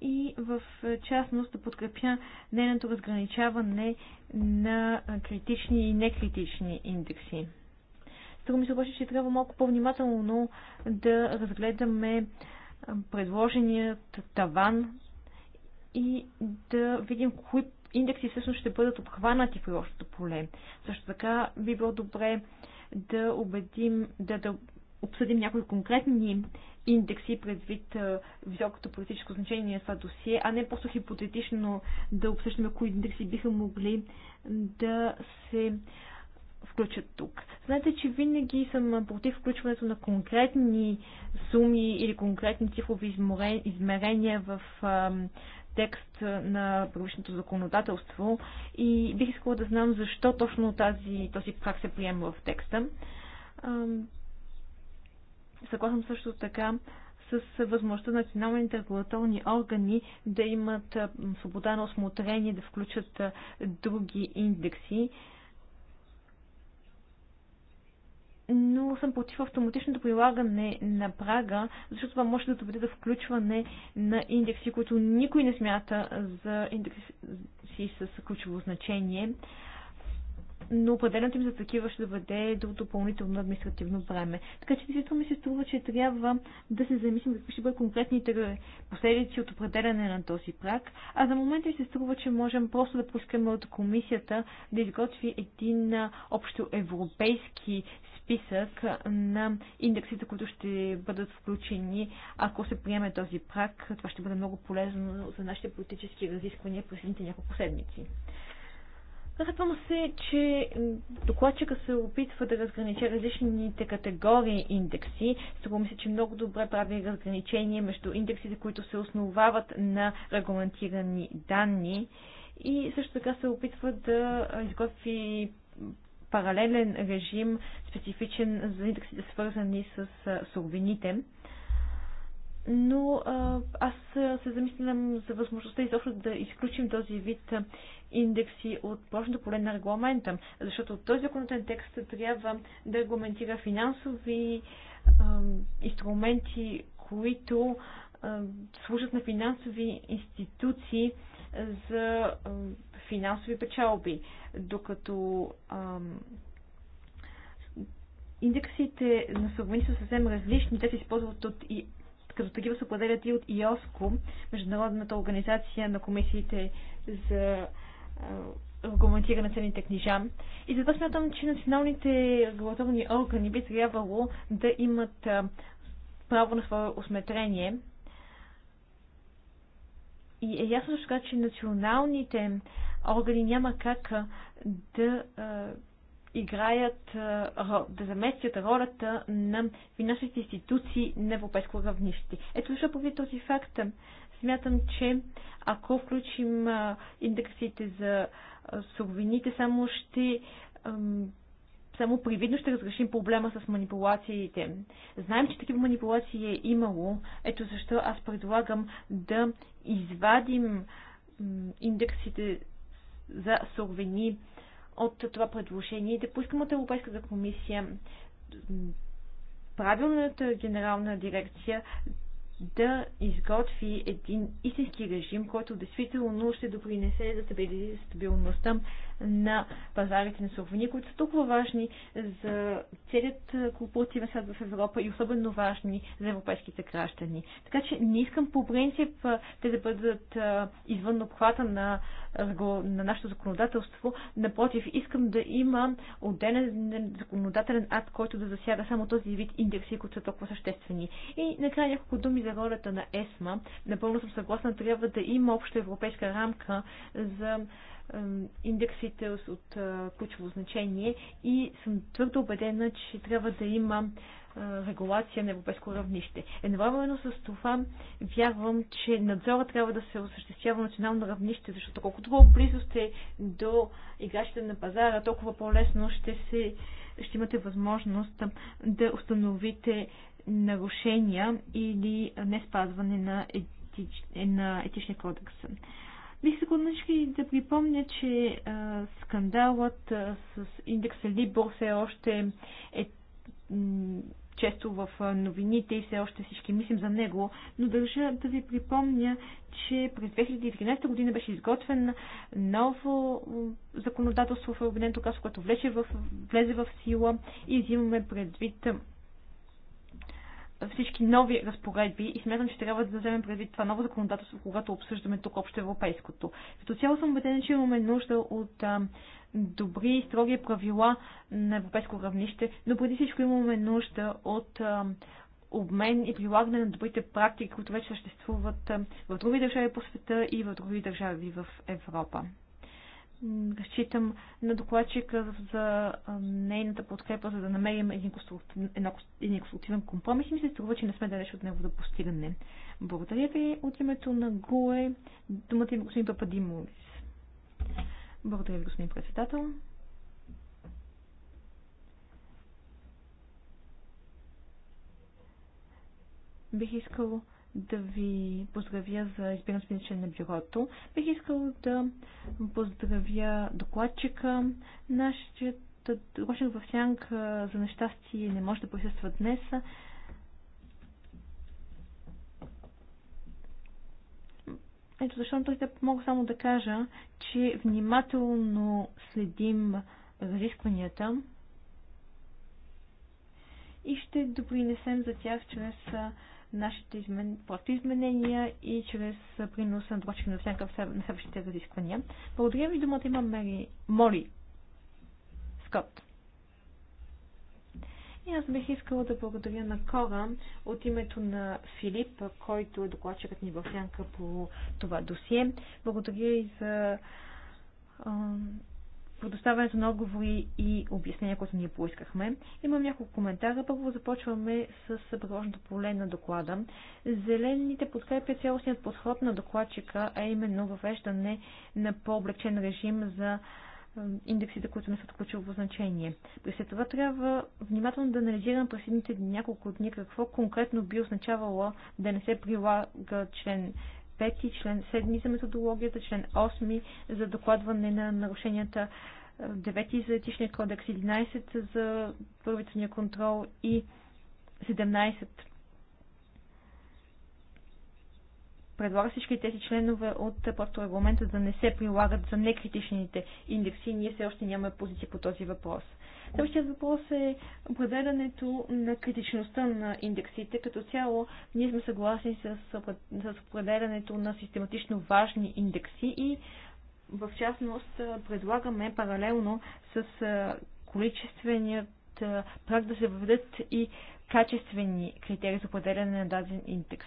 Speaker 4: и в частност да подкрепя нейното разграничаване на критични и некритични индекси. Струва ми се обаче, че трябва малко по-внимателно да разгледаме предложеният таван и да видим кои индекси всъщност ще бъдат обхванати в лошото поле. Също така би било добре да убедим, да, да обсъдим някои конкретни индекси предвид високото политическо значение на това досие, а не просто хипотетично да обсъждаме кои индекси биха могли да се включат тук. Знаете, че винаги съм против включването на конкретни суми или конкретни цифрови измерения в текст на първичното законодателство и бих искала да знам защо точно тази, този прак се приема в текста. Съгласна също така с възможността на националните регулаторни органи да имат свобода на осмотрение, да включат други индекси. но съм против автоматичното прилагане на прага, защото това може да доведе до включване на индекси, които никой не смята за индекси с ключово значение, но определеното им за такива ще доведе до допълнително административно време. Така че действително ми се струва, че трябва да се замислим какви ще бъдат конкретните последици от определяне на този прак, а за момента ми се струва, че можем просто да поискаме от комисията да изготви един общо европейски списък на индексите, които ще бъдат включени. Ако се приеме този прак, това ще бъде много полезно за нашите политически разисквания през следните няколко седмици. Радвам се, че докладчика се опитва да разграничи различните категории индекси. Струва ми се, че много добре прави разграничение между индексите, които се основават на регламентирани данни и също така се опитва да изготви паралелен режим, специфичен за индексите, свързани с суровините. Но аз се замислям за възможността изобщо да изключим този вид индекси от прошното поле на регламента, защото този законотен текст трябва да регламентира финансови инструменти, които служат на финансови институции за финансови печалби, докато индексите на суровини са съвсем различни. Те се използват от и като такива се определят и от ИОСКО, Международната организация на комисиите за регламентиране на ценните книжа. И затова смятам, че националните регулаторни органи би трябвало да имат право на свое осметрение и е ясно така, че националните органи няма как да а, играят, а, да заместят ролята на финансовите институции на европейско равнище. Ето защо повид този факт. Смятам, че ако включим а, индексите за а, суровините, само ще само привидно ще разрешим проблема с манипулациите. Знаем, че такива манипулации е имало. Ето защо аз предлагам да извадим индексите за сурвени от това предложение и да пускам от Европейската комисия правилната генерална дирекция да изготви един истински режим, който действително ще допринесе за стабилността на пазарите на суровини, които са толкова важни за целият корпоративен свят в Европа и особено важни за европейските граждани. Така че не искам по принцип те да бъдат извън обхвата на, на нашето законодателство. Напротив, искам да има отделен законодателен акт, който да засяга само този вид индекси, които са толкова съществени. И накрая няколко думи за ролята на ЕСМА. Напълно съм съгласна, трябва да има обща европейска рамка за индексите от ключово значение и съм твърдо убедена, че трябва да има регулация на европейско равнище. Едновременно с това вярвам, че надзора трябва да се осъществява национално равнище, защото колкото друго близо сте до играчите на пазара, толкова по-лесно ще, се, ще имате възможност да установите нарушения или не спазване на, етич, на етичния кодекс. Бих се клонички да припомня, че а, скандалът а, с индекса Либор все още е често в новините и все още всички мислим за него, но държа да ви припомня, че през 2013 година беше изготвен ново законодателство в Обединеното кралство, което влезе в, влезе в сила и взимаме предвид всички нови разпоредби и смятам, че трябва да вземем предвид това ново законодателство, когато обсъждаме тук общо европейското. Като цяло съм убедена, че имаме нужда от а, добри и строги правила на европейско равнище, но преди всичко имаме нужда от а, обмен и прилагане на добрите практики, които вече съществуват в други държави по света и в други държави в Европа разчитам на докладчика за нейната подкрепа, за да намерим един конструктивен, компромис и ми се струва, че не сме далеч от него да постигнем. Благодаря ви от името на ГУЕ. Думата има господин Пападимовис. Благодаря ви, господин председател. Бих искал да ви поздравя за избирането ми на бюрото. Бих искал да поздравя докладчика. Нашият Рошен в сянка за нещастие не може да присъства днес. Ето защо той да мога само да кажа, че внимателно следим разискванията и ще допринесем за тях чрез нашите измен... изменения и чрез принос на дочки на всяка на следващите разисквания. Благодаря ви, думата има Мери... Моли Скот. И аз бих искала да благодаря на Кора от името на Филип, който е докладчикът ни в Янка по това досие. Благодаря и за предоставянето на отговори и обяснения, които ние поискахме. Имам няколко коментара. Първо започваме с предложеното поле на доклада. Зелените подкрепя е цялостният подход на докладчика, а именно въвеждане на по-облегчен режим за индексите, които не са от ключово значение. При след това трябва внимателно да анализирам през следните няколко дни какво конкретно би означавало да не се прилага член 5, член 7 за методологията, член 8 за докладване на нарушенията, 9 е, за етичния кодекс, 11 за правителния контрол и 17 предлага всички тези членове от просто регламента да не се прилагат за некритичните индекси. Ние все още нямаме позиция по този въпрос. Следващият въпрос е определянето на критичността на индексите. Като цяло ние сме съгласни с, с определянето на систематично важни индекси и в частност предлагаме паралелно с количественият прак да се въведат и качествени критерии за определяне на даден индекс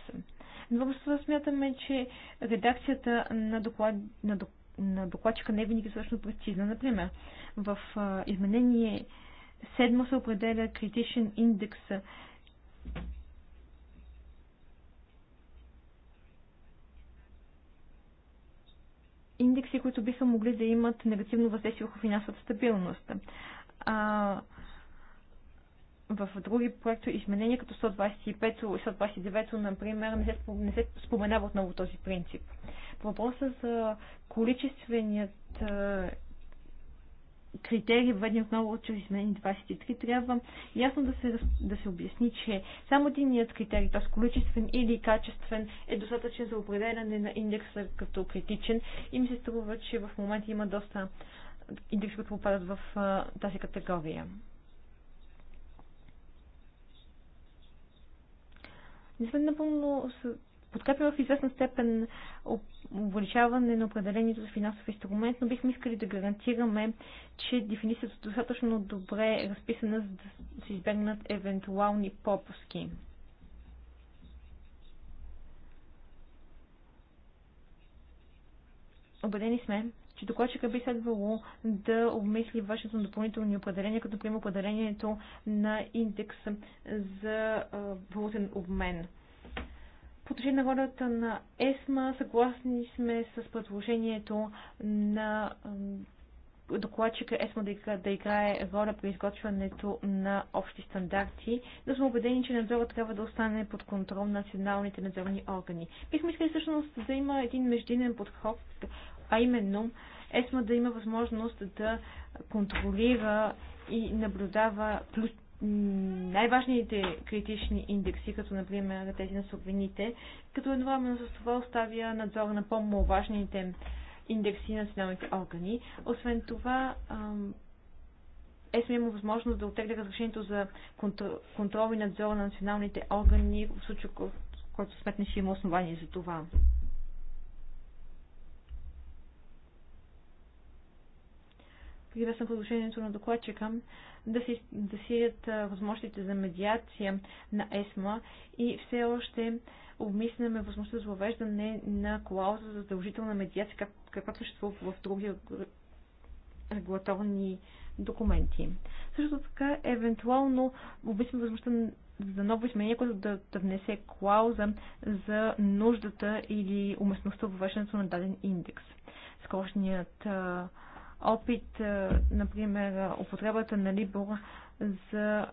Speaker 4: да е, смятаме, че редакцията на, доклад, на, на докладчика не е винаги също прецизна. Например, в а, изменение 7 се определя критичен индекс индекси, които биха могли да имат негативно въздействие върху финансовата стабилност. А, в други проекти изменения, като 125 и 129, например, не се, не се споменава отново този принцип. По въпроса за количественият е, критерий, введен отново от изменение 23, трябва ясно да се, да се обясни, че само единият критерий, т.е. количествен или качествен, е достатъчен за определяне на индекса като критичен и ми се струва, че в момента има доста индекси, които попадат в а, тази категория. Не сме напълно подкрепяме в известна степен увеличаване на определението за финансов инструмент, но бихме искали да гарантираме, че дефиницията е достатъчно добре е разписана, за да се избегнат евентуални пропуски. Обедени сме, че докладчика би следвало да обмисли вашето допълнителни определения, като приема определението на индекс за валутен обмен. По отношение на ролята на ЕСМА, съгласни сме с предложението на докладчика ЕСМА да играе роля при изготвянето на общи стандарти, но сме убедени, че надзорът трябва да остане под контрол на националните надзорни органи. Бихме искали всъщност да има един междинен подход а именно ЕСМА да има възможност да контролира и наблюдава плюс най-важните критични индекси, като например на тези на суровините, като едновременно с това оставя надзора на по-маловажните индекси на националните органи. Освен това, есми има възможност да отегля разрешението за контрол, и надзор на националните органи в случай, в който сметне ще има основание за това. приветствам предложението на докладчика да се да сият възможностите за медиация на ЕСМА и все още обмисляме възможността за въвеждане на клауза за задължителна медиация, как, каквато съществува в други регулаторни документи. Също така, евентуално обмисляме възможността за ново изменение, което да, да внесе клауза за нуждата или уместността въвеждането на даден индекс. Скорошният а, опит, е, например, употребата на Либор за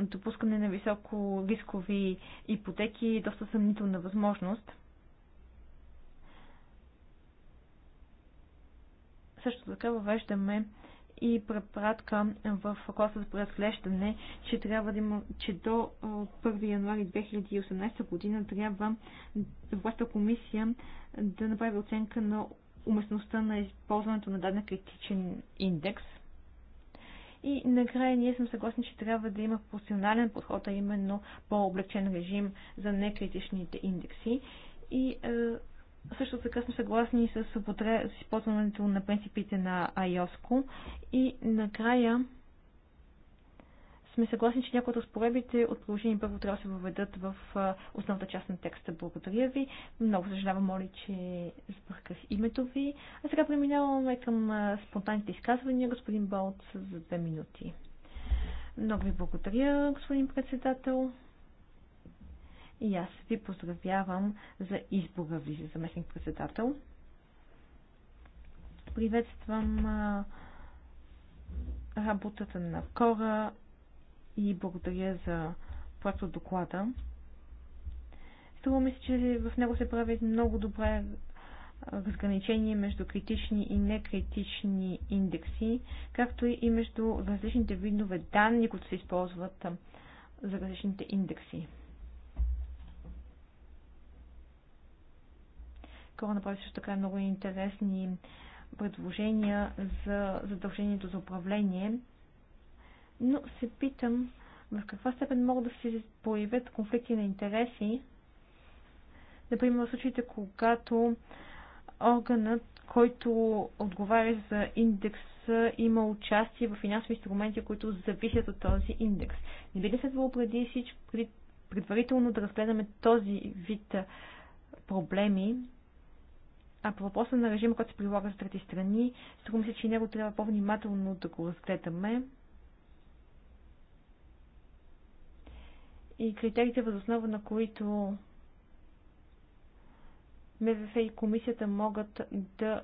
Speaker 4: допускане на високо рискови ипотеки е доста съмнителна възможност. Също така въвеждаме и препратка в класа за преразглеждане, че трябва да има, че до 1 януари 2018 година трябва властта комисия да направи оценка на уместността на използването на даден критичен индекс. И накрая ние съм съгласни, че трябва да има професионален подход, а именно по-облегчен режим за некритичните индекси. И е, също така сме съгласни с, с използването на принципите на IOSCO. И накрая сме съгласни, че някои от разпоредбите от приложение първо трябва да се въведат в основната част на текста. Благодаря ви. Много съжалявам, моля, че сбърках името ви. А сега преминаваме към спонтанните изказвания. Господин Болт за две минути. Много ви благодаря, господин председател. И аз ви поздравявам за избора ви за заместник-председател. Приветствам работата на Кора и благодаря за проект доклада. Струва ми се, че в него се прави много добре разграничение между критични и некритични индекси, както и между различните видове данни, които се използват за различните индекси. Кора направи също така много интересни предложения за задължението за управление но се питам в каква степен могат да се появят конфликти на интереси, например в случаите, когато органът, който отговаря за индекс, има участие в финансови инструменти, които зависят от този индекс. Не би ли следвало преди всичко, предварително да разгледаме този вид проблеми, а по въпроса на режима, който се прилага за трети страни, струва се, че него трябва по-внимателно да го разгледаме. и критериите, възоснова на които МВФ и комисията могат да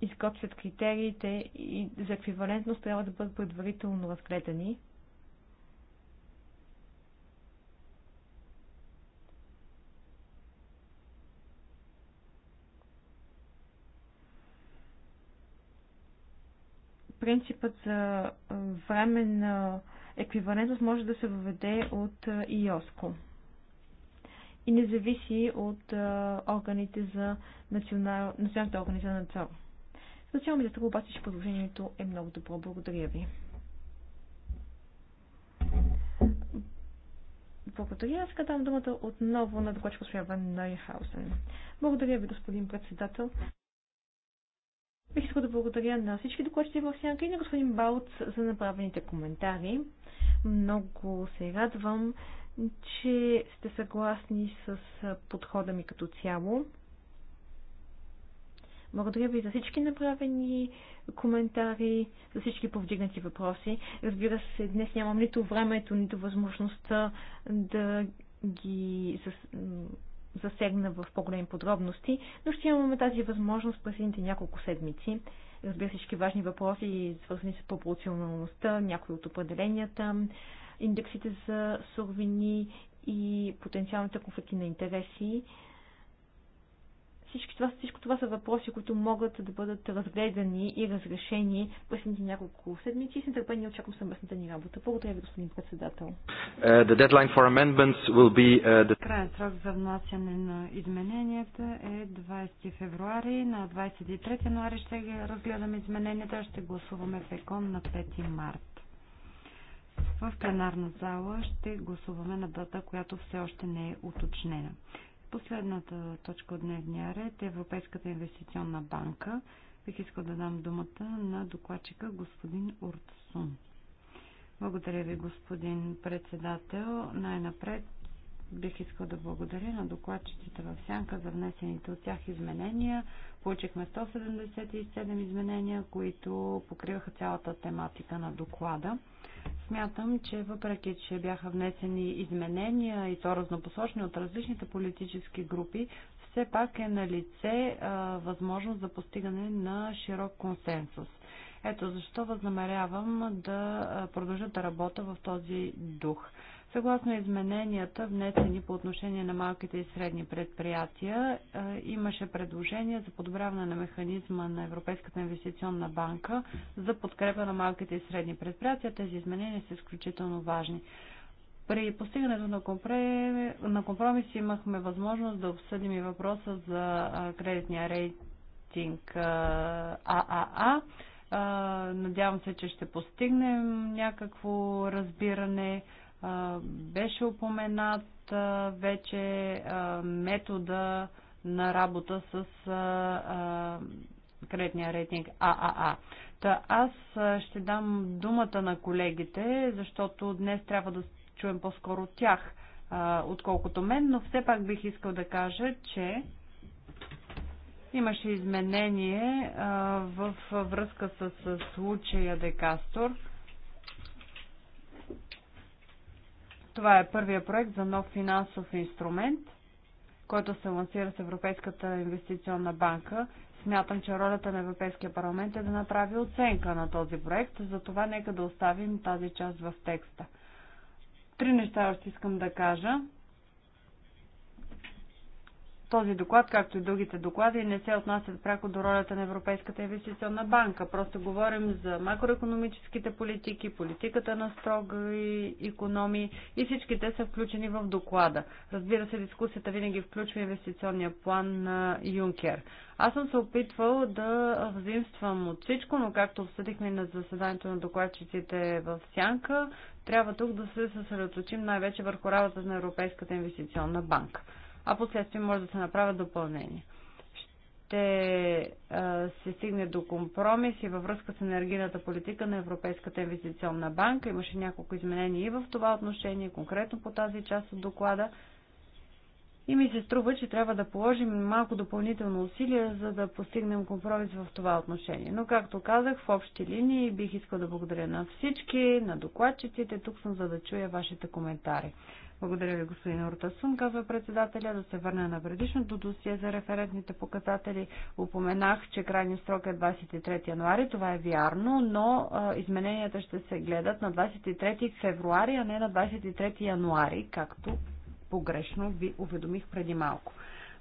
Speaker 4: изготвят критериите и за еквивалентност трябва да бъдат предварително разгледани.
Speaker 2: Принципът за
Speaker 4: време на еквивалентност може да се въведе от ИОСКО и не зависи от органите за национал... националните органи за надзор. Специално ми за това обаче, че предложението е много добро. Благодаря ви. Благодаря. Сега давам думата отново на докладчик господин Найхаусен. Благодаря ви, господин председател. Бих искал да благодаря на всички докладчици в сянка и на господин Бауц за направените коментари. Много се радвам, че сте съгласни с подхода ми като цяло. Благодаря ви за всички направени коментари, за всички повдигнати въпроси. Разбира се, днес нямам нито времето, нито възможността да ги засегна в по-големи подробности, но ще имаме тази възможност през едните няколко седмици. Разбира всички важни въпроси, свързани с пропорционалността, някои от определенията, индексите за суровини и потенциалните конфликти на интереси всички това, всичко това са въпроси, които могат да бъдат разгледани и разрешени през няколко седмици. И С нетърпение
Speaker 2: очаквам съвместната ни работа. Благодаря ви, господин председател.
Speaker 1: Uh, е, е, Крайен
Speaker 2: срок за внасяне на измененията е 20 февруари. На 23 януари ще ги разгледаме измененията. Ще гласуваме в ЕКОН на 5 март. В пленарна зала ще гласуваме на дата, която все още не е уточнена. Последната точка от дневния ред е Европейската инвестиционна банка. Бих искал да дам думата на докладчика господин Уртсун. Благодаря ви, господин председател. Най-напред бих искал да благодаря на докладчиците в Сянка за внесените от тях изменения. Получихме 177 изменения, които покриваха цялата тематика на доклада. Смятам, че въпреки, че бяха внесени изменения и то разнопосочни от различните политически групи, все пак е на лице а, възможност за постигане на широк консенсус. Ето защо възнамерявам да продължа да работя в този дух. Съгласно измененията, внесени по отношение на малките и средни предприятия, е, имаше предложение за подобряване на механизма на Европейската инвестиционна банка за подкрепа на малките и средни предприятия. Тези изменения са изключително важни. При постигането на, компромис имахме възможност да обсъдим и въпроса за кредитния рейтинг ААА. Надявам се, че ще постигнем някакво разбиране. Беше упоменат вече метода на работа с кредитния рейтинг ААА. Та аз ще дам думата на колегите, защото днес трябва да чуем по-скоро тях, отколкото мен, но все пак бих искал да кажа, че имаше изменение в връзка с случая Декастор. Това е първия проект за нов финансов инструмент, който се лансира с Европейската инвестиционна банка. Смятам, че ролята на Европейския парламент е да направи оценка на този проект, затова нека да оставим тази част в текста. Три неща още искам да кажа. Този доклад, както и другите доклади, не се отнасят пряко до ролята на Европейската инвестиционна банка. Просто говорим за макроекономическите политики, политиката на и економии и всички те са включени в доклада. Разбира се, дискусията винаги включва инвестиционния план на Юнкер. Аз съм се опитвал да взаимствам от всичко, но както обсъдихме на заседанието на докладчиците в Сянка, трябва тук да се съсредоточим най-вече върху работата на Европейската инвестиционна банка а последствие може да се направят допълнения. Ще се стигне до компромис и във връзка с енергийната политика на Европейската инвестиционна банка. Имаше няколко изменения и в това отношение, конкретно по тази част от доклада. И ми се струва, че трябва да положим малко допълнително усилие, за да постигнем компромис в това отношение. Но, както казах, в общи линии бих искал да благодаря на всички, на докладчиците. Тук съм, за да чуя вашите коментари. Благодаря ви, господин Ортасун, казва председателя. Да се върне на предишното досие за референтните показатели. Упоменах, че крайният срок е 23 януари. Това е вярно, но а, измененията ще се гледат на 23 февруари, а не на 23 януари, както погрешно ви уведомих преди малко.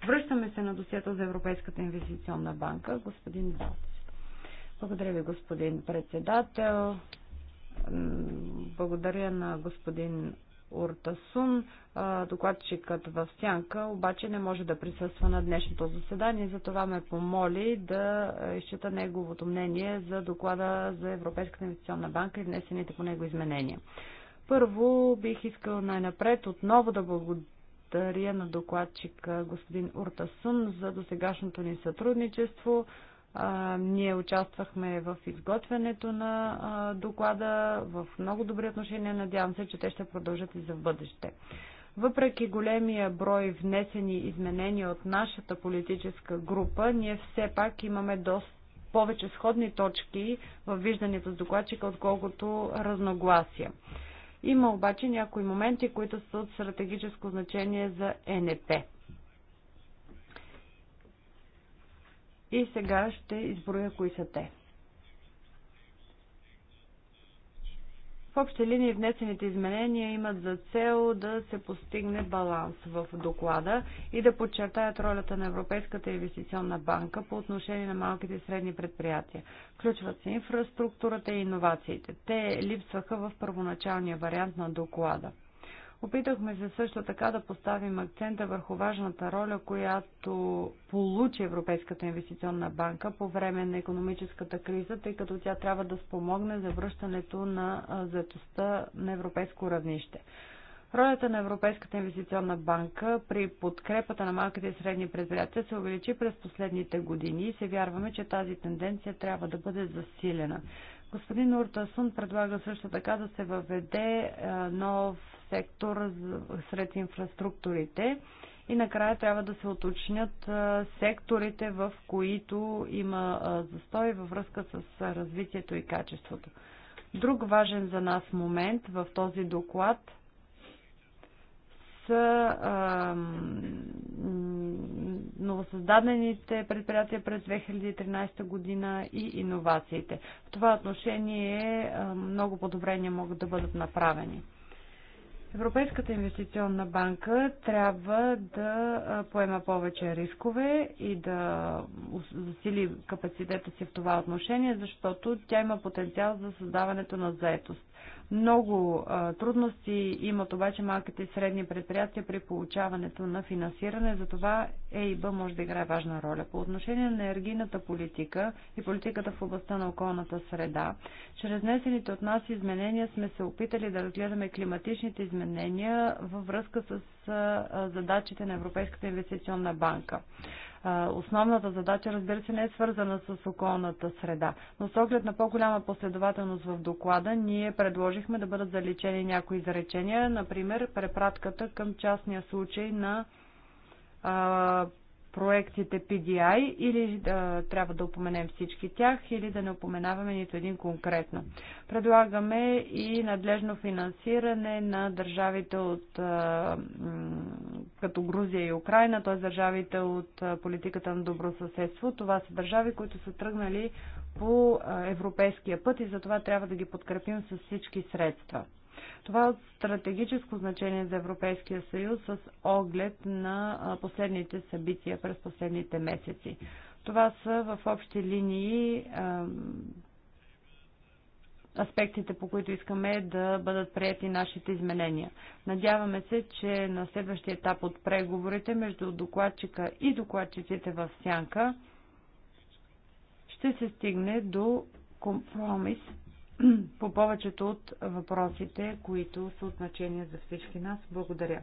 Speaker 2: Връщаме се на досието за Европейската инвестиционна банка. Господин Балц. Благодаря ви, господин председател. Благодаря на господин Уртасун. Докладчикът в Сянка обаче не може да присъства на днешното заседание, затова ме помоли да изчита неговото мнение за доклада за Европейската инвестиционна банка и внесените по него изменения. Първо бих искал най-напред отново да благодаря благодаря на докладчик господин Уртасун за досегашното ни сътрудничество. Ние участвахме в изготвянето на доклада в много добри отношения. Надявам се, че те ще продължат и за бъдеще. Въпреки големия брой внесени изменения от нашата политическа група, ние все пак имаме доста повече сходни точки в виждането с докладчика, отколкото разногласия. Има обаче някои моменти, които са от стратегическо значение за НП. И сега ще изброя кои са те. В общи линии внесените изменения имат за цел да се постигне баланс в доклада и да подчертаят ролята на Европейската инвестиционна банка по отношение на малките и средни предприятия. Включват се инфраструктурата и иновациите. Те липсваха в първоначалния вариант на доклада. Опитахме се също така да поставим акцента върху важната роля, която получи Европейската инвестиционна банка по време на економическата криза, тъй като тя трябва да спомогне за връщането на заетостта на европейско равнище. Ролята на Европейската инвестиционна банка при подкрепата на малките и средни предприятия се увеличи през последните години и се вярваме, че тази тенденция трябва да бъде засилена. Господин Уртасун предлага също така да се въведе нов сектор сред инфраструктурите. И накрая трябва да се уточнят секторите, в които има застой във връзка с развитието и качеството. Друг важен за нас момент в този доклад са новосъздадените предприятия през 2013 година и иновациите. В това отношение много подобрения могат да бъдат направени. Европейската инвестиционна банка трябва да поема повече рискове и да засили капацитета си в това отношение, защото тя има потенциал за създаването на заетост. Много а, трудности имат обаче малките и средни предприятия при получаването на финансиране, затова ЕИБ може да играе важна роля. По отношение на енергийната политика и политиката в областта на околната среда, чрез внесените от нас изменения сме се опитали да разгледаме климатичните изменения във връзка с задачите на Европейската инвестиционна банка. Основната задача, разбира се, не е свързана с околната среда, но с оглед на по-голяма последователност в доклада, ние предложихме да бъдат заличени някои изречения, например препратката към частния случай на проектите PDI или да, трябва да упоменем всички тях или да не упоменаваме нито един конкретно. Предлагаме и надлежно финансиране на държавите от като Грузия и Украина, т.е. държавите от политиката на добросъседство. Това са държави, които са тръгнали по европейския път и затова трябва да ги подкрепим с всички средства. Това е от стратегическо значение за Европейския съюз с оглед на последните събития през последните месеци. Това са в общи линии аспектите, по които искаме да бъдат прияти нашите изменения. Надяваме се, че на следващия етап от преговорите между докладчика и докладчиците в Сянка ще се стигне до компромис по повечето от въпросите, които са от значение за всички нас. Благодаря.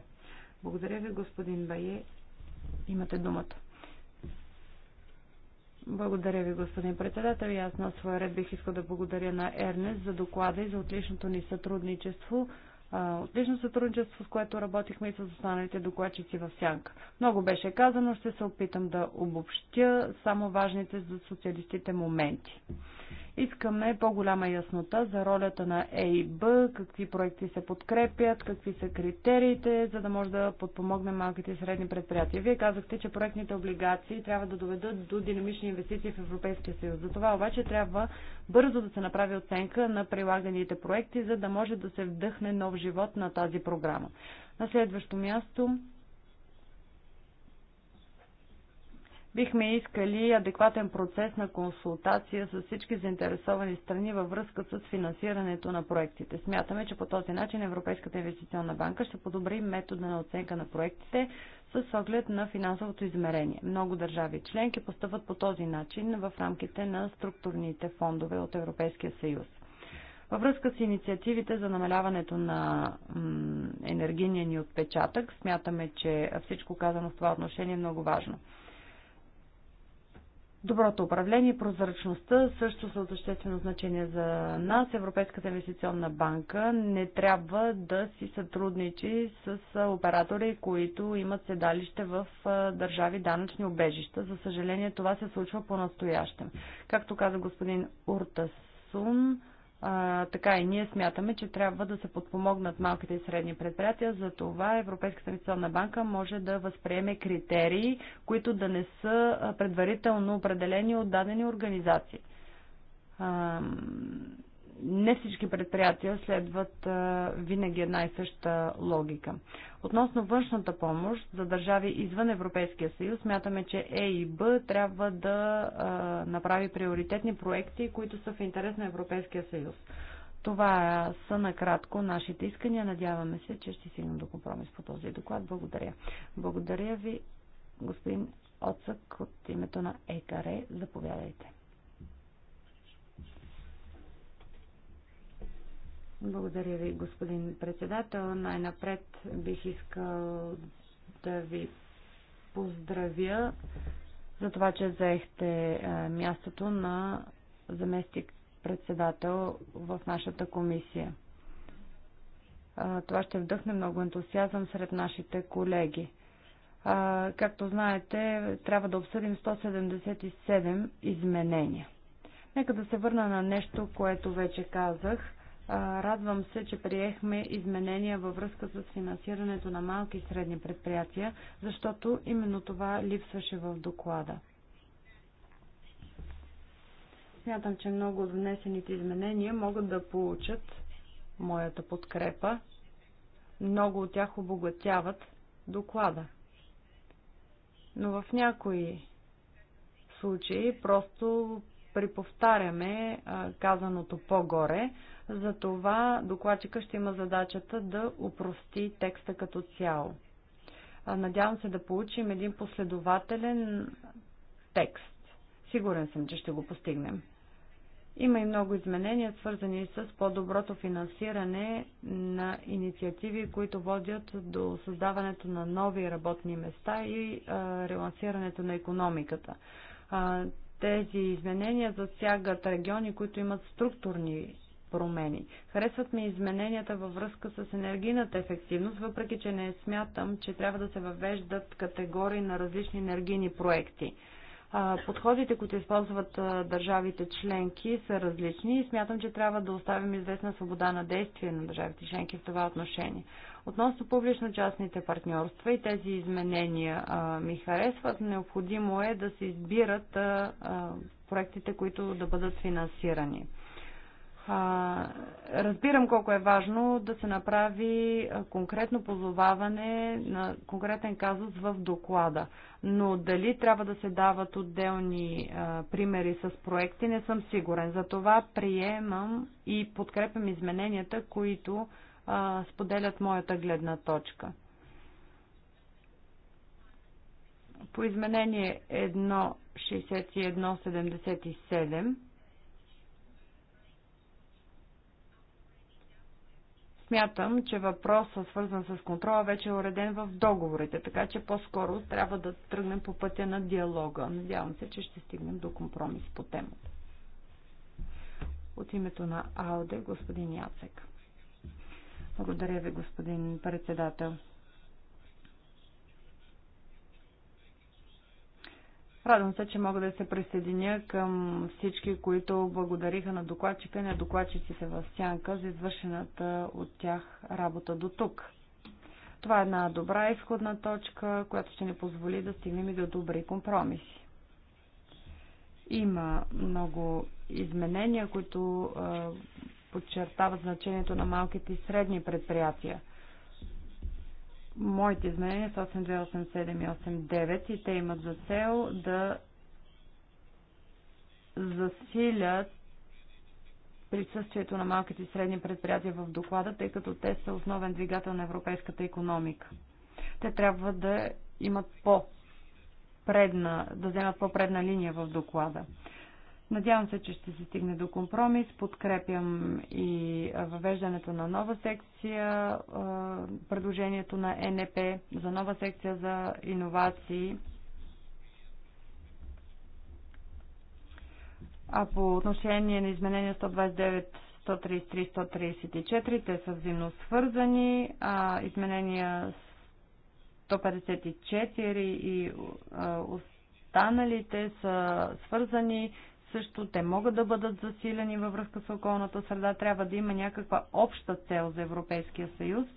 Speaker 2: Благодаря ви, господин Бае. Имате думата. Благодаря ви, господин председател. И аз на своя ред бих искал да благодаря на Ернес за доклада и за отличното ни сътрудничество. Отлично сътрудничество, с което работихме и с останалите докладчици в сянка. Много беше казано, ще се опитам да обобщя само важните за социалистите моменти. Искаме по-голяма яснота за ролята на ЕИБ, какви проекти се подкрепят, какви са критериите, за да може да подпомогне малките и средни предприятия. Вие казахте, че проектните облигации трябва да доведат до динамични инвестиции в Европейския съюз. За това обаче трябва бързо да се направи оценка на прилаганите проекти, за да може да се вдъхне нов живот на тази програма. На следващо място Бихме искали адекватен процес на консултация с всички заинтересовани страни във връзка с финансирането на проектите. Смятаме, че по този начин Европейската инвестиционна банка ще подобри метода на оценка на проектите с оглед на финансовото измерение. Много държави членки постъпват по този начин в рамките на структурните фондове от Европейския съюз. Във връзка с инициативите за намаляването на енергийния ни отпечатък, смятаме, че всичко казано в това отношение е много важно. Доброто управление и прозрачността също са от съществено значение за нас. Европейската инвестиционна банка не трябва да си сътрудничи с оператори, които имат седалище в държави данъчни обежища. За съжаление това се случва по-настоящем. Както каза господин Уртасун, а, така и ние смятаме, че трябва да се подпомогнат малките и средни предприятия. За това Европейската инвестиционна банка може да възприеме критерии, които да не са предварително определени от дадени организации. А, не всички предприятия следват винаги една и съща логика. Относно външната помощ за държави извън Европейския съюз, смятаме, че ЕИБ трябва да направи приоритетни проекти, които са в интерес на Европейския съюз. Това са накратко нашите искания. Надяваме се, че ще стигнем до компромис по този доклад. Благодаря. Благодаря ви, господин Оцък, от името на ЕКАРЕ. Е. Заповядайте. Благодаря ви, господин председател. Най-напред бих искал да ви поздравя за това, че заехте мястото на заместник председател в нашата комисия. Това ще вдъхне много ентусиазъм сред нашите колеги. Както знаете, трябва да обсъдим 177 изменения. Нека да се върна на нещо, което вече казах Радвам се, че приехме изменения във връзка с финансирането на малки и средни предприятия, защото именно това липсваше в доклада. Смятам, че много от внесените изменения могат да получат моята подкрепа. Много от тях обогатяват доклада. Но в някои случаи просто преповтаряме казаното по-горе. Затова докладчика ще има задачата да упрости текста като цяло. Надявам се да получим един последователен текст. Сигурен съм, че ще го постигнем. Има и много изменения, свързани с по-доброто финансиране на инициативи, които водят до създаването на нови работни места и а, релансирането на економиката. А, тези изменения засягат региони, които имат структурни промени. Харесват ми измененията във връзка с енергийната ефективност, въпреки че не смятам, че трябва да се въвеждат категории на различни енергийни проекти. Подходите, които използват държавите членки, са различни и смятам, че трябва да оставим известна свобода на действие на държавите членки в това отношение. Относно публично-частните партньорства и тези изменения а, ми харесват, необходимо е да се избират а, а, проектите, които да бъдат финансирани. А, разбирам колко е важно да се направи конкретно позоваване на конкретен казус в доклада, но дали трябва да се дават отделни а, примери с проекти, не съм сигурен. Затова приемам и подкрепям измененията, които а, споделят моята гледна точка. По изменение 1.61.77 Смятам, че въпросът, свързан с контрола, вече е уреден в договорите, така че по-скоро трябва да тръгнем по пътя на диалога. Надявам се, че ще стигнем до компромис по темата. От името на АОД, господин Яцек. Благодаря ви, господин председател. Радвам се, че мога да се присъединя към всички, които благодариха на докладчика и на докладчиците в Сянка за извършената от тях работа до тук. Това е една добра изходна точка, която ще ни позволи да стигнем и до добри компромиси. Има много изменения, които подчертават значението на малките и средни предприятия. Моите изменения са 8287 и 89 и те имат за цел да засилят присъствието на малките и средни предприятия в доклада, тъй като те са основен двигател на европейската економика. Те трябва да имат по-предна, да вземат по-предна линия в доклада. Надявам се, че ще се стигне до компромис. Подкрепям и въвеждането на нова секция, предложението на НП за нова секция за иновации. А по отношение на изменения 129 133, 134, те са взаимно свързани, а изменения 154 и останалите са свързани също те могат да бъдат засилени във връзка с околната среда. Трябва да има някаква обща цел за Европейския съюз,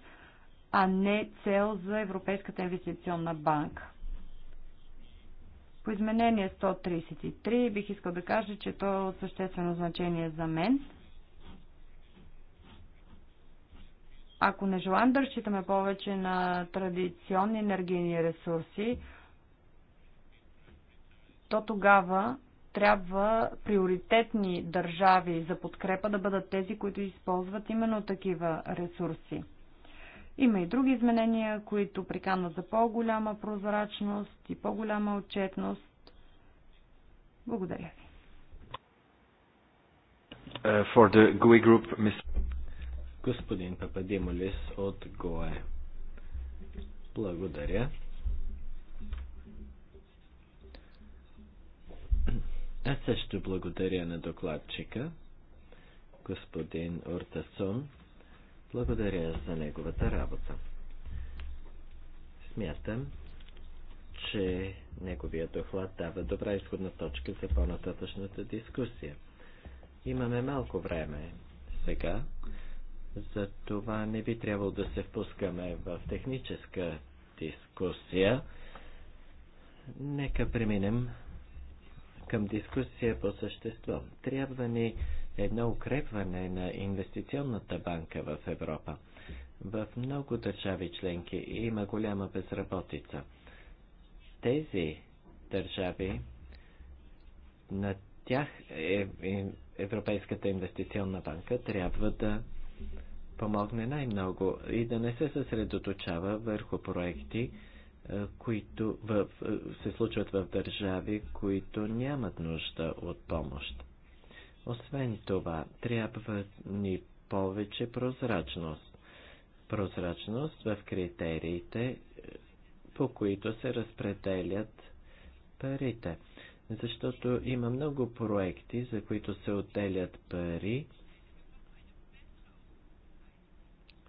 Speaker 2: а не цел за Европейската инвестиционна банка. По изменение 133 бих искал да кажа, че то е от съществено значение за мен. Ако не желаем да разчитаме повече на традиционни енергийни ресурси, то тогава трябва приоритетни държави за подкрепа да бъдат тези, които използват именно такива ресурси. Има и други изменения, които приканват за по-голяма прозрачност и по-голяма отчетност. Благодаря ви.
Speaker 1: Uh, for the GUI e group,
Speaker 3: Господин Пападимолис от ГОЕ. Благодаря. Аз също благодаря на докладчика, господин Ортасон. Благодаря за неговата работа. Смятам, че неговия доклад дава добра изходна точка за по-нататъчната дискусия. Имаме малко време сега, за това не би трябвало да се впускаме в техническа дискусия. Нека преминем към дискусия по същество. Трябва ни едно укрепване на инвестиционната банка в Европа. В много държави членки има голяма безработица. Тези държави, на тях е, е, Европейската инвестиционна банка трябва да помогне най-много и да не се съсредоточава върху проекти, които в, се случват в държави, които нямат нужда от помощ. Освен това, трябва ни повече прозрачност. Прозрачност в критериите, по които се разпределят парите. Защото има много проекти, за които се отделят пари,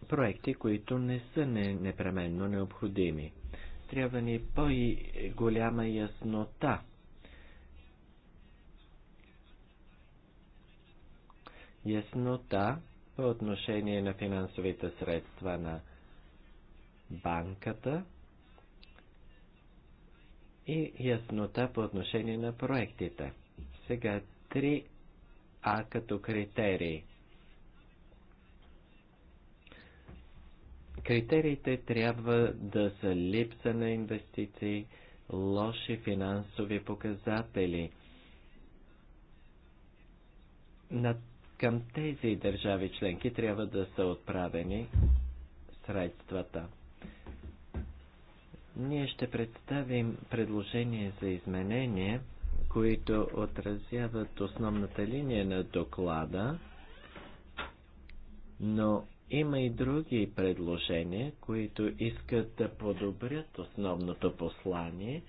Speaker 3: проекти, които не са непременно необходими трябва ни по-голяма яснота. Яснота по отношение на финансовите средства на банката и яснота по отношение на проектите. Сега 3А като критерии. Критериите трябва да са липса на инвестиции, лоши финансови показатели. На, към тези държави членки трябва да са отправени средствата. Ние ще представим предложение за изменение, които отразяват основната линия на доклада, но има и други предложения, които искат да подобрят основното послание.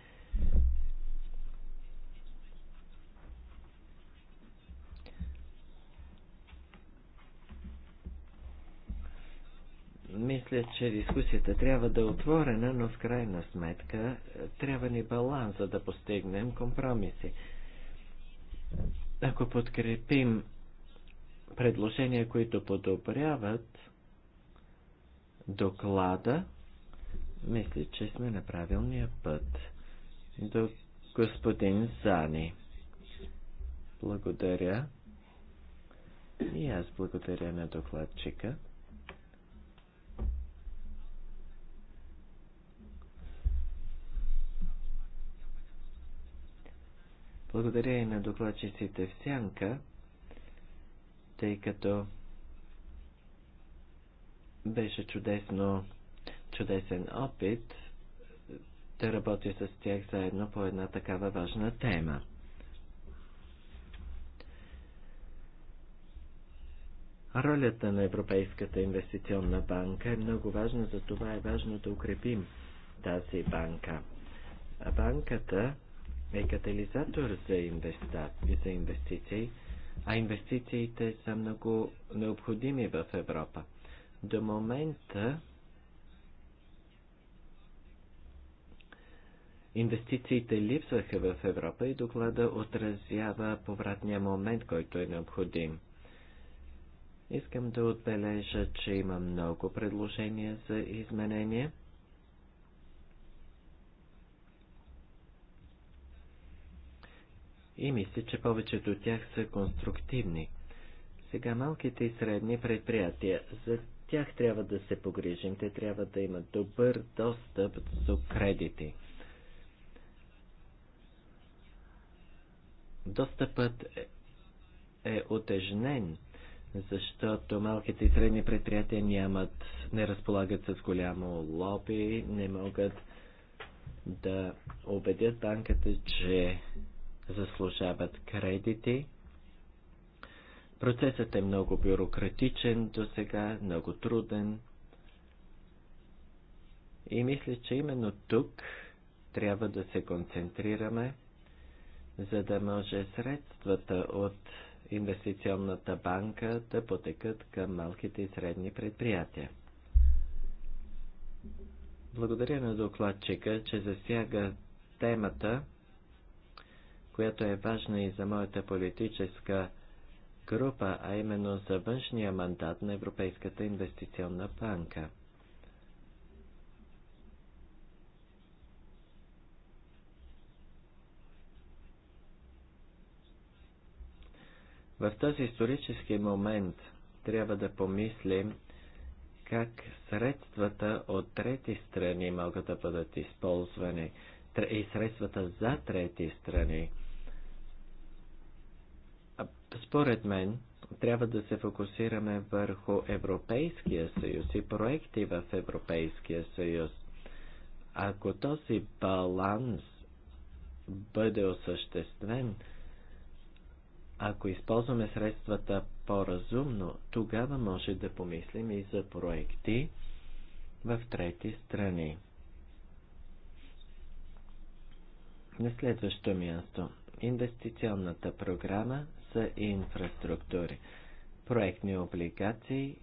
Speaker 3: Мисля, че дискусията трябва да е отворена, но в крайна сметка е, трябва ни баланс, за да постигнем компромиси. Ако подкрепим предложения, които подобряват доклада, мисля, че сме на правилния път. До господин Зани. Благодаря. И аз благодаря на докладчика. Благодаря и на докладчиците в сянка, тъй като беше чудесно, чудесен опит да работя с тях заедно по една такава важна тема. Ролята на Европейската инвестиционна банка е много важна, за това е важно да укрепим тази банка. А банката е катализатор за, инвеста... за инвестиции, а инвестициите са много необходими в Европа. До момента Инвестициите липсваха в Европа и доклада отразява повратния момент, който е необходим. Искам да отбележа, че има много предложения за изменение. И мисля, че повечето от тях са конструктивни. Сега малките и средни предприятия. За тях трябва да се погрижим. Те трябва да имат добър достъп до кредити. Достъпът е отежнен, защото малките и средни предприятия нямат, не разполагат с голямо лоби, не могат да убедят банката, че заслужават кредити. Процесът е много бюрократичен до сега, много труден. И мисля, че именно тук трябва да се концентрираме, за да може средствата от инвестиционната банка да потекат към малките и средни предприятия. Благодаря на докладчика, че засяга темата, която е важна и за моята политическа група, а именно за външния мандат на Европейската инвестиционна банка. В този исторически момент трябва да помислим как средствата от трети страни могат да бъдат използвани и средствата за трети страни. Според мен, трябва да се фокусираме върху Европейския съюз и проекти в Европейския съюз. Ако този баланс бъде осъществен, ако използваме средствата по-разумно, тогава може да помислим и за проекти в трети страни. На следващо място инвестиционната програма и инфраструктури, проектни облигации,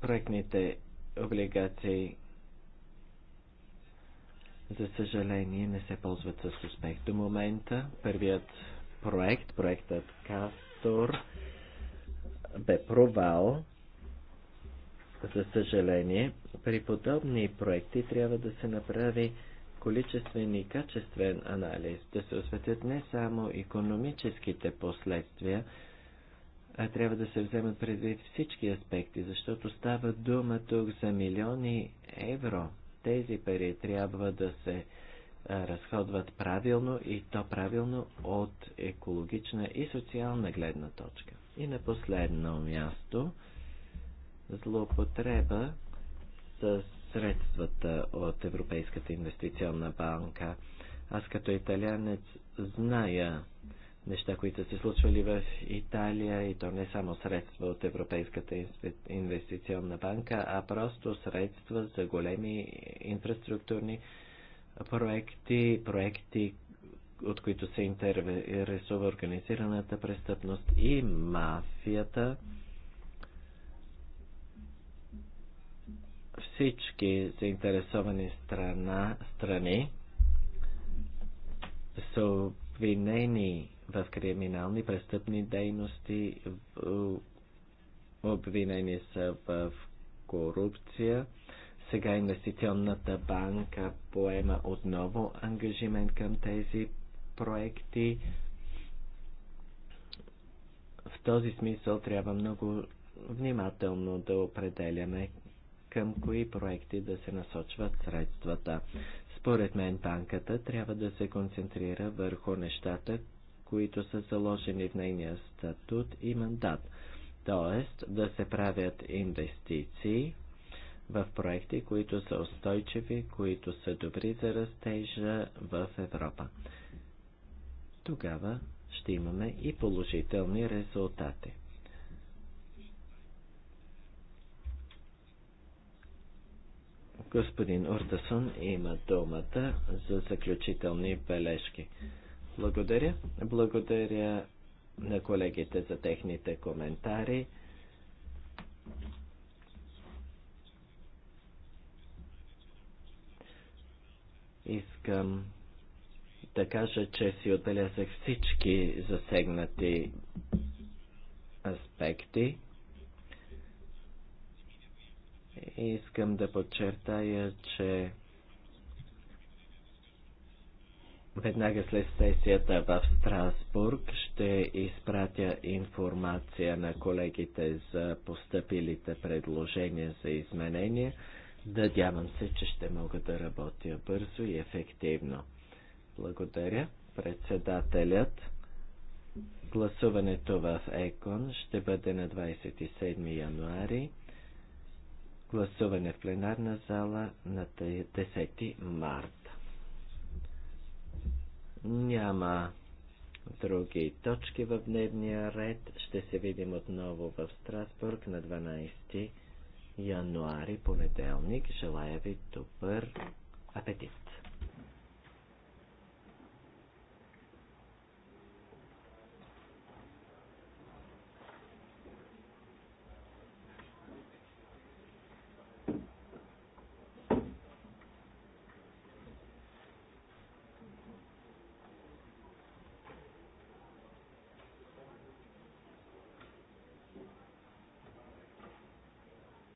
Speaker 3: проектните облигации за съжаление не се ползват с успех до момента. Първият проект, проектът Кастор, бе провал. За съжаление, при подобни проекти трябва да се направи количествен и качествен анализ, да се осветят не само економическите последствия, а трябва да се вземат предвид всички аспекти, защото става дума тук за милиони евро. Тези пари трябва да се разходват правилно и то правилно от екологична и социална гледна точка. И на последно място, злоупотреба с средствата от Европейската инвестиционна банка. Аз като италянец зная неща, които се случвали в Италия и то не само средства от Европейската инвестиционна банка, а просто средства за големи инфраструктурни проекти, проекти, от които се интересува организираната престъпност и мафията. всички заинтересовани страна, страни са обвинени в криминални престъпни дейности, обвинени са в корупция. Сега инвестиционната банка поема отново ангажимент към тези проекти. В този смисъл трябва много внимателно да определяме към кои проекти да се насочват средствата. Според мен банката трябва да се концентрира върху нещата, които са заложени в нейния статут и мандат, т.е. да се правят инвестиции в проекти, които са устойчиви, които са добри за растежа в Европа. Тогава ще имаме и положителни резултати. Господин Ордасон има думата за заключителни бележки. Благодаря. Благодаря на колегите за техните коментари. Искам да кажа, че си отбелязах всички засегнати аспекти. Искам да подчертая, че веднага след сесията в Страсбург ще изпратя информация на колегите за поступилите предложения за изменения. Надявам се, че ще мога да работя бързо и ефективно. Благодаря. Председателят. Гласуването в ЕКОН ще бъде на 27 януари. Гласуване в пленарна зала на 10 марта. Няма други точки в дневния ред. Ще се видим отново в Страсбург на 12 януари, понеделник. Желая ви добър апетит!